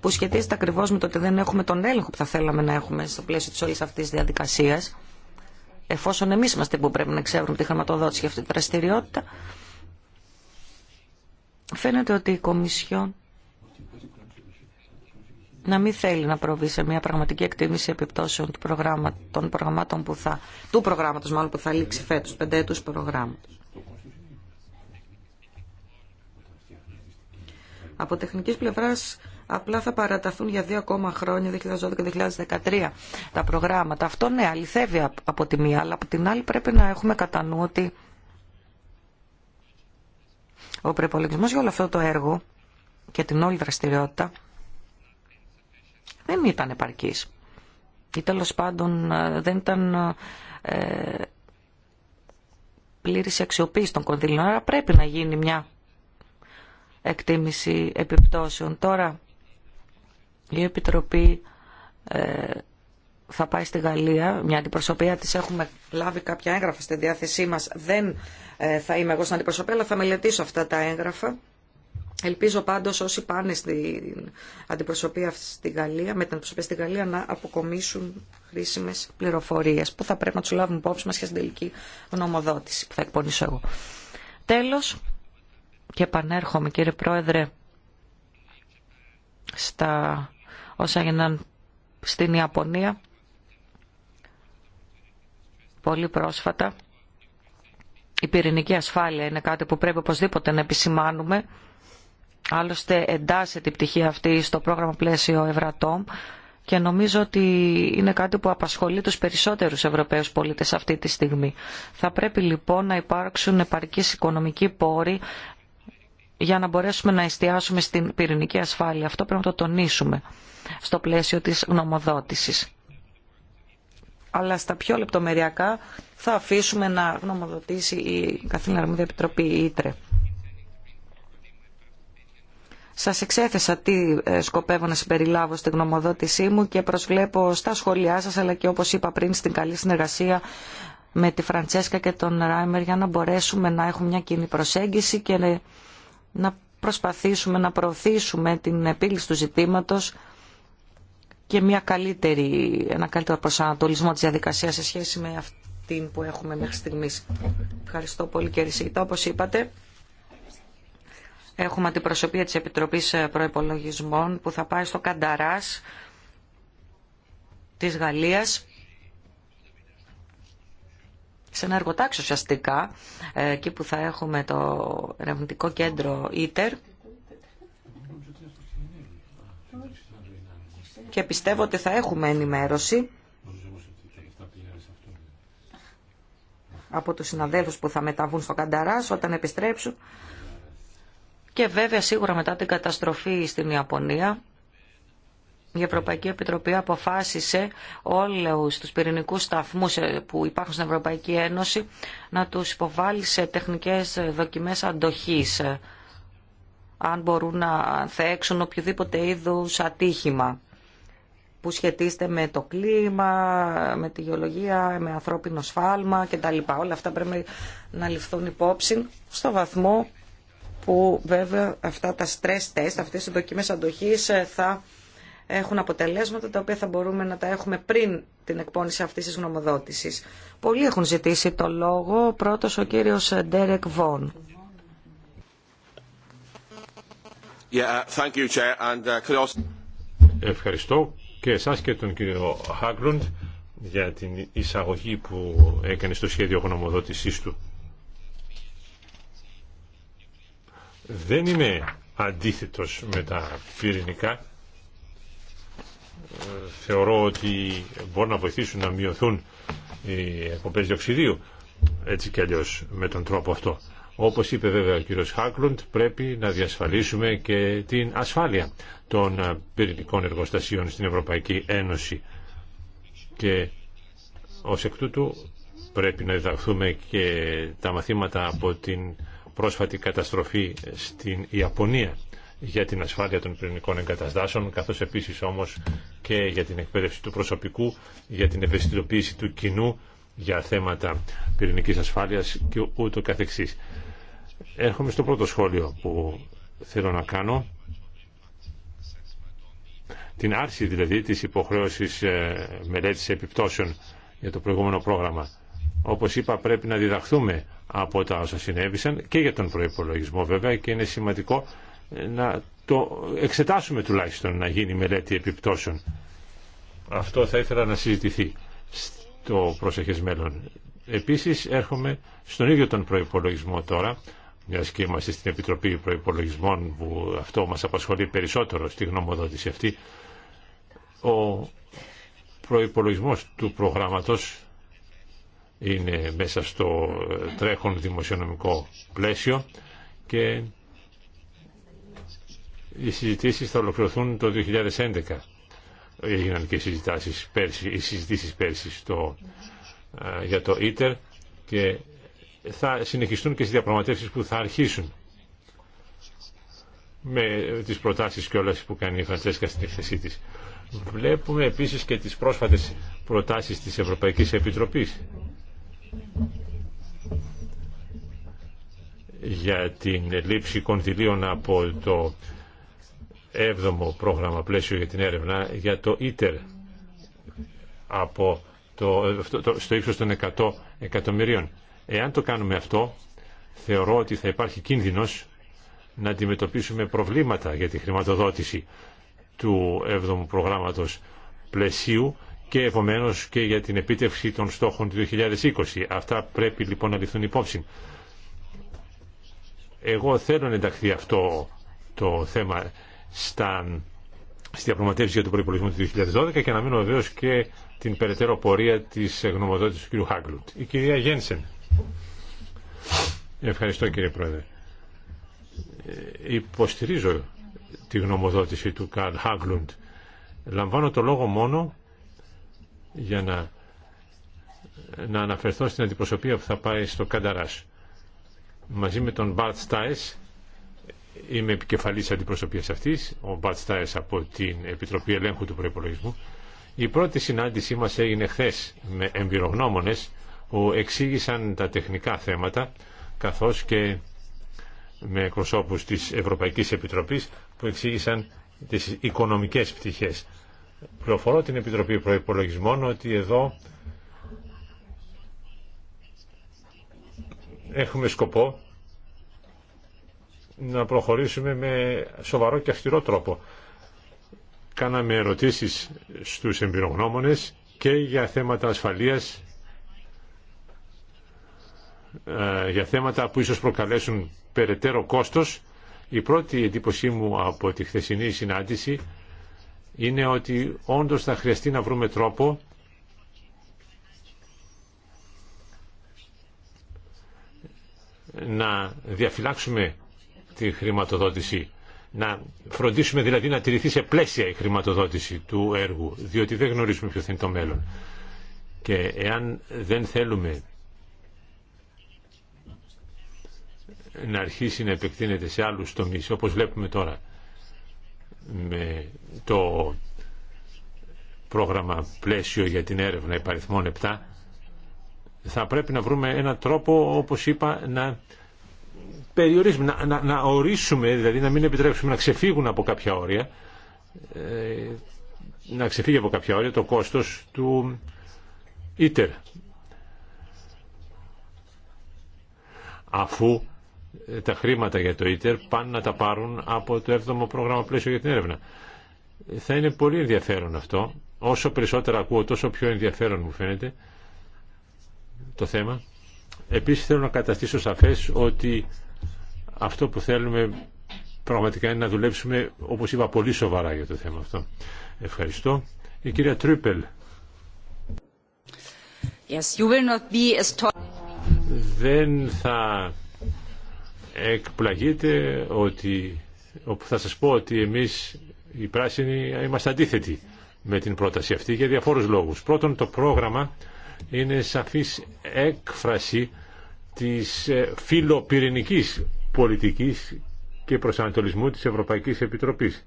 που σχετίζεται ακριβώς με το ότι δεν έχουμε τον έλεγχο που θα θέλαμε να έχουμε στο πλαίσιο της όλης αυτής της διαδικασίας εφόσον εμείς είμαστε που πρέπει να εξεύρουμε τη χρηματοδότηση για αυτή τη δραστηριότητα, φαίνεται ότι η Κομισιόν να μην θέλει να προβεί σε μια πραγματική εκτίμηση επιπτώσεων του προγράμμα, των προγραμμάτων που θα, του προγράμματος μάλλον που θα λήξει φέτος, πεντέτους προγράμματος. Από τεχνικής πλευράς απλά θα παραταθούν για δύο ακόμα χρόνια, 2012 και 2013, τα προγράμματα. Αυτό ναι, αληθεύει από τη μία, αλλά από την άλλη πρέπει να έχουμε κατά νου ότι ο προπολογισμό για όλο αυτό το έργο και την όλη δραστηριότητα δεν ήταν επαρκής. Ή τέλο πάντων ε, δεν ήταν ε, πλήρης αξιοποίηση των κονδύλων. Άρα πρέπει να γίνει μια εκτίμηση επιπτώσεων. Τώρα η Επιτροπή ε, θα πάει στη Γαλλία, μια αντιπροσωπεία της έχουμε λάβει κάποια έγγραφα στη διάθεσή μας. Δεν ε, θα είμαι εγώ στην αντιπροσωπεία, αλλά θα μελετήσω αυτά τα έγγραφα. Ελπίζω πάντως όσοι πάνε στην αντιπροσωπεία στη Γαλλία, με την αντιπροσωπεία στη Γαλλία να αποκομίσουν χρήσιμες πληροφορίες που θα πρέπει να τους λάβουν υπόψη μας και στην τελική γνωμοδότηση που θα εκπονήσω εγώ. Τέλος, και επανέρχομαι κύριε Πρόεδρε, στα όσα έγιναν στην Ιαπωνία πολύ πρόσφατα. Η πυρηνική ασφάλεια είναι κάτι που πρέπει οπωσδήποτε να επισημάνουμε. Άλλωστε εντάσσεται η πτυχή αυτή στο πρόγραμμα πλαίσιο Ευρατόμ και νομίζω ότι είναι κάτι που απασχολεί τους περισσότερους Ευρωπαίους πολίτες αυτή τη στιγμή. Θα πρέπει λοιπόν να υπάρξουν επαρκείς οικονομικοί πόροι για να μπορέσουμε να εστιάσουμε στην πυρηνική ασφάλεια. Αυτό πρέπει να το τονίσουμε στο πλαίσιο της γνωμοδότησης. Αλλά στα πιο λεπτομεριακά θα αφήσουμε να γνωμοδοτήσει η Καθήνα Αρμούδια Επιτροπή Ήτρε. Σας εξέθεσα τι ε, σκοπεύω να συμπεριλάβω στη γνωμοδότησή μου και προσβλέπω στα σχόλιά σας αλλά και όπως είπα πριν στην καλή συνεργασία με τη Φραντσέσκα και τον Ράιμερ για να μπορέσουμε να έχουμε μια κοινή προσέγγιση και να προσπαθήσουμε να προωθήσουμε την επίλυση του ζητήματος και μια καλύτερη, ένα καλύτερο προσανατολισμό της διαδικασίας σε σχέση με αυτήν που έχουμε μέχρι στιγμής. Ευχαριστώ πολύ κύριε Σίγητα. Όπως είπατε, έχουμε την αντιπροσωπεία της Επιτροπής Προϋπολογισμών που θα πάει στο Κανταράς της Γαλλίας σε ένα εργοτάξιο ουσιαστικά, ε, εκεί που θα έχουμε το ερευνητικό κέντρο ΙΤΕΡ. Και πιστεύω ότι θα έχουμε ενημέρωση από τους συναδέλφους που θα μεταβούν στο Κανταράς όταν επιστρέψουν. Και βέβαια σίγουρα μετά την καταστροφή στην Ιαπωνία η Ευρωπαϊκή Επιτροπή αποφάσισε όλους τους πυρηνικούς σταθμούς ε, που υπάρχουν στην Ευρωπαϊκή Ένωση να τους υποβάλει σε τεχνικές δοκιμές αντοχής ε, αν μπορούν να θέξουν οποιοδήποτε είδους ατύχημα που σχετίζεται με το κλίμα, με τη γεωλογία, με ανθρώπινο σφάλμα κτλ. Όλα αυτά πρέπει να ληφθούν υπόψη στο βαθμό που βέβαια αυτά τα stress test, αυτές οι δοκιμές αντοχής ε, θα έχουν αποτελέσματα τα οποία θα μπορούμε να τα έχουμε πριν την εκπόνηση αυτής της γνωμοδότησης. Πολλοί έχουν ζητήσει το λόγο. Πρώτος ο κύριος Ντέρεκ Βόν. Ευχαριστώ και εσάς και τον κύριο Χάγκλουντ για την εισαγωγή που έκανε στο σχέδιο γνωμοδότησής του. Δεν είμαι αντίθετος με τα πυρηνικά θεωρώ ότι μπορούν να βοηθήσουν να μειωθούν οι εκπομπές διοξιδίου έτσι κι αλλιώς με τον τρόπο αυτό. Όπως είπε βέβαια ο κύριος Χάκλουντ, πρέπει να διασφαλίσουμε και την ασφάλεια των πυρηνικών εργοστασίων στην Ευρωπαϊκή Ένωση. Και ως εκ τούτου πρέπει να διδαχθούμε και τα μαθήματα από την πρόσφατη καταστροφή στην Ιαπωνία για την ασφάλεια των πυρηνικών εγκαταστάσεων, καθώς επίσης όμως και για την εκπαίδευση του προσωπικού, για την ευαισθητοποίηση του κοινού για θέματα πυρηνικής ασφάλειας και ούτω καθεξής. Έρχομαι στο πρώτο σχόλιο που θέλω να κάνω. Την άρση δηλαδή της υποχρέωσης ε, μελέτης επιπτώσεων για το προηγούμενο πρόγραμμα. Όπως είπα πρέπει να διδαχθούμε από τα όσα συνέβησαν και για τον προϋπολογισμό βέβαια και είναι σημαντικό να το εξετάσουμε τουλάχιστον να γίνει μελέτη επιπτώσεων. Αυτό θα ήθελα να συζητηθεί στο προσεχές μέλλον. Επίσης έρχομαι στον ίδιο τον προϋπολογισμό τώρα, μιας και είμαστε στην Επιτροπή Προϋπολογισμών που αυτό μας απασχολεί περισσότερο στη γνωμοδότηση αυτή, ο προϋπολογισμός του προγράμματος είναι μέσα στο τρέχον δημοσιονομικό πλαίσιο και οι συζητήσεις θα ολοκληρωθούν το 2011. Έγιναν και συζητήσεις πέρσι, οι συζητήσεις πέρσι στο, ε, για το ΊΤΕΡ και θα συνεχιστούν και στις διαπραγματεύσεις που θα αρχίσουν με τις προτάσεις και όλες που κάνει η Φραντσέσκα στην εκθεσή της. Βλέπουμε επίσης και τις πρόσφατες προτάσεις της Ευρωπαϊκής Επιτροπής για την λήψη κονδυλίων από το έβδομο πρόγραμμα πλαίσιο για την έρευνα για το ίτερ από το, το, στο ύψος των 100 εκατομμυρίων. Εάν το κάνουμε αυτό, θεωρώ ότι θα υπάρχει κίνδυνος να αντιμετωπίσουμε προβλήματα για τη χρηματοδότηση του έβδομου προγράμματος πλαισίου και επομένως και για την επίτευξη των στόχων του 2020. Αυτά πρέπει λοιπόν να ληφθούν υπόψη. Εγώ θέλω να ενταχθεί αυτό το θέμα στα, στη διαπραγματεύση για τον προπολογισμό του 2012 και αναμένω βεβαίω και την περαιτέρω πορεία τη γνωμοδότηση του κ. Χάγκλουτ. Η κυρία Γένσεν. Ευχαριστώ κύριε Πρόεδρε. Ε, υποστηρίζω τη γνωμοδότηση του Καρλ Χάγκλουντ. Λαμβάνω το λόγο μόνο για να, να αναφερθώ στην αντιπροσωπεία που θα πάει στο Κανταράς μαζί με τον Μπαρτ Στάις Είμαι επικεφαλής αντιπροσωπείας αυτής, ο Μπατ από την Επιτροπή Ελέγχου του Προϋπολογισμού. Η πρώτη συνάντησή μας έγινε χθε με εμπειρογνώμονες που εξήγησαν τα τεχνικά θέματα καθώς και με εκπροσώπους της Ευρωπαϊκής Επιτροπής που εξήγησαν τις οικονομικές πτυχές. Προφορώ την Επιτροπή Προϋπολογισμών ότι εδώ έχουμε σκοπό να προχωρήσουμε με σοβαρό και αυστηρό τρόπο. Κάναμε ερωτήσεις στους εμπειρογνώμονες και για θέματα ασφαλείας, ε, για θέματα που ίσως προκαλέσουν περαιτέρω κόστος. Η πρώτη εντύπωσή μου από τη χθεσινή συνάντηση είναι ότι όντως θα χρειαστεί να βρούμε τρόπο να διαφυλάξουμε τη χρηματοδότηση. Να φροντίσουμε δηλαδή να τηρηθεί σε πλαίσια η χρηματοδότηση του έργου, διότι δεν γνωρίζουμε ποιο θα είναι το μέλλον. Και εάν δεν θέλουμε να αρχίσει να επεκτείνεται σε άλλους τομείς, όπως βλέπουμε τώρα με το πρόγραμμα πλαίσιο για την έρευνα υπαριθμών 7, θα πρέπει να βρούμε έναν τρόπο, όπως είπα, να περιορίσουμε, να, να, ορίσουμε, δηλαδή να μην επιτρέψουμε να ξεφύγουν από κάποια όρια, ε, να ξεφύγει από κάποια όρια το κόστος του ίτερ. Αφού ε, τα χρήματα για το ίτερ πάνε να τα πάρουν από το 7ο πρόγραμμα πλαίσιο για την έρευνα. Θα είναι πολύ ενδιαφέρον αυτό. Όσο περισσότερα ακούω, τόσο πιο ενδιαφέρον μου φαίνεται το θέμα. Επίσης θέλω να καταστήσω σαφές ότι αυτό που θέλουμε πραγματικά είναι να δουλέψουμε, όπως είπα, πολύ σοβαρά για το θέμα αυτό. Ευχαριστώ. Η κυρία Τρίπελ. Yes, you will not be as Δεν θα εκπλαγείτε ότι όπου θα σας πω ότι εμείς οι πράσινοι είμαστε αντίθετοι με την πρόταση αυτή για διαφόρους λόγους. Πρώτον, το πρόγραμμα είναι σαφής έκφραση της ε, φιλοπυρηνικής πολιτικής και προσανατολισμού της Ευρωπαϊκής Επιτροπής.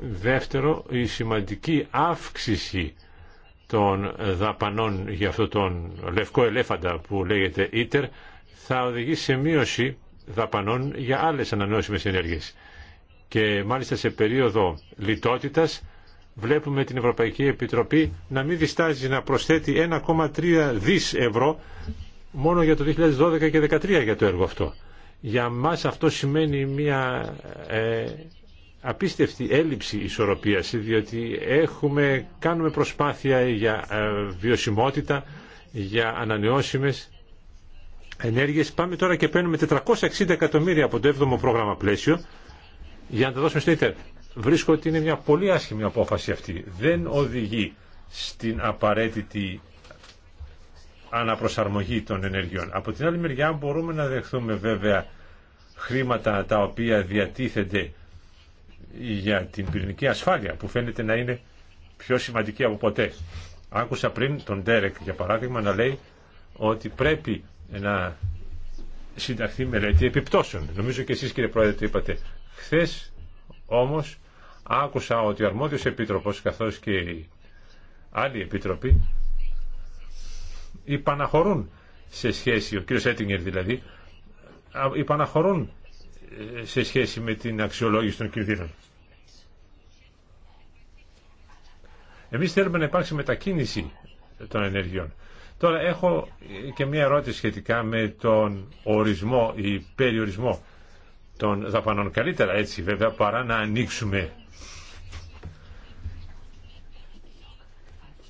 Δεύτερο, η σημαντική αύξηση των δαπανών για αυτό τον λευκό ελέφαντα που λέγεται ίτερ θα οδηγήσει σε μείωση δαπανών για άλλες ανανεώσιμες ενέργειες. Και μάλιστα σε περίοδο λιτότητας βλέπουμε την Ευρωπαϊκή Επιτροπή να μην διστάζει να προσθέτει 1,3 δις ευρώ μόνο για το 2012 και 2013 για το έργο αυτό. Για μας αυτό σημαίνει μια ε, απίστευτη έλλειψη ισορροπίας, διότι έχουμε, κάνουμε προσπάθεια για ε, βιωσιμότητα, για ανανεώσιμες ενέργειες. Πάμε τώρα και παίρνουμε 460 εκατομμύρια από το 7ο πρόγραμμα πλαίσιο για να τα δώσουμε στο ίτερ. Βρίσκω ότι είναι μια πολύ άσχημη απόφαση αυτή. Δεν οδηγεί στην απαραίτητη αναπροσαρμογή των ενεργειών. Από την άλλη μεριά μπορούμε να δεχθούμε βέβαια χρήματα τα οποία διατίθενται για την πυρηνική ασφάλεια που φαίνεται να είναι πιο σημαντική από ποτέ. Άκουσα πριν τον Τέρεκ για παράδειγμα να λέει ότι πρέπει να συνταχθεί μελέτη επιπτώσεων. Νομίζω και εσείς κύριε Πρόεδρε το είπατε. Χθε όμως άκουσα ότι ο αρμόδιος επίτροπος καθώς και οι άλλοι επίτροποι υπαναχωρούν σε σχέση, ο κύριος Έτιγκερ δηλαδή, υπαναχωρούν ε, σε σχέση με την αξιολόγηση των κινδύνων. Εμείς θέλουμε να υπάρξει μετακίνηση των ενεργειών. Τώρα έχω ε, και μία ερώτηση σχετικά με τον ορισμό ή περιορισμό των δαπανών. Καλύτερα έτσι βέβαια παρά να ανοίξουμε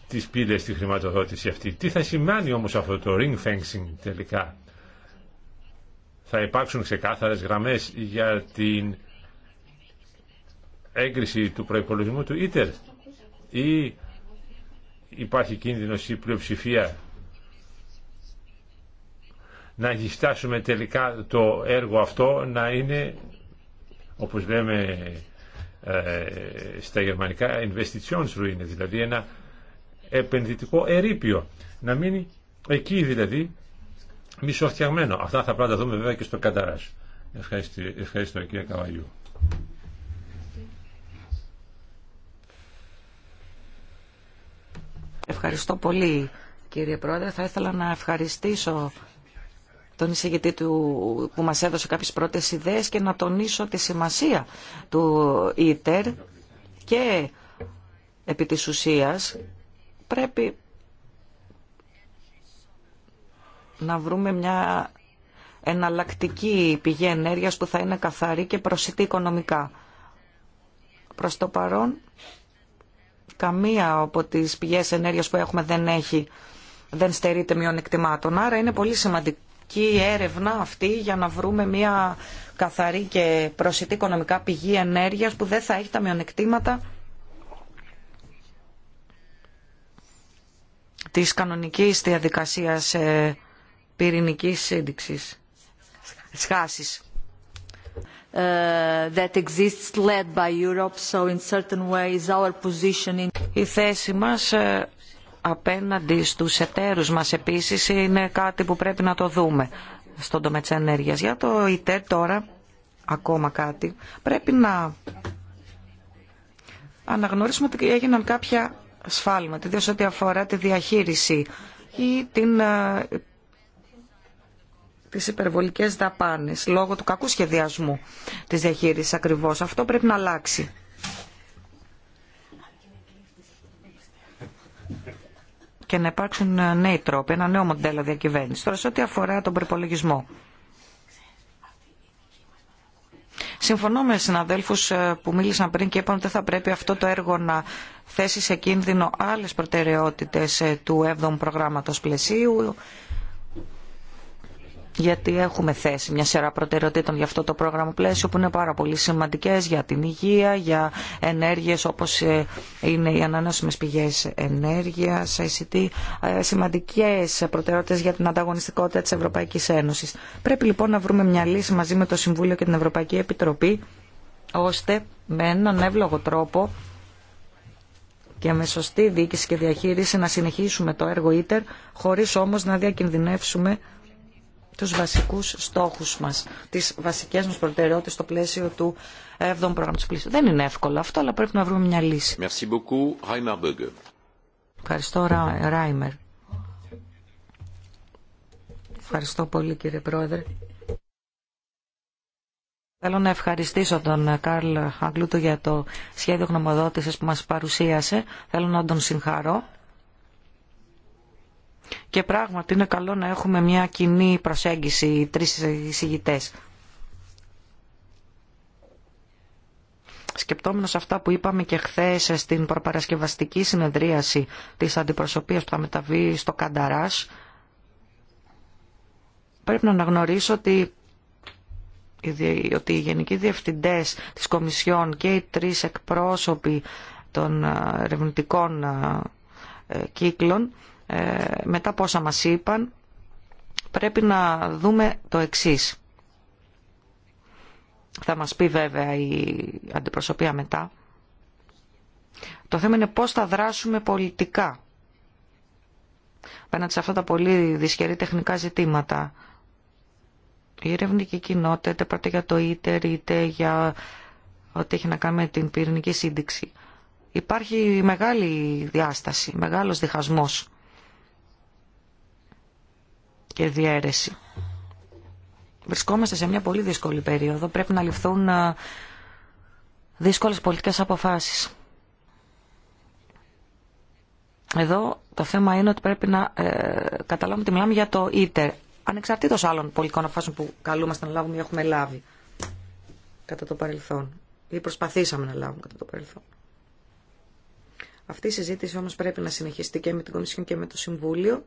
τις πύλες στη χρηματοδότηση αυτή. Τι θα σημαίνει όμως αυτό το ring fencing τελικά. Θα υπάρξουν ξεκάθαρες γραμμές για την έγκριση του προϋπολογισμού του ίτερ ή υπάρχει κίνδυνος η πλειοψηφία να γιστάσουμε τελικά το έργο αυτό να είναι όπως λέμε ε, στα γερμανικά investitions ruin, δηλαδή ένα επενδυτικό ερήπιο. Να μείνει εκεί δηλαδή μισοφτιαγμένο. Αυτά θα πρέπει να δούμε βέβαια και στο Καταράς. Ευχαριστώ, ευχαριστώ κύριε Καβαλίου. Ευχαριστώ πολύ κύριε Πρόεδρε. Θα ήθελα να ευχαριστήσω τον εισηγητή του που μας έδωσε κάποιες πρώτες ιδέες και να τονίσω τη σημασία του ΙΤΕΡ και επί της ουσίας πρέπει να βρούμε μια εναλλακτική πηγή ενέργειας που θα είναι καθαρή και προσιτή οικονομικά. Προς το παρόν, καμία από τις πηγές ενέργειας που έχουμε δεν έχει, δεν στερείται μειονεκτημάτων. Άρα είναι πολύ σημαντική η έρευνα αυτή για να βρούμε μια καθαρή και προσιτή οικονομικά πηγή ενέργειας που δεν θα έχει τα μειονεκτήματα της κανονικής διαδικασίας ε, πυρηνικής σύνδεξης, σχάσης. Η θέση μας ε, απέναντι στους εταίρους μας επίσης είναι κάτι που πρέπει να το δούμε στον τομέα της ενέργειας. Για το ΙΤΕ τώρα, ακόμα κάτι, πρέπει να αναγνωρίσουμε ότι έγιναν κάποια σφάλματα, ό,τι αφορά τη διαχείριση ή την, ε, τις υπερβολικές δαπάνες λόγω του κακού σχεδιασμού της διαχείρισης ακριβώς. Αυτό πρέπει να αλλάξει. και να υπάρξουν ε, νέοι τρόποι, ένα νέο μοντέλο διακυβέρνηση. Τώρα, σε ό,τι αφορά τον προπολογισμό, Συμφωνώ με συναδέλφους ε, που μίλησαν πριν και είπαν ότι θα πρέπει αυτό το έργο να θέσει σε κίνδυνο άλλες προτεραιότητες ε, του 7ου προγράμματος πλαισίου γιατί έχουμε θέσει μια σειρά προτεραιοτήτων για αυτό το πρόγραμμα πλαίσιο που είναι πάρα πολύ σημαντικές για την υγεία, για ενέργειες όπως ε, είναι οι ανανεώσιμες πηγές ενέργειας, ICT, ε, σημαντικές προτεραιότητες για την ανταγωνιστικότητα της Ευρωπαϊκής Ένωσης. Πρέπει λοιπόν να βρούμε μια λύση μαζί με το Συμβούλιο και την Ευρωπαϊκή Επιτροπή ώστε με έναν εύλογο τρόπο και με σωστή διοίκηση και διαχείριση να συνεχίσουμε το έργο ITER χωρίς όμως να διακινδυνεύσουμε τους βασικούς στόχους μας, τις βασικές μας προτεραιότητες στο πλαίσιο του 7ου προγράμματος πλήσεων. Δεν είναι εύκολο αυτό, αλλά πρέπει να βρούμε μια λύση. Ευχαριστώ, Ράιμερ. Ευχαριστώ πολύ, κύριε Πρόεδρε. Θέλω να ευχαριστήσω τον Καρλ Αγγλούτο για το σχέδιο γνωμοδότησης που μας παρουσίασε. Θέλω να τον συγχαρώ και πράγματι είναι καλό να έχουμε μια κοινή προσέγγιση οι τρεις εισηγητές. Σκεπτόμενος αυτά που είπαμε και χθες στην προπαρασκευαστική συνεδρίαση της αντιπροσωπείας που θα μεταβεί στο Κανταράς, πρέπει να αναγνωρίσω ότι ότι οι γενικοί διευθυντές της Κομισιόν και οι τρεις εκπρόσωποι των ε, ερευνητικών ε, ε, κύκλων ε, μετά από όσα μας είπαν, πρέπει να δούμε το εξής. Θα μας πει βέβαια η αντιπροσωπεία μετά. Το θέμα είναι πώς θα δράσουμε πολιτικά απέναντι σε αυτά τα πολύ δυσκερή τεχνικά ζητήματα. Η ερευνητική κοινότητα είτε πρώτα για το ίτερ είτε για ό,τι έχει να κάνει με την πυρηνική σύνδεξη. Υπάρχει μεγάλη διάσταση, μεγάλος διχασμός και διαίρεση. Βρισκόμαστε σε μια πολύ δύσκολη περίοδο. Πρέπει να ληφθούν ε, δύσκολες πολιτικές αποφάσεις. Εδώ το θέμα είναι ότι πρέπει να ε, καταλάβουμε ότι μιλάμε για το ίτερ. Ανεξαρτήτως άλλων πολιτικών αποφάσεων που καλούμαστε να λάβουμε ή έχουμε λάβει κατά το παρελθόν. Ή προσπαθήσαμε να λάβουμε κατά το παρελθόν. Αυτή η συζήτηση όμως πρέπει να συνεχιστεί και με την Κομισιόν και με το Συμβούλιο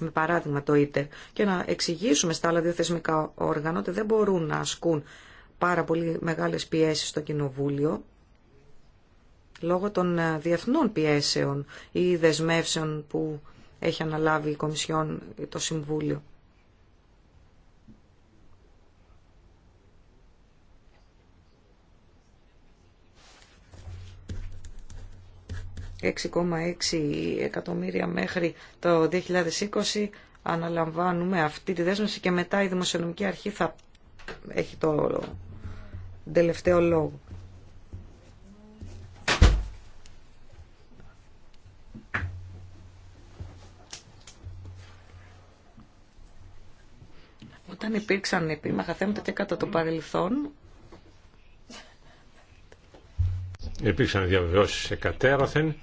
με παράδειγμα το ΙΤΕ και να εξηγήσουμε στα άλλα δύο θεσμικά όργανα ότι δεν μπορούν να ασκούν πάρα πολύ μεγάλες πιέσεις στο Κοινοβούλιο λόγω των ε, διεθνών πιέσεων ή δεσμεύσεων που έχει αναλάβει η Κομισιόν το Συμβούλιο. 6,6 εκατομμύρια μέχρι το 2020. Αναλαμβάνουμε αυτή τη δέσμευση και μετά η Δημοσιονομική Αρχή θα έχει το τελευταίο λόγο. Όταν υπήρξαν επίμαχα θέματα και κατά το παρελθόν, Υπήρξαν διαβεβαιώσεις κατέρωθεν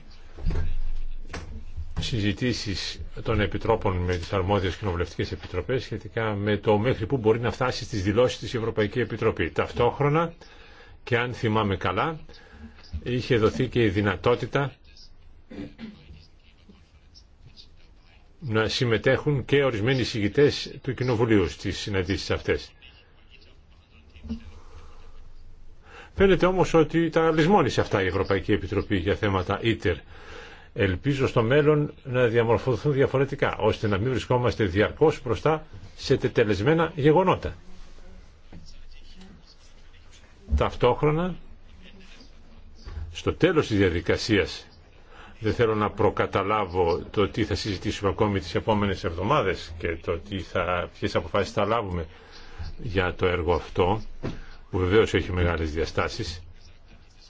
συζητήσεις των επιτρόπων με τις αρμόδιες κοινοβουλευτικές επιτροπές σχετικά με το μέχρι που μπορεί να φτάσει στις δηλώσεις της Ευρωπαϊκή Επιτροπή. Ταυτόχρονα, και αν θυμάμαι καλά, είχε δοθεί και η δυνατότητα να συμμετέχουν και ορισμένοι συγητές του Κοινοβουλίου στις συναντήσεις αυτές. Φαίνεται όμως ότι τα λησμόνησε αυτά η Ευρωπαϊκή Επιτροπή για θέματα ITER. Ελπίζω στο μέλλον να διαμορφωθούν διαφορετικά, ώστε να μην βρισκόμαστε διαρκώς μπροστά σε τετελεσμένα γεγονότα. Ταυτόχρονα, στο τέλος της διαδικασίας, δεν θέλω να προκαταλάβω το τι θα συζητήσουμε ακόμη τις επόμενες εβδομάδες και το τι θα, ποιες αποφάσεις θα λάβουμε για το έργο αυτό που βεβαίως έχει μεγάλες διαστάσεις.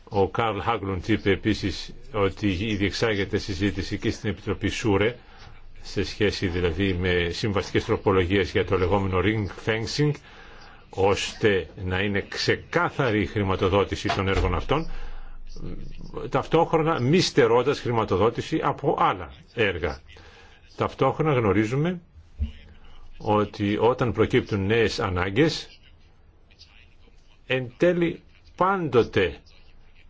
Ο Καρλ Χάγκλουντ είπε επίσης ότι διεξάγεται συζήτηση και στην Επιτροπή Σούρε σε σχέση δηλαδή με συμβαστικές τροπολογίες για το λεγόμενο ring fencing ώστε να είναι ξεκάθαρη η χρηματοδότηση των έργων αυτών ταυτόχρονα μη στερώντας χρηματοδότηση από άλλα έργα. Ταυτόχρονα γνωρίζουμε ότι όταν προκύπτουν νέες ανάγκες εν τέλει πάντοτε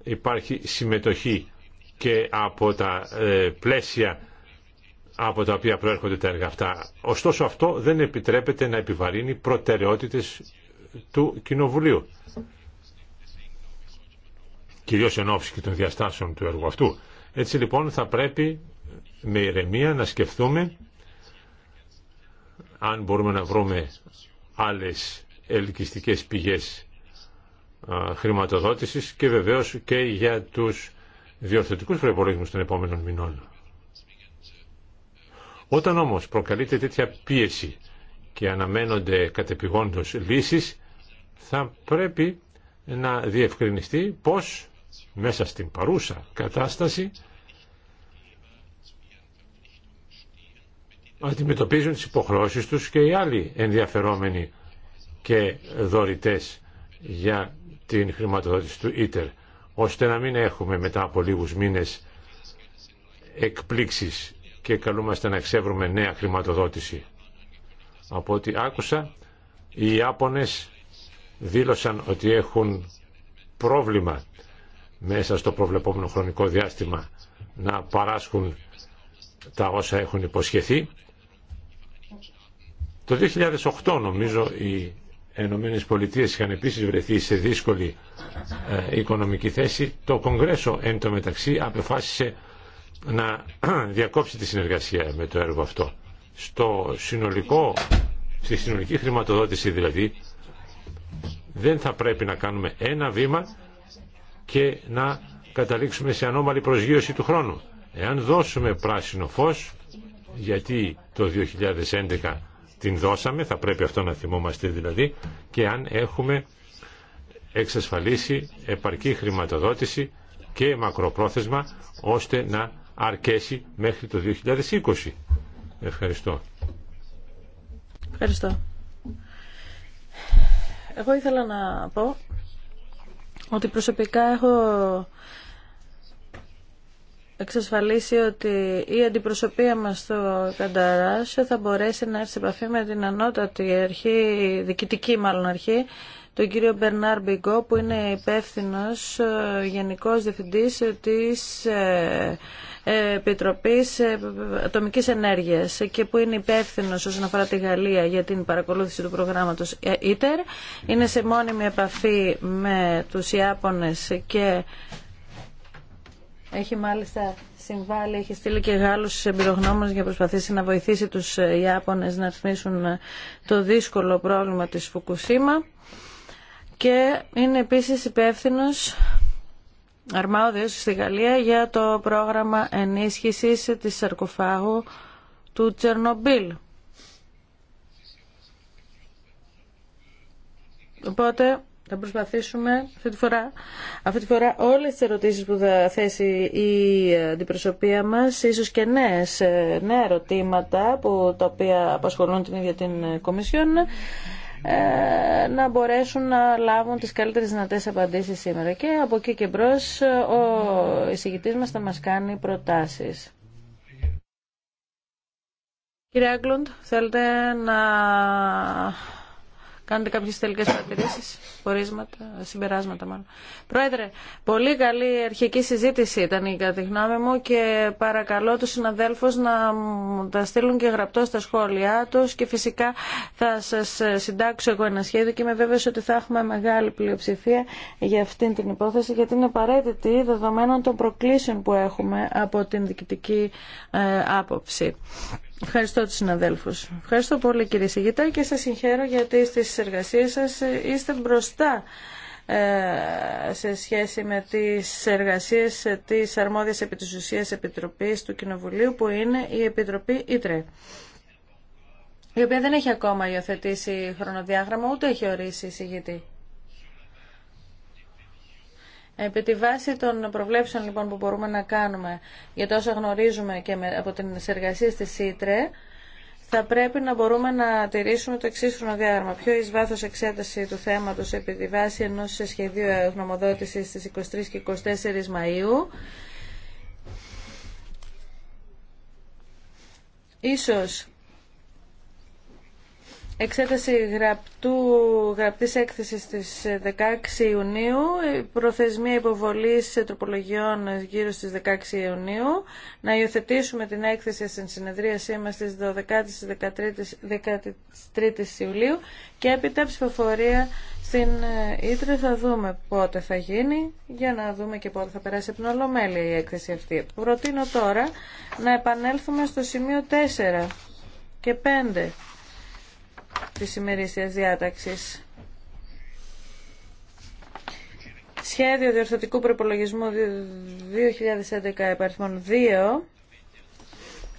υπάρχει συμμετοχή και από τα ε, πλαίσια από τα οποία προέρχονται τα έργα αυτά. Ωστόσο αυτό δεν επιτρέπεται να επιβαρύνει προτεραιότητες του Κοινοβουλίου. Κυρίως εν ώψη και των διαστάσεων του έργου αυτού. Έτσι λοιπόν θα πρέπει με ηρεμία να σκεφτούμε αν μπορούμε να βρούμε άλλες ελκυστικές πηγές χρηματοδότησης και βεβαίως και για τους διορθωτικούς προϋπολογισμούς των επόμενων μηνών. Όταν όμως προκαλείται τέτοια πίεση και αναμένονται κατεπηγόντως λύσεις, θα πρέπει να διευκρινιστεί πώς μέσα στην παρούσα κατάσταση αντιμετωπίζουν τις υποχρεώσεις τους και οι άλλοι ενδιαφερόμενοι και δωρητές για την χρηματοδότηση του ΙΤΕΡ, ώστε να μην έχουμε μετά από λίγους μήνες εκπλήξεις και καλούμαστε να εξεύρουμε νέα χρηματοδότηση. Από ό,τι άκουσα, οι Ιάπωνες δήλωσαν ότι έχουν πρόβλημα μέσα στο προβλεπόμενο χρονικό διάστημα να παράσχουν τα όσα έχουν υποσχεθεί. Το 2008 νομίζω οι Ενωμένε Πολιτείες είχαν επίση βρεθεί σε δύσκολη ε, οικονομική θέση, το Κογκρέσο εν τω μεταξύ αποφάσισε να <clears throat> διακόψει τη συνεργασία με το έργο αυτό. Στο συνολικό, στη συνολική χρηματοδότηση δηλαδή δεν θα πρέπει να κάνουμε ένα βήμα και να καταλήξουμε σε ανώμαλη προσγείωση του χρόνου. Εάν δώσουμε πράσινο φως, γιατί το 2011 την δώσαμε, θα πρέπει αυτό να θυμόμαστε δηλαδή, και αν έχουμε εξασφαλίσει επαρκή χρηματοδότηση και μακροπρόθεσμα, ώστε να αρκέσει μέχρι το 2020. Ευχαριστώ. Ευχαριστώ. Εγώ ήθελα να πω ότι προσωπικά έχω εξασφαλίσει ότι η αντιπροσωπεία μας στο Κανταράσιο θα μπορέσει να έρθει σε επαφή με την ανώτατη αρχή, διοικητική μάλλον αρχή, τον κύριο Μπερνάρ Μπιγκό που είναι υπεύθυνο ε, γενικός διευθυντής της ε, ε, Επιτροπής Ατομικής Ενέργειας και που είναι υπεύθυνο όσον αφορά τη Γαλλία για την παρακολούθηση του προγράμματος ITER. Είναι σε μόνιμη επαφή με τους Ιάπωνες και έχει μάλιστα συμβάλει, έχει στείλει και Γάλλους εμπειρογνώμους για να προσπαθήσει να βοηθήσει τους ε, Ιάπωνες να αρθμίσουν ε, το δύσκολο πρόβλημα της Φουκουσίμα και είναι επίσης υπεύθυνο αρμόδιος στη Γαλλία για το πρόγραμμα ενίσχυσης της σαρκοφάγου του Τσερνομπίλ. Οπότε θα προσπαθήσουμε αυτή τη φορά, αυτή τη φορά όλες τις ερωτήσεις που θα θέσει η αντιπροσωπεία μας, ίσως και νέες, ε, νέα ερωτήματα που, τα οποία απασχολούν την ίδια την Κομισιόν, ε, να μπορέσουν να λάβουν τις καλύτερες δυνατές απαντήσεις σήμερα. Και από εκεί και μπρος ο εισηγητής μας θα μας κάνει προτάσεις. Κύριε θέλετε να κάνετε κάποιες τελικέ παρατηρήσει, πορίσματα, συμπεράσματα μάλλον. Πρόεδρε, πολύ καλή αρχική συζήτηση ήταν η κατά μου και παρακαλώ του συναδέλφου να τα στείλουν και γραπτό στα σχόλιά του. και φυσικά θα σας συντάξω εγώ ένα σχέδιο και είμαι βέβαιος ότι θα έχουμε μεγάλη πλειοψηφία για αυτήν την υπόθεση γιατί είναι απαραίτητη δεδομένων των προκλήσεων που έχουμε από την διοικητική ε, άποψη. Ευχαριστώ τους συναδέλφους. Ευχαριστώ πολύ κύριε Σιγητά και σας συγχαίρω γιατί στις εργασίες σας είστε μπροστά ε, σε σχέση με τις εργασίες της αρμόδιας επί Επιτροπής του Κοινοβουλίου που είναι η Επιτροπή Ήτρε η οποία δεν έχει ακόμα υιοθετήσει χρονοδιάγραμμα ούτε έχει ορίσει εισηγητή. Επί τη βάση των προβλέψεων λοιπόν που μπορούμε να κάνουμε για τόσα γνωρίζουμε και από την εργασία στη ΣΥΤΡΕ, θα πρέπει να μπορούμε να τηρήσουμε το εξή χρονοδιάγραμμα. Πιο εις βάθος εξέταση του θέματος επί τη βάση ενό σχεδίου γνωμοδότηση στις 23 και 24 Μαου. Ίσως Εξέταση γραπτού, γραπτής έκθεσης της 16 ε, Ιουνίου, προθεσμία υποβολής ε, τροπολογιών ε, γύρω στις 16 Ιουνίου, να υιοθετήσουμε την έκθεση στην συνεδρίασή μας στις 12-13 Ιουλίου και έπειτα ψηφοφορία στην Ήτρε θα δούμε πότε θα γίνει για να δούμε και πότε θα περάσει από την Ολομέλεια η έκθεση αυτή. Προτείνω τώρα να επανέλθουμε στο σημείο 4 και 5 της ημερήσιας διάταξης. Σχέδιο διορθωτικού προπολογισμού 2011 επαριθμών 2.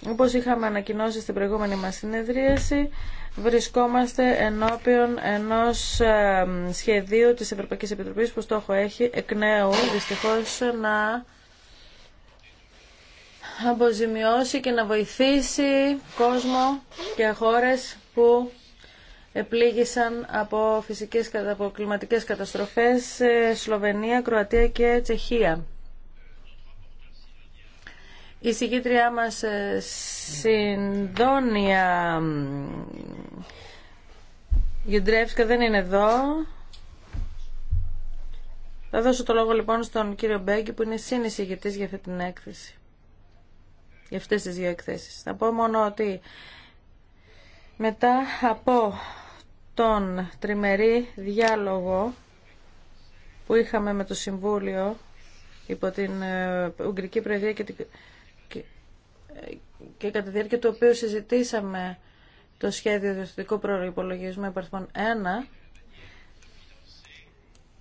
Όπως είχαμε ανακοινώσει στην προηγούμενη μας συνεδρίαση, βρισκόμαστε ενώπιον ενός ε, σχεδίου της Ευρωπαϊκής Επιτροπής που στόχο έχει εκ νέου δυστυχώς να αποζημιώσει και να βοηθήσει κόσμο και χώρες που επλήγησαν από φυσικές από κλιματικές καταστροφές Σλοβενία, Κροατία και Τσεχία. Η συγκήτριά μας ε, Συνδόνια Γιουντρεύσκα δεν είναι εδώ. Θα δώσω το λόγο λοιπόν στον κύριο Μπέγκη που είναι συνεισηγητής για αυτή την έκθεση. Για αυτές τις δύο εκθέσεις. Θα πω μόνο ότι μετά από τον τριμερή διάλογο που είχαμε με το Συμβούλιο υπό την ε, Ουγγρική Προεδρία και, και... κατά τη διάρκεια του οποίου συζητήσαμε το σχέδιο διευθυντικού προϋπολογισμού υπαρθμών 1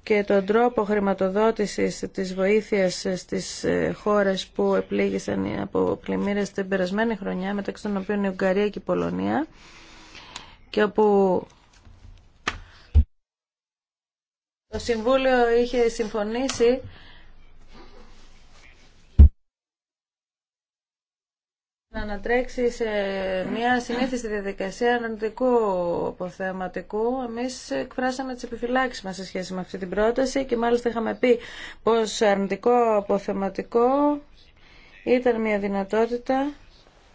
και τον τρόπο χρηματοδότησης της βοήθειας στις ε, χώρες που επλήγησαν από πλημμύρες την περασμένη χρονιά μεταξύ των οποίων η Ουγγαρία και η Πολωνία και όπου το Συμβούλιο είχε συμφωνήσει να ανατρέξει σε μια συνήθιστη διαδικασία αρνητικού αποθεματικού. Εμεί εκφράσαμε τι επιφυλάξει μας σε σχέση με αυτή την πρόταση και μάλιστα είχαμε πει πως αρνητικό αποθεματικό ήταν μια δυνατότητα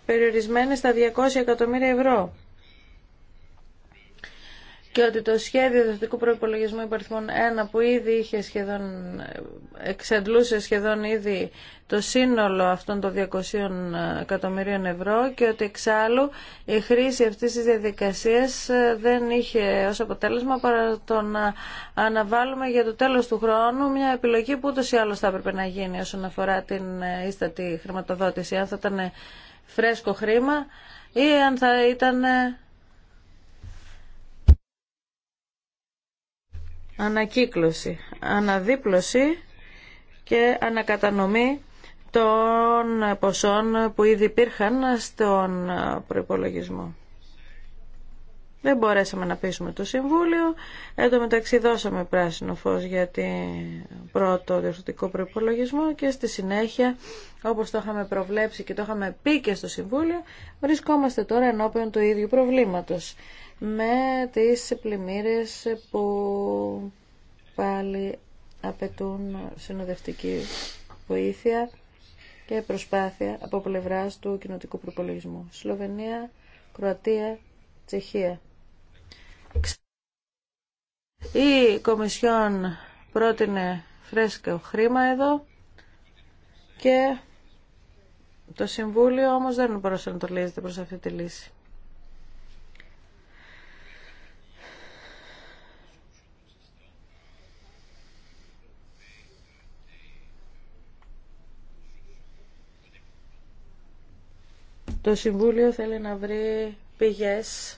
περιορισμένη στα 200 εκατομμύρια ευρώ και ότι το σχέδιο διευθυντικού Προπολογισμού υπαριθμών 1 που ήδη είχε σχεδόν, εξαντλούσε σχεδόν ήδη το σύνολο αυτών των 200 εκατομμυρίων ευρώ και ότι εξάλλου η χρήση αυτής της διαδικασίας ε, δεν είχε ως αποτέλεσμα παρά το να αναβάλουμε για το τέλος του χρόνου μια επιλογή που ούτως ή άλλως θα έπρεπε να γίνει όσον αφορά την ε, ίστατη χρηματοδότηση αν θα ήταν φρέσκο χρήμα ή αν θα ήταν ε, ανακύκλωση, αναδίπλωση και ανακατανομή των ποσών που ήδη υπήρχαν στον προϋπολογισμό. Δεν μπορέσαμε να πείσουμε το Συμβούλιο. Εν τω μεταξύ δώσαμε πράσινο φως για την πρώτο διορθωτικό προϋπολογισμό και στη συνέχεια, όπως το είχαμε προβλέψει και το είχαμε πει και στο Συμβούλιο, βρισκόμαστε τώρα ενώπιον του ίδιου προβλήματος με τις πλημμύρες που πάλι απαιτούν συνοδευτική βοήθεια και προσπάθεια από πλευράς του κοινοτικού προπολογισμού. Σλοβενία, Κροατία, Τσεχία. Η Κομισιόν πρότεινε φρέσκο χρήμα εδώ και το Συμβούλιο όμως δεν προσανατολίζεται προς αυτή τη λύση. Το Συμβούλιο θέλει να βρει πηγές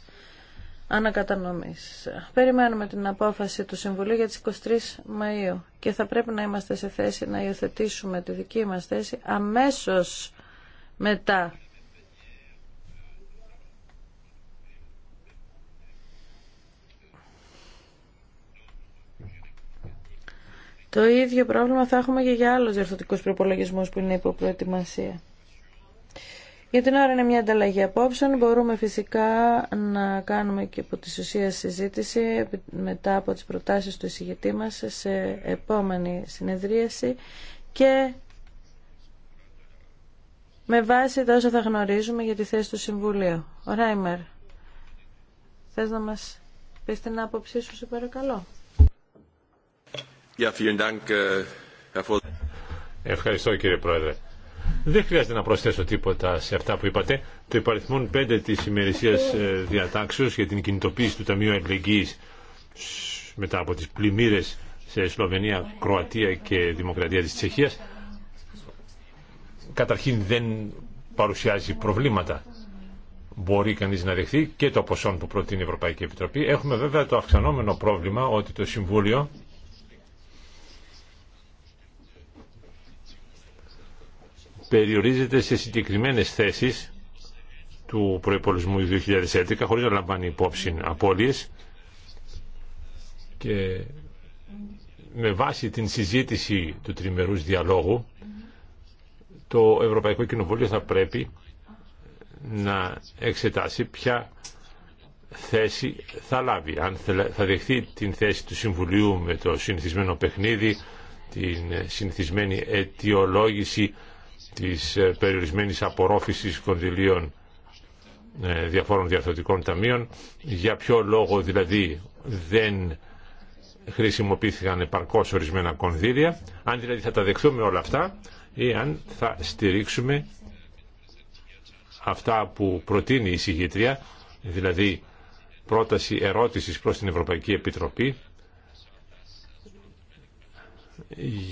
ανακατανομής. Περιμένουμε την απόφαση του Συμβουλίου για τις 23 Μαΐου και θα πρέπει να είμαστε σε θέση να υιοθετήσουμε τη δική μας θέση αμέσως μετά. Το ίδιο πρόβλημα θα έχουμε και για άλλους διορθωτικούς προπολογισμούς που είναι υπό προετοιμασία. Για την ώρα είναι μια ανταλλαγή απόψεων. Μπορούμε φυσικά να κάνουμε και από τη ουσία συζήτηση μετά από τις προτάσεις του εισηγητή μας σε επόμενη συνεδρίαση και με βάση τα όσα θα γνωρίζουμε για τη θέση του Συμβουλίου. Ο Ράιμερ, θες να μας πεις την άποψή σου, σε παρακαλώ. Äh, Ευχαριστώ κύριε Πρόεδρε. Δεν χρειάζεται να προσθέσω τίποτα σε αυτά που είπατε. Το υπαριθμόν 5 της ημερησίας ε, διατάξεως για την κινητοποίηση του Ταμείου Αλληλεγγύης μετά από τις πλημμύρες σε Σλοβενία, Κροατία και Δημοκρατία της Τσεχίας καταρχήν δεν παρουσιάζει προβλήματα. Μπορεί κανείς να δεχθεί και το ποσό που προτείνει η Ευρωπαϊκή Επιτροπή. Έχουμε βέβαια το αυξανόμενο πρόβλημα ότι το Συμβούλιο περιορίζεται σε συγκεκριμένες θέσεις του προϋπολογισμού 2011 χωρίς να λαμβάνει υπόψη απώλειες και με βάση την συζήτηση του τριμερούς διαλόγου το Ευρωπαϊκό Κοινοβούλιο θα πρέπει να εξετάσει ποια θέση θα λάβει. Αν θα δεχθεί την θέση του Συμβουλίου με το συνηθισμένο παιχνίδι, την συνηθισμένη αιτιολόγηση της ε, περιορισμένης απορρόφησης κονδυλίων ε, διαφόρων διαρθρωτικών ταμείων. Για ποιο λόγο δηλαδή δεν χρησιμοποιήθηκαν επαρκώς ορισμένα κονδύλια, αν δηλαδή θα τα δεχθούμε όλα αυτά ή αν θα στηρίξουμε αυτά που προτείνει η συγγήτρια, δηλαδή πρόταση ερώτησης προς την Ευρωπαϊκή Επιτροπή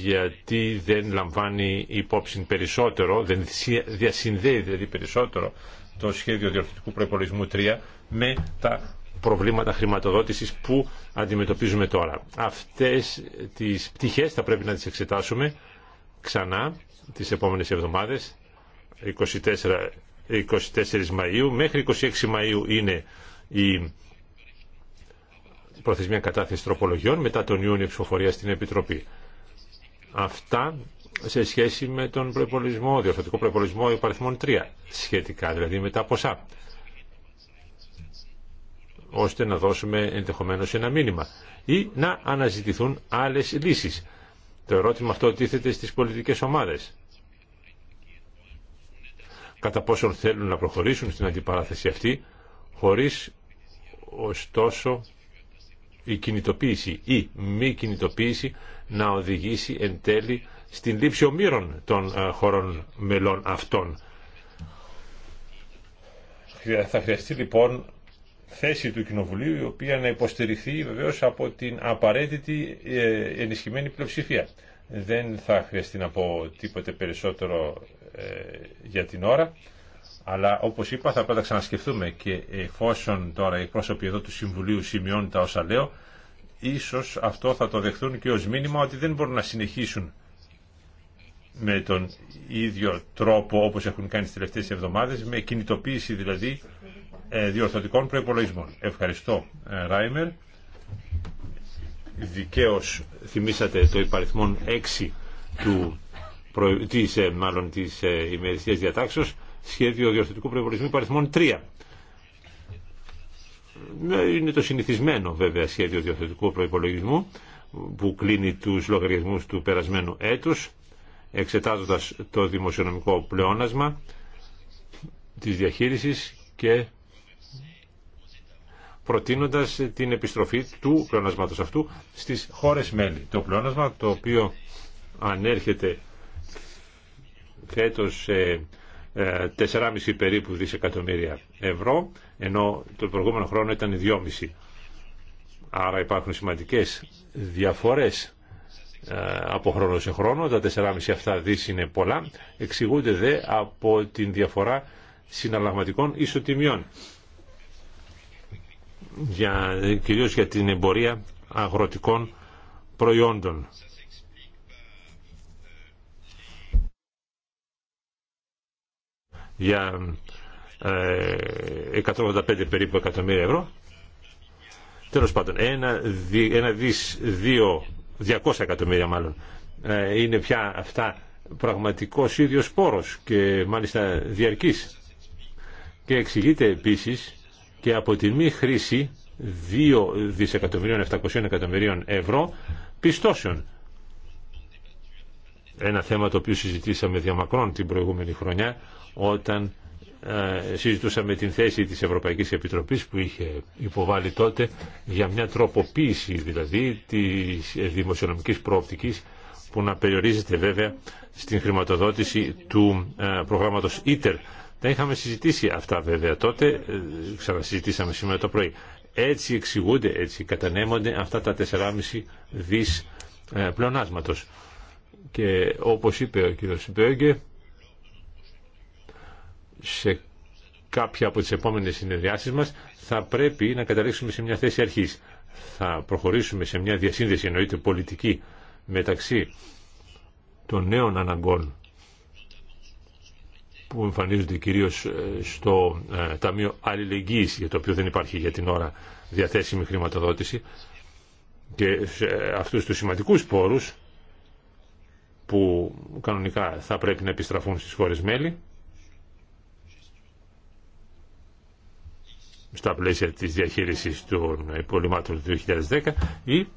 γιατί δεν λαμβάνει υπόψη περισσότερο, δεν διασυνδέει δηλαδή περισσότερο το σχέδιο διορθωτικού προπολογισμού 3 με τα προβλήματα χρηματοδότησης που αντιμετωπίζουμε τώρα. Αυτές τις πτυχές θα πρέπει να τις εξετάσουμε ξανά τις επόμενες εβδομάδες, 24, 24 Μαΐου. Μέχρι 26 Μαΐου είναι η προθεσμία κατάθεση τροπολογιών, μετά τον Ιούνιο ψηφοφορία στην Επιτροπή αυτά σε σχέση με τον προπολισμό, διορθωτικό προπολογισμό υπαριθμών 3, σχετικά δηλαδή με τα ποσά, ώστε να δώσουμε ενδεχομένως ένα μήνυμα ή να αναζητηθούν άλλες λύσεις. Το ερώτημα αυτό τίθεται στις πολιτικές ομάδες. Κατά πόσον θέλουν να προχωρήσουν στην αντιπαράθεση αυτή, χωρίς ωστόσο η κινητοποίηση ή μη κινητοποίηση να οδηγήσει εν τέλει στην λήψη ομήρων των ε, χωρών μελών αυτών. Θα χρειαστεί λοιπόν θέση του Κοινοβουλίου η οποία να υποστηριχθεί βεβαίως από την απαραίτητη ε, ενισχυμένη πλειοψηφία. Δεν θα χρειαστεί να πω τίποτε περισσότερο ε, για την ώρα, αλλά όπως είπα θα πρέπει να ξανασκεφτούμε και εφόσον τώρα οι πρόσωποι εδώ του Συμβουλίου σημειώνουν τα όσα λέω, ίσως αυτό θα το δεχθούν και ως μήνυμα ότι δεν μπορούν να συνεχίσουν με τον ίδιο τρόπο όπως έχουν κάνει τις τελευταίες εβδομάδες, με κινητοποίηση δηλαδή ε, διορθωτικών προπολογισμών. Ευχαριστώ, ε, Ράιμερ. Δικαίως θυμήσατε το υπαριθμό 6 του, της, ε, μάλλον, της ημερησίας διατάξεως, σχέδιο διορθωτικού προπολογισμού υπαριθμών 3. Ναι, είναι το συνηθισμένο βέβαια σχέδιο διορθωτικού προπολογισμού που κλείνει τους λογαριασμούς του περασμένου έτους εξετάζοντας το δημοσιονομικό πλεόνασμα της διαχείρισης και προτείνοντας την επιστροφή του πλεονασμάτος αυτού στις χώρες μέλη. Το πλεονάσμα το οποίο ανέρχεται φέτος σε 4,5 ε, περίπου δισεκατομμύρια ευρώ ενώ το προηγούμενο χρόνο ήταν 2,5. Άρα υπάρχουν σημαντικές διαφορές ε, από χρόνο σε χρόνο. Τα 4,5 αυτά δις είναι πολλά. Εξηγούνται δε από την διαφορά συναλλαγματικών ισοτιμιών. Για, κυρίως για την εμπορία αγροτικών προϊόντων. Για 185 ε, περίπου εκατομμύρια ευρώ. Τέλος πάντων, ένα, δις, δύο, 200 εκατομμύρια μάλλον, ε, είναι πια αυτά πραγματικός ίδιος πόρος και μάλιστα διαρκής. Και εξηγείται επίσης και από τη μη χρήση 2 δισεκατομμυρίων 700 εκατομμυρίων ευρώ πιστώσεων. Ένα θέμα το οποίο συζητήσαμε διαμακρών την προηγούμενη χρονιά όταν ε, συζητούσαμε την θέση της Ευρωπαϊκής Επιτροπής που είχε υποβάλει τότε για μια τροποποίηση δηλαδή της δημοσιονομικής προοπτικής που να περιορίζεται βέβαια στην χρηματοδότηση του ε, προγράμματος ITER. Τα είχαμε συζητήσει αυτά βέβαια τότε, ε, ξανασυζητήσαμε σήμερα το πρωί. Έτσι εξηγούνται, έτσι κατανέμονται αυτά τα 4,5 δις πλεονάσματος. Και όπως είπε ο κύριος Μπέγκε, σε κάποια από τις επόμενες συνεδριάσεις μας θα πρέπει να καταλήξουμε σε μια θέση αρχής. Θα προχωρήσουμε σε μια διασύνδεση εννοείται πολιτική μεταξύ των νέων αναγκών που εμφανίζονται κυρίως ε, στο ε, Ταμείο Αλληλεγγύης για το οποίο δεν υπάρχει για την ώρα διαθέσιμη χρηματοδότηση και σε αυτούς τους σημαντικούς πόρους που κανονικά θα πρέπει να επιστραφούν στις χώρες μέλη στα πλαίσια της διαχείρισης των υπολοιμάτων του 2010 ή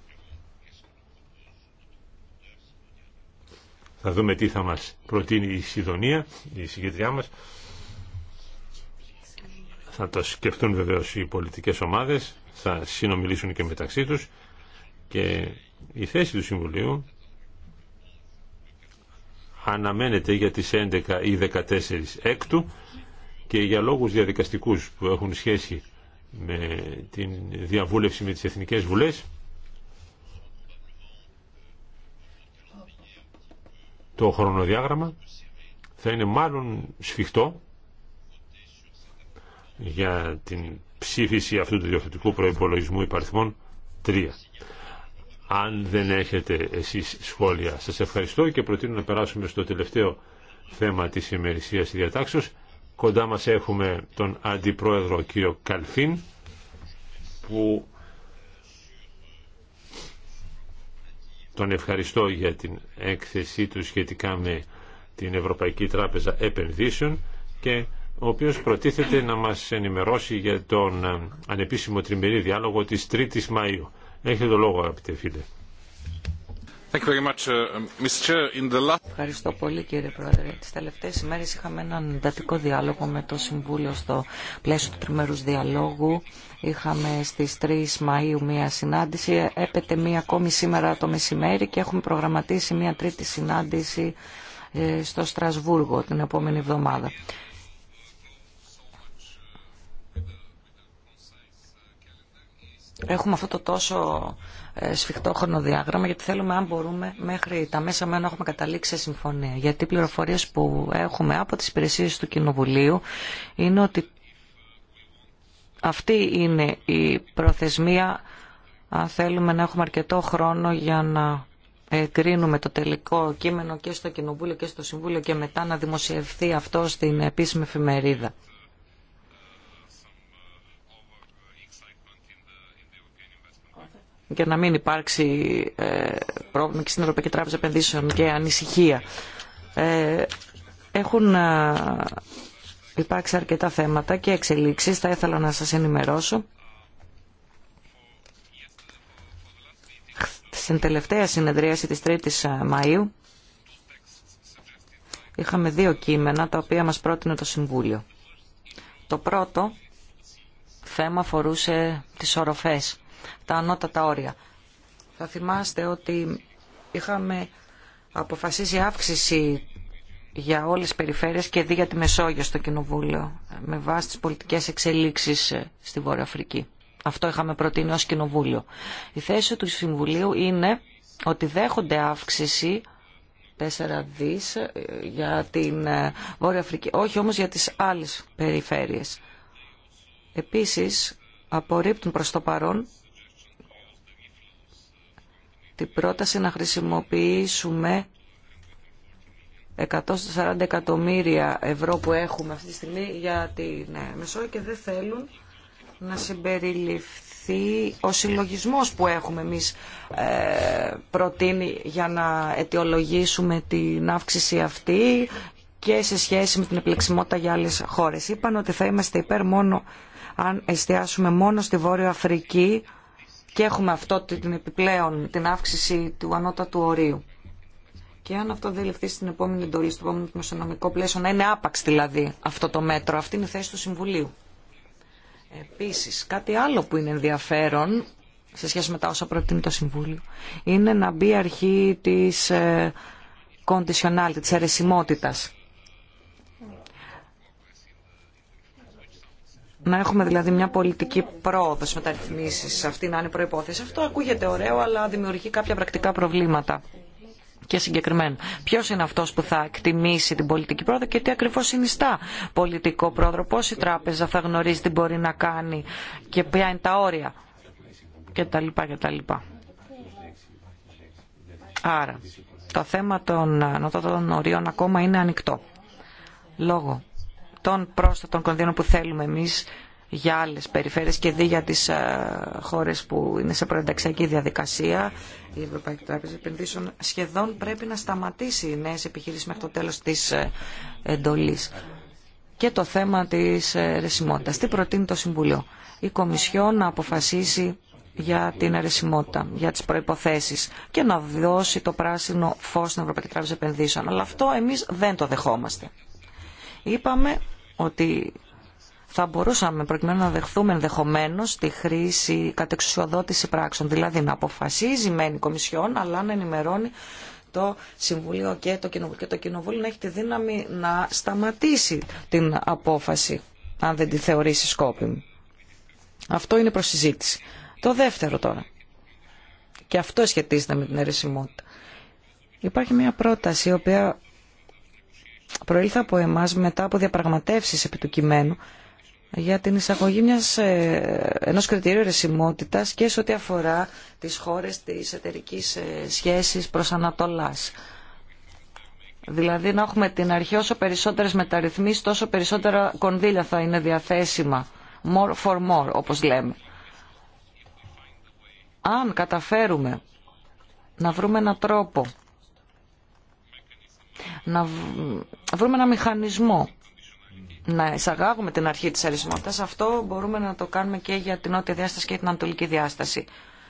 θα δούμε τι θα μας προτείνει η Σιδονία, η συγκεντριά μας. Θα το σκεφτούν βεβαίως οι πολιτικές ομάδες, θα συνομιλήσουν και μεταξύ τους και η θέση του Συμβουλίου αναμένεται για τις 11 ή 14 έκτου και για λόγους διαδικαστικούς που έχουν σχέση με την διαβούλευση με τις Εθνικές Βουλές το χρονοδιάγραμμα θα είναι μάλλον σφιχτό για την ψήφιση αυτού του διορθωτικού προϋπολογισμού υπαριθμών 3. Αν δεν έχετε εσείς σχόλια, σας ευχαριστώ και προτείνω να περάσουμε στο τελευταίο θέμα της ημερησίας διατάξεως Κοντά μας έχουμε τον Αντιπρόεδρο κύριο Καλφίν που τον ευχαριστώ για την έκθεσή του σχετικά με την Ευρωπαϊκή Τράπεζα Επενδύσεων και ο οποίος προτίθεται να μας ενημερώσει για τον ανεπίσημο τριμερή διάλογο της 3ης Μαΐου. Έχετε το λόγο αγαπητέ φίλε. Uh, Ευχαριστώ πολύ κύριε Πρόεδρε. Τις τελευταίες ημέρες είχαμε έναν εντατικό διάλογο με το Συμβούλιο στο πλαίσιο του τριμερούς διαλόγου. Είχαμε στις 3 Μαΐου μία συνάντηση, έπεται μία ακόμη σήμερα το μεσημέρι και έχουμε προγραμματίσει μία τρίτη συνάντηση ε, στο Στρασβούργο την επόμενη εβδομάδα. Έχουμε αυτό το τόσο ε, σφιχτό χρονοδιάγραμμα, γιατί θέλουμε, αν μπορούμε, μέχρι τα μέσα μένα να έχουμε καταλήξει σε συμφωνία. Γιατί οι πληροφορίε που έχουμε από τι υπηρεσίε του Κοινοβουλίου είναι ότι αυτή είναι η προθεσμία, αν θέλουμε να έχουμε αρκετό χρόνο για να κρίνουμε το τελικό κείμενο και στο Κοινοβούλιο και στο Συμβούλιο και μετά να δημοσιευθεί αυτό στην επίσημη εφημερίδα. για να μην υπάρξει ε, πρόβλημα και στην Ευρωπαϊκή Τράπεζα Επενδύσεων και ανησυχία. Ε, έχουν ε, υπάρξει αρκετά θέματα και εξελίξεις, θα ήθελα να σας ενημερώσω. Στην τελευταία συνεδρίαση της 3ης Μαΐου είχαμε δύο κείμενα τα οποία μας πρότεινε το Συμβούλιο. Το πρώτο θέμα αφορούσε τις οροφές τα ανώτατα όρια. Θα θυμάστε ότι είχαμε αποφασίσει αύξηση για όλες τις περιφέρειες και δι' για τη Μεσόγειο στο Κοινοβούλιο με βάση τις πολιτικές εξελίξεις ε, στη Βόρεια Αφρική. Αυτό είχαμε προτείνει ως Κοινοβούλιο. Η θέση του Συμβουλίου είναι ότι δέχονται αύξηση 4 δις ε, για την ε, Βόρεια Αφρική, όχι όμως για τις άλλες περιφέρειες. Επίσης, απορρίπτουν προς το παρόν την πρόταση να χρησιμοποιήσουμε 140 εκατομμύρια ευρώ που έχουμε αυτή τη στιγμή για τη ναι, ε, Μεσόγειο και δεν θέλουν να συμπεριληφθεί ο συλλογισμός που έχουμε εμείς ε, προτείνει για να αιτιολογήσουμε την αύξηση αυτή και σε σχέση με την επιλεξιμότητα για άλλες χώρες. Είπαν ότι θα είμαστε υπέρ μόνο αν εστιάσουμε μόνο στη Βόρεια Αφρική και έχουμε αυτό την επιπλέον την αύξηση του ανώτατου ορίου. Και αν αυτό δεν ληφθεί στην επόμενη εντολή, στο επόμενο δημοσιονομικό πλαίσιο, να είναι άπαξ δηλαδή αυτό το μέτρο. Αυτή είναι η θέση του Συμβουλίου. Επίσης, κάτι άλλο που είναι ενδιαφέρον σε σχέση με τα όσα προτείνει το Συμβούλιο, είναι να μπει αρχή της ε, conditionality, της αιρεσιμότητας. Να έχουμε δηλαδή μια πολιτική πρόοδο ρυθμίσει, Αυτή να είναι προπόθεση. Αυτό ακούγεται ωραίο, αλλά δημιουργεί κάποια πρακτικά προβλήματα. Και συγκεκριμένα, ποιο είναι αυτό που θα εκτιμήσει την πολιτική πρόοδο και τι ακριβώ συνιστά πολιτικό πρόοδο, πώ η τράπεζα θα γνωρίζει τι μπορεί να κάνει και ποια είναι τα όρια κτλ. Άρα, το θέμα των ανώτατων ορίων ακόμα είναι ανοιχτό. Λόγω των πρόσθετων κονδύνων που θέλουμε εμείς για άλλες περιφέρειες και δι για τις ε, χώρες που είναι σε προενταξιακή διαδικασία. Η Ευρωπαϊκή Τράπεζα Επενδύσεων σχεδόν πρέπει να σταματήσει οι νέες επιχειρήσεις μέχρι το τέλος της ε, εντολής. Και το θέμα της ρεσιμότητας. Τι προτείνει το Συμβουλίο. Η Κομισιό να αποφασίσει για την αρεσιμότητα, για τις προϋποθέσεις και να δώσει το πράσινο φως στην Ευρωπαϊκή Τράπεζα Επενδύσεων. Αλλά αυτό εμείς δεν το δεχόμαστε. Είπαμε ότι θα μπορούσαμε προκειμένου να δεχθούμε ενδεχομένω τη χρήση κατεξουσιοδότηση πράξεων. Δηλαδή να αποφασίζει μεν η Κομισιόν, αλλά να ενημερώνει το Συμβουλίο και το Κοινοβούλιο, και το Κοινοβούλιο να έχει τη δύναμη να σταματήσει την απόφαση, αν δεν τη θεωρήσει σκόπιμη. Αυτό είναι προσυζήτηση. Το δεύτερο τώρα. Και αυτό σχετίζεται με την αιρεσιμότητα. Υπάρχει μια πρόταση η οποία προήλθε από εμάς μετά από διαπραγματεύσεις επί του κειμένου για την εισαγωγή μιας, ε, ενός κριτηρίου ρεσιμότητας και σε ό,τι αφορά τις χώρες της εταιρική ε, σχέσης προς Ανατολάς. Δηλαδή να έχουμε την αρχή όσο περισσότερες μεταρρυθμίσεις τόσο περισσότερα κονδύλια θα είναι διαθέσιμα. More for more όπως λέμε. Αν καταφέρουμε να βρούμε έναν τρόπο να βρούμε ένα μηχανισμό να εισαγάγουμε την αρχή της αρισμότητας. αυτό μπορούμε να το κάνουμε και για την νότια διάσταση και την ανατολική διάσταση.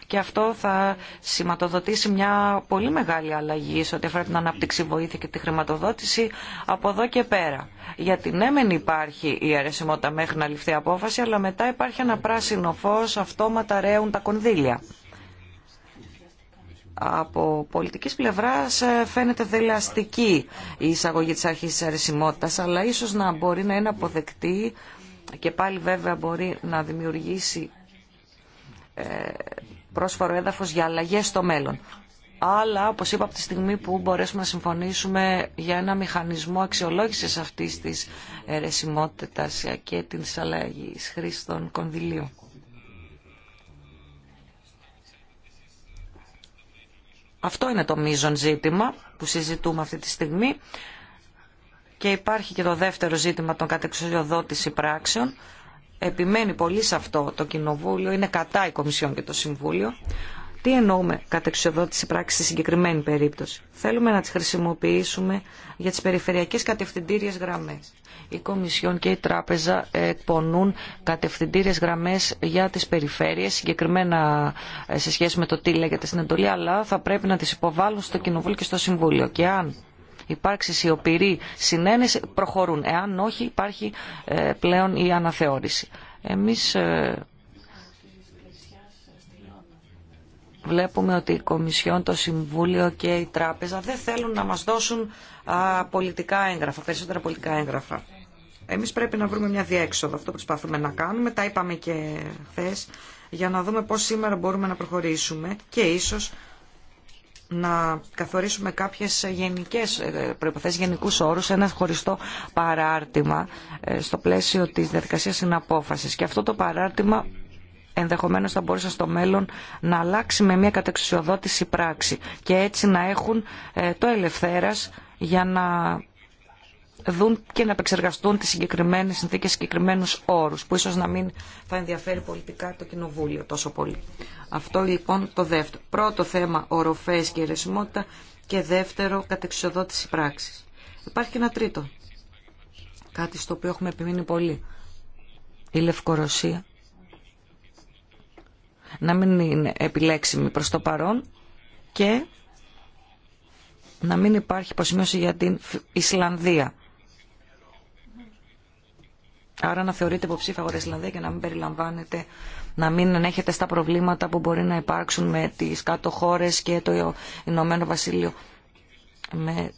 Και αυτό θα σηματοδοτήσει μια πολύ μεγάλη αλλαγή σε ό,τι αφορά την ανάπτυξη βοήθεια και τη χρηματοδότηση από εδώ και πέρα. Γιατί ναι, μεν υπάρχει η αρεσιμότητα μέχρι να ληφθεί απόφαση, αλλά μετά υπάρχει ένα πράσινο φως, αυτόματα ρέουν τα κονδύλια από πολιτικής πλευράς ε, φαίνεται δελαστική η εισαγωγή της αρχής της αρισιμότητας, αλλά ίσως να μπορεί να είναι αποδεκτή και πάλι βέβαια μπορεί να δημιουργήσει ε, πρόσφορο έδαφος για αλλαγές στο μέλλον. Αλλά, όπως είπα, από τη στιγμή που μπορέσουμε να συμφωνήσουμε για ένα μηχανισμό αξιολόγησης αυτής της αιρεσιμότητας και της αλλαγής χρήση των κονδυλίων. Αυτό είναι το μείζον ζήτημα που συζητούμε αυτή τη στιγμή και υπάρχει και το δεύτερο ζήτημα των κατεξοδότηση πράξεων. Επιμένει πολύ σε αυτό το Κοινοβούλιο, είναι κατά η Κομισιόν και το Συμβούλιο, τι εννοούμε κατά εξοδότηση πράξη στη συγκεκριμένη περίπτωση. Θέλουμε να τι χρησιμοποιήσουμε για τι περιφερειακέ κατευθυντήριε γραμμέ. Η Κομισιόν και η Τράπεζα εκπονούν κατευθυντήριε γραμμέ για τι περιφέρειες, συγκεκριμένα ε, σε σχέση με το τι λέγεται στην εντολή, αλλά θα πρέπει να τι υποβάλουν στο Κοινοβούλιο και στο Συμβούλιο. Και αν υπάρξει σιωπηρή συνένεση, προχωρούν. Εάν όχι, υπάρχει ε, πλέον η αναθεώρηση. Εμείς ε, βλέπουμε ότι η Κομισιόν, το Συμβούλιο και η Τράπεζα δεν θέλουν να μας δώσουν α, πολιτικά έγγραφα, περισσότερα πολιτικά έγγραφα. Εμείς πρέπει να βρούμε μια διέξοδο, αυτό προσπαθούμε να κάνουμε, τα είπαμε και χθε, για να δούμε πώς σήμερα μπορούμε να προχωρήσουμε και ίσως να καθορίσουμε κάποιες γενικές ε, προϋποθέσεις, γενικούς όρους, ένα χωριστό παράρτημα ε, στο πλαίσιο της διαδικασίας συναπόφασης. Και αυτό το παράρτημα ενδεχομένως θα μπορούσε στο μέλλον να αλλάξει με μια κατεξουσιοδότηση πράξη και έτσι να έχουν ε, το ελευθέρας για να δουν και να επεξεργαστούν τις συγκεκριμένες συνθήκες, συγκεκριμένους όρους, που ίσως να μην θα ενδιαφέρει πολιτικά το Κοινοβούλιο τόσο πολύ. Αυτό λοιπόν το δεύτερο. Πρώτο θέμα οροφές και αιρεσιμότητα και δεύτερο κατεξουσιοδότηση πράξης. Υπάρχει και ένα τρίτο, κάτι στο οποίο έχουμε επιμείνει πολύ. Η Λευκορωσία να μην είναι επιλέξιμη προς το παρόν και να μην υπάρχει υποσημείωση για την Ισλανδία. Άρα να θεωρείται υποψήφια χώρα Ισλανδία και να μην περιλαμβάνετε, να μην ενέχετε στα προβλήματα που μπορεί να υπάρξουν με τις κάτω χώρες και το Ηνωμένο Βασίλειο με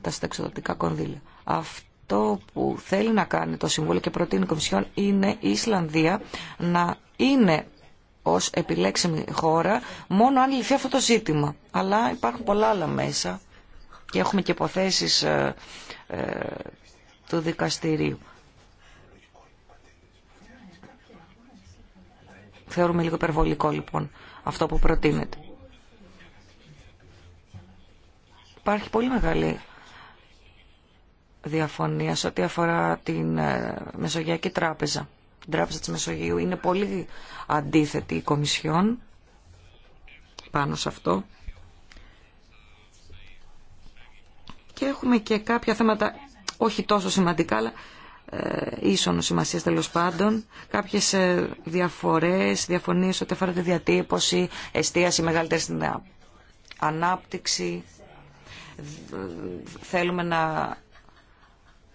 τα συνταξιδοτικά κονδύλια. Αυτό που θέλει να κάνει το Συμβούλιο και προτείνει η Κομισιόν είναι η Ισλανδία να είναι ως επιλέξιμη χώρα μόνο αν λυθεί αυτό το ζήτημα. Αλλά υπάρχουν πολλά άλλα μέσα και έχουμε και υποθέσεις ε, ε, του δικαστηρίου. Θεωρούμε λίγο υπερβολικό λοιπόν αυτό που προτείνεται. Υπάρχει πολύ μεγάλη διαφωνία σε ό,τι αφορά την ε, Μεσογειακή Τράπεζα την Τράπεζα της Μεσογείου. Είναι πολύ αντίθετη η Κομισιόν πάνω σε αυτό. Και έχουμε και κάποια θέματα όχι τόσο σημαντικά, αλλά ε, ίσονο σημασία τέλο πάντων. Κάποιε ε, διαφορέ, διαφωνίε ό,τι αφορά τη διατύπωση, εστίαση μεγαλύτερη στην ανάπτυξη. Θέλουμε να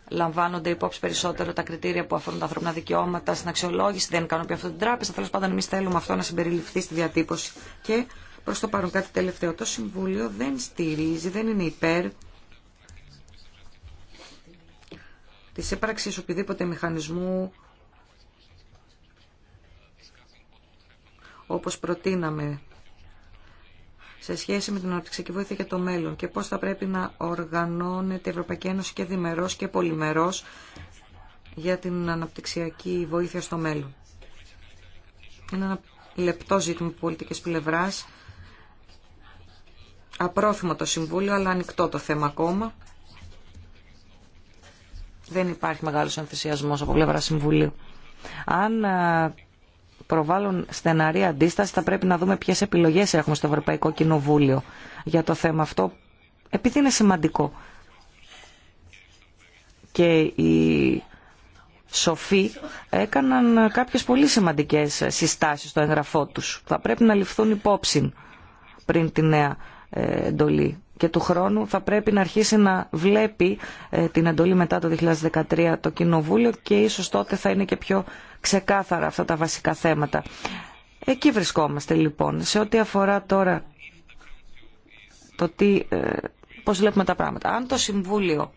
λαμβάνονται υπόψη περισσότερο τα κριτήρια που αφορούν τα ανθρώπινα δικαιώματα στην αξιολόγηση, δεν ικανοποιεί αυτό την τράπεζα. Τέλο πάντων, εμεί θέλουμε αυτό να συμπεριληφθεί στη διατύπωση. Και προ το παρόν κάτι τελευταίο. Το Συμβούλιο δεν στηρίζει, δεν είναι υπέρ τη ύπαρξη οποιοδήποτε μηχανισμού όπως προτείναμε σε σχέση με την αναπτυξιακή βοήθεια για το μέλλον και πώς θα πρέπει να οργανώνεται η Ευρωπαϊκή Ένωση και διμερός και πολυμερός για την αναπτυξιακή βοήθεια στο μέλλον. Είναι ένα λεπτό ζήτημα πολιτικής πλευράς, απρόθυμο το Συμβούλιο, αλλά ανοιχτό το θέμα ακόμα. Δεν υπάρχει μεγάλος ενθουσιασμός από πλευρά Συμβουλίου. Αν προβάλλουν στεναρή αντίσταση θα πρέπει να δούμε ποιε επιλογές έχουμε στο Ευρωπαϊκό Κοινοβούλιο για το θέμα αυτό επειδή είναι σημαντικό. Και οι σοφοί έκαναν κάποιες πολύ σημαντικές συστάσεις στο έγγραφό τους. Θα πρέπει να ληφθούν υπόψη πριν τη νέα εντολή και του χρόνου θα πρέπει να αρχίσει να βλέπει ε, την εντολή μετά το 2013 το Κοινοβούλιο και ίσως τότε θα είναι και πιο ξεκάθαρα αυτά τα βασικά θέματα. Εκεί βρισκόμαστε λοιπόν. Σε ό,τι αφορά τώρα το τι, ε, πώς βλέπουμε τα πράγματα. Αν το Συμβούλιο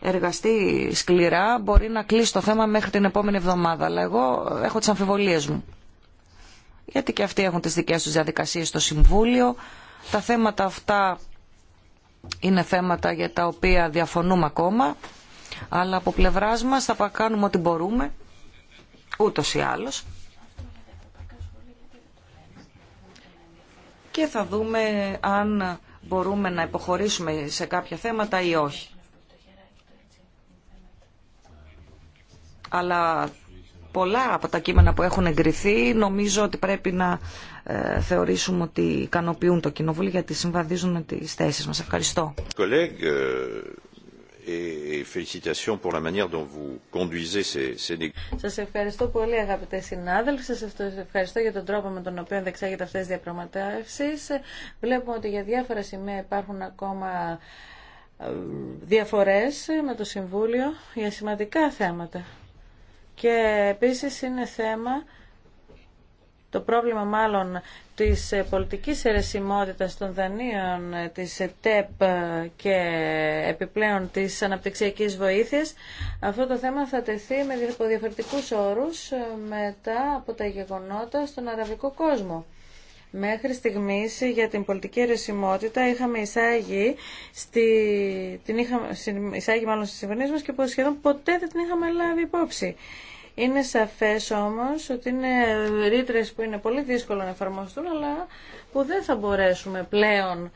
εργαστεί σκληρά μπορεί να κλείσει το θέμα μέχρι την επόμενη εβδομάδα. Αλλά εγώ έχω τις αμφιβολίες μου γιατί και αυτοί έχουν τις δικές τους διαδικασίες στο Συμβούλιο. Τα θέματα αυτά είναι θέματα για τα οποία διαφωνούμε ακόμα, αλλά από πλευράς μας θα κάνουμε ό,τι μπορούμε, ούτως ή άλλως. Και θα δούμε αν μπορούμε να υποχωρήσουμε σε κάποια θέματα ή όχι. Αλλά πολλά από τα κείμενα που έχουν εγκριθεί νομίζω ότι πρέπει να ε, θεωρήσουμε ότι ικανοποιούν το Κοινοβούλιο γιατί συμβαδίζουν με τις θέσεις μας. Ευχαριστώ. Euh, σα ευχαριστώ πολύ αγαπητέ συνάδελφοι, σα ευχαριστώ για τον τρόπο με τον οποίο δεξάγεται αυτέ τι διαπραγματεύσει. Βλέπουμε ότι για διάφορα σημεία υπάρχουν ακόμα ε, διαφορέ με το Συμβούλιο για σημαντικά θέματα. Και επίσης είναι θέμα το πρόβλημα μάλλον της ε, πολιτικής αιρεσιμότητας των δανείων ε, της ΕΤΕΠ ε, και επιπλέον της αναπτυξιακής βοήθειας. Αυτό το θέμα θα τεθεί με διαφορετικούς όρους μετά από τα γεγονότα στον αραβικό κόσμο. Μέχρι στιγμής για την πολιτική αιρεσιμότητα είχαμε εισάγει, στη, την είχα, εισάγει μάλλον στις συμφωνίες μας και σχεδόν ποτέ δεν την είχαμε λάβει υπόψη. Είναι σαφές όμως ότι είναι ρήτρε που είναι πολύ δύσκολο να εφαρμοστούν, αλλά που δεν θα μπορέσουμε πλέον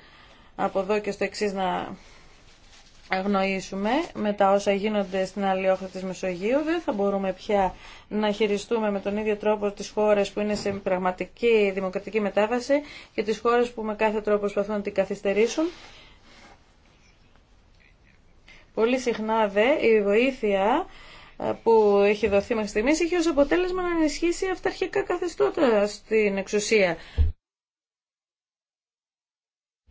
από εδώ και στο εξή να αγνοήσουμε με τα όσα γίνονται στην άλλη όχθη της Μεσογείου. Δεν θα μπορούμε πια να χειριστούμε με τον ίδιο τρόπο τις χώρες που είναι σε πραγματική δημοκρατική μετάβαση και τις χώρες που με κάθε τρόπο προσπαθούν να την καθυστερήσουν. Πολύ συχνά δε η βοήθεια που έχει δοθεί μέχρι στιγμής έχει ως αποτέλεσμα να ενισχύσει αυταρχικά καθεστώτα στην εξουσία.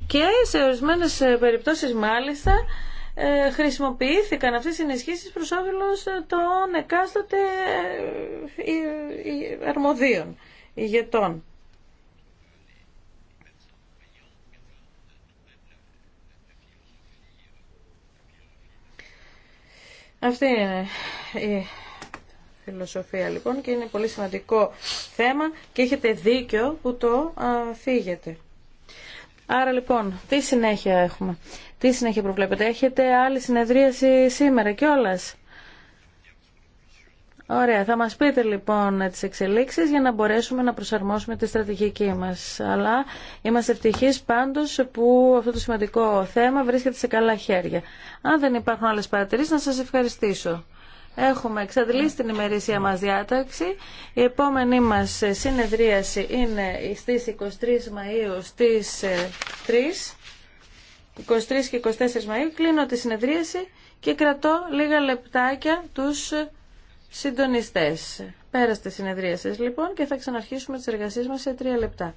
Και σε ορισμένε ε, περιπτώσεις μάλιστα ε, χρησιμοποιήθηκαν αυτές οι ενισχύσεις προς όφελος των εκάστοτε ε, αρμοδίων ηγετών. Αυτή είναι η φιλοσοφία λοιπόν και είναι πολύ σημαντικό θέμα και έχετε δίκιο που το φύγετε. Άρα λοιπόν, τι συνέχεια έχουμε, τι συνέχεια προβλέπετε, έχετε άλλη συνεδρίαση σήμερα κιόλας. Ωραία, θα μας πείτε λοιπόν τις εξελίξεις για να μπορέσουμε να προσαρμόσουμε τη στρατηγική μας. Αλλά είμαστε ευτυχείς πάντως που αυτό το σημαντικό θέμα βρίσκεται σε καλά χέρια. Αν δεν υπάρχουν άλλες παρατηρήσεις, να σας ευχαριστήσω. Έχουμε εξαντλήσει την ημερήσια μας διάταξη. Η επόμενή μας συνεδρίαση είναι στις 23 Μαΐου στις 3. Ε, 23 και 24 Μαΐου κλείνω τη συνεδρίαση και κρατώ λίγα λεπτάκια τους συντονιστές. πέραστε συνεδρία σας λοιπόν και θα ξαναρχίσουμε τις εργασίες μας σε τρία λεπτά.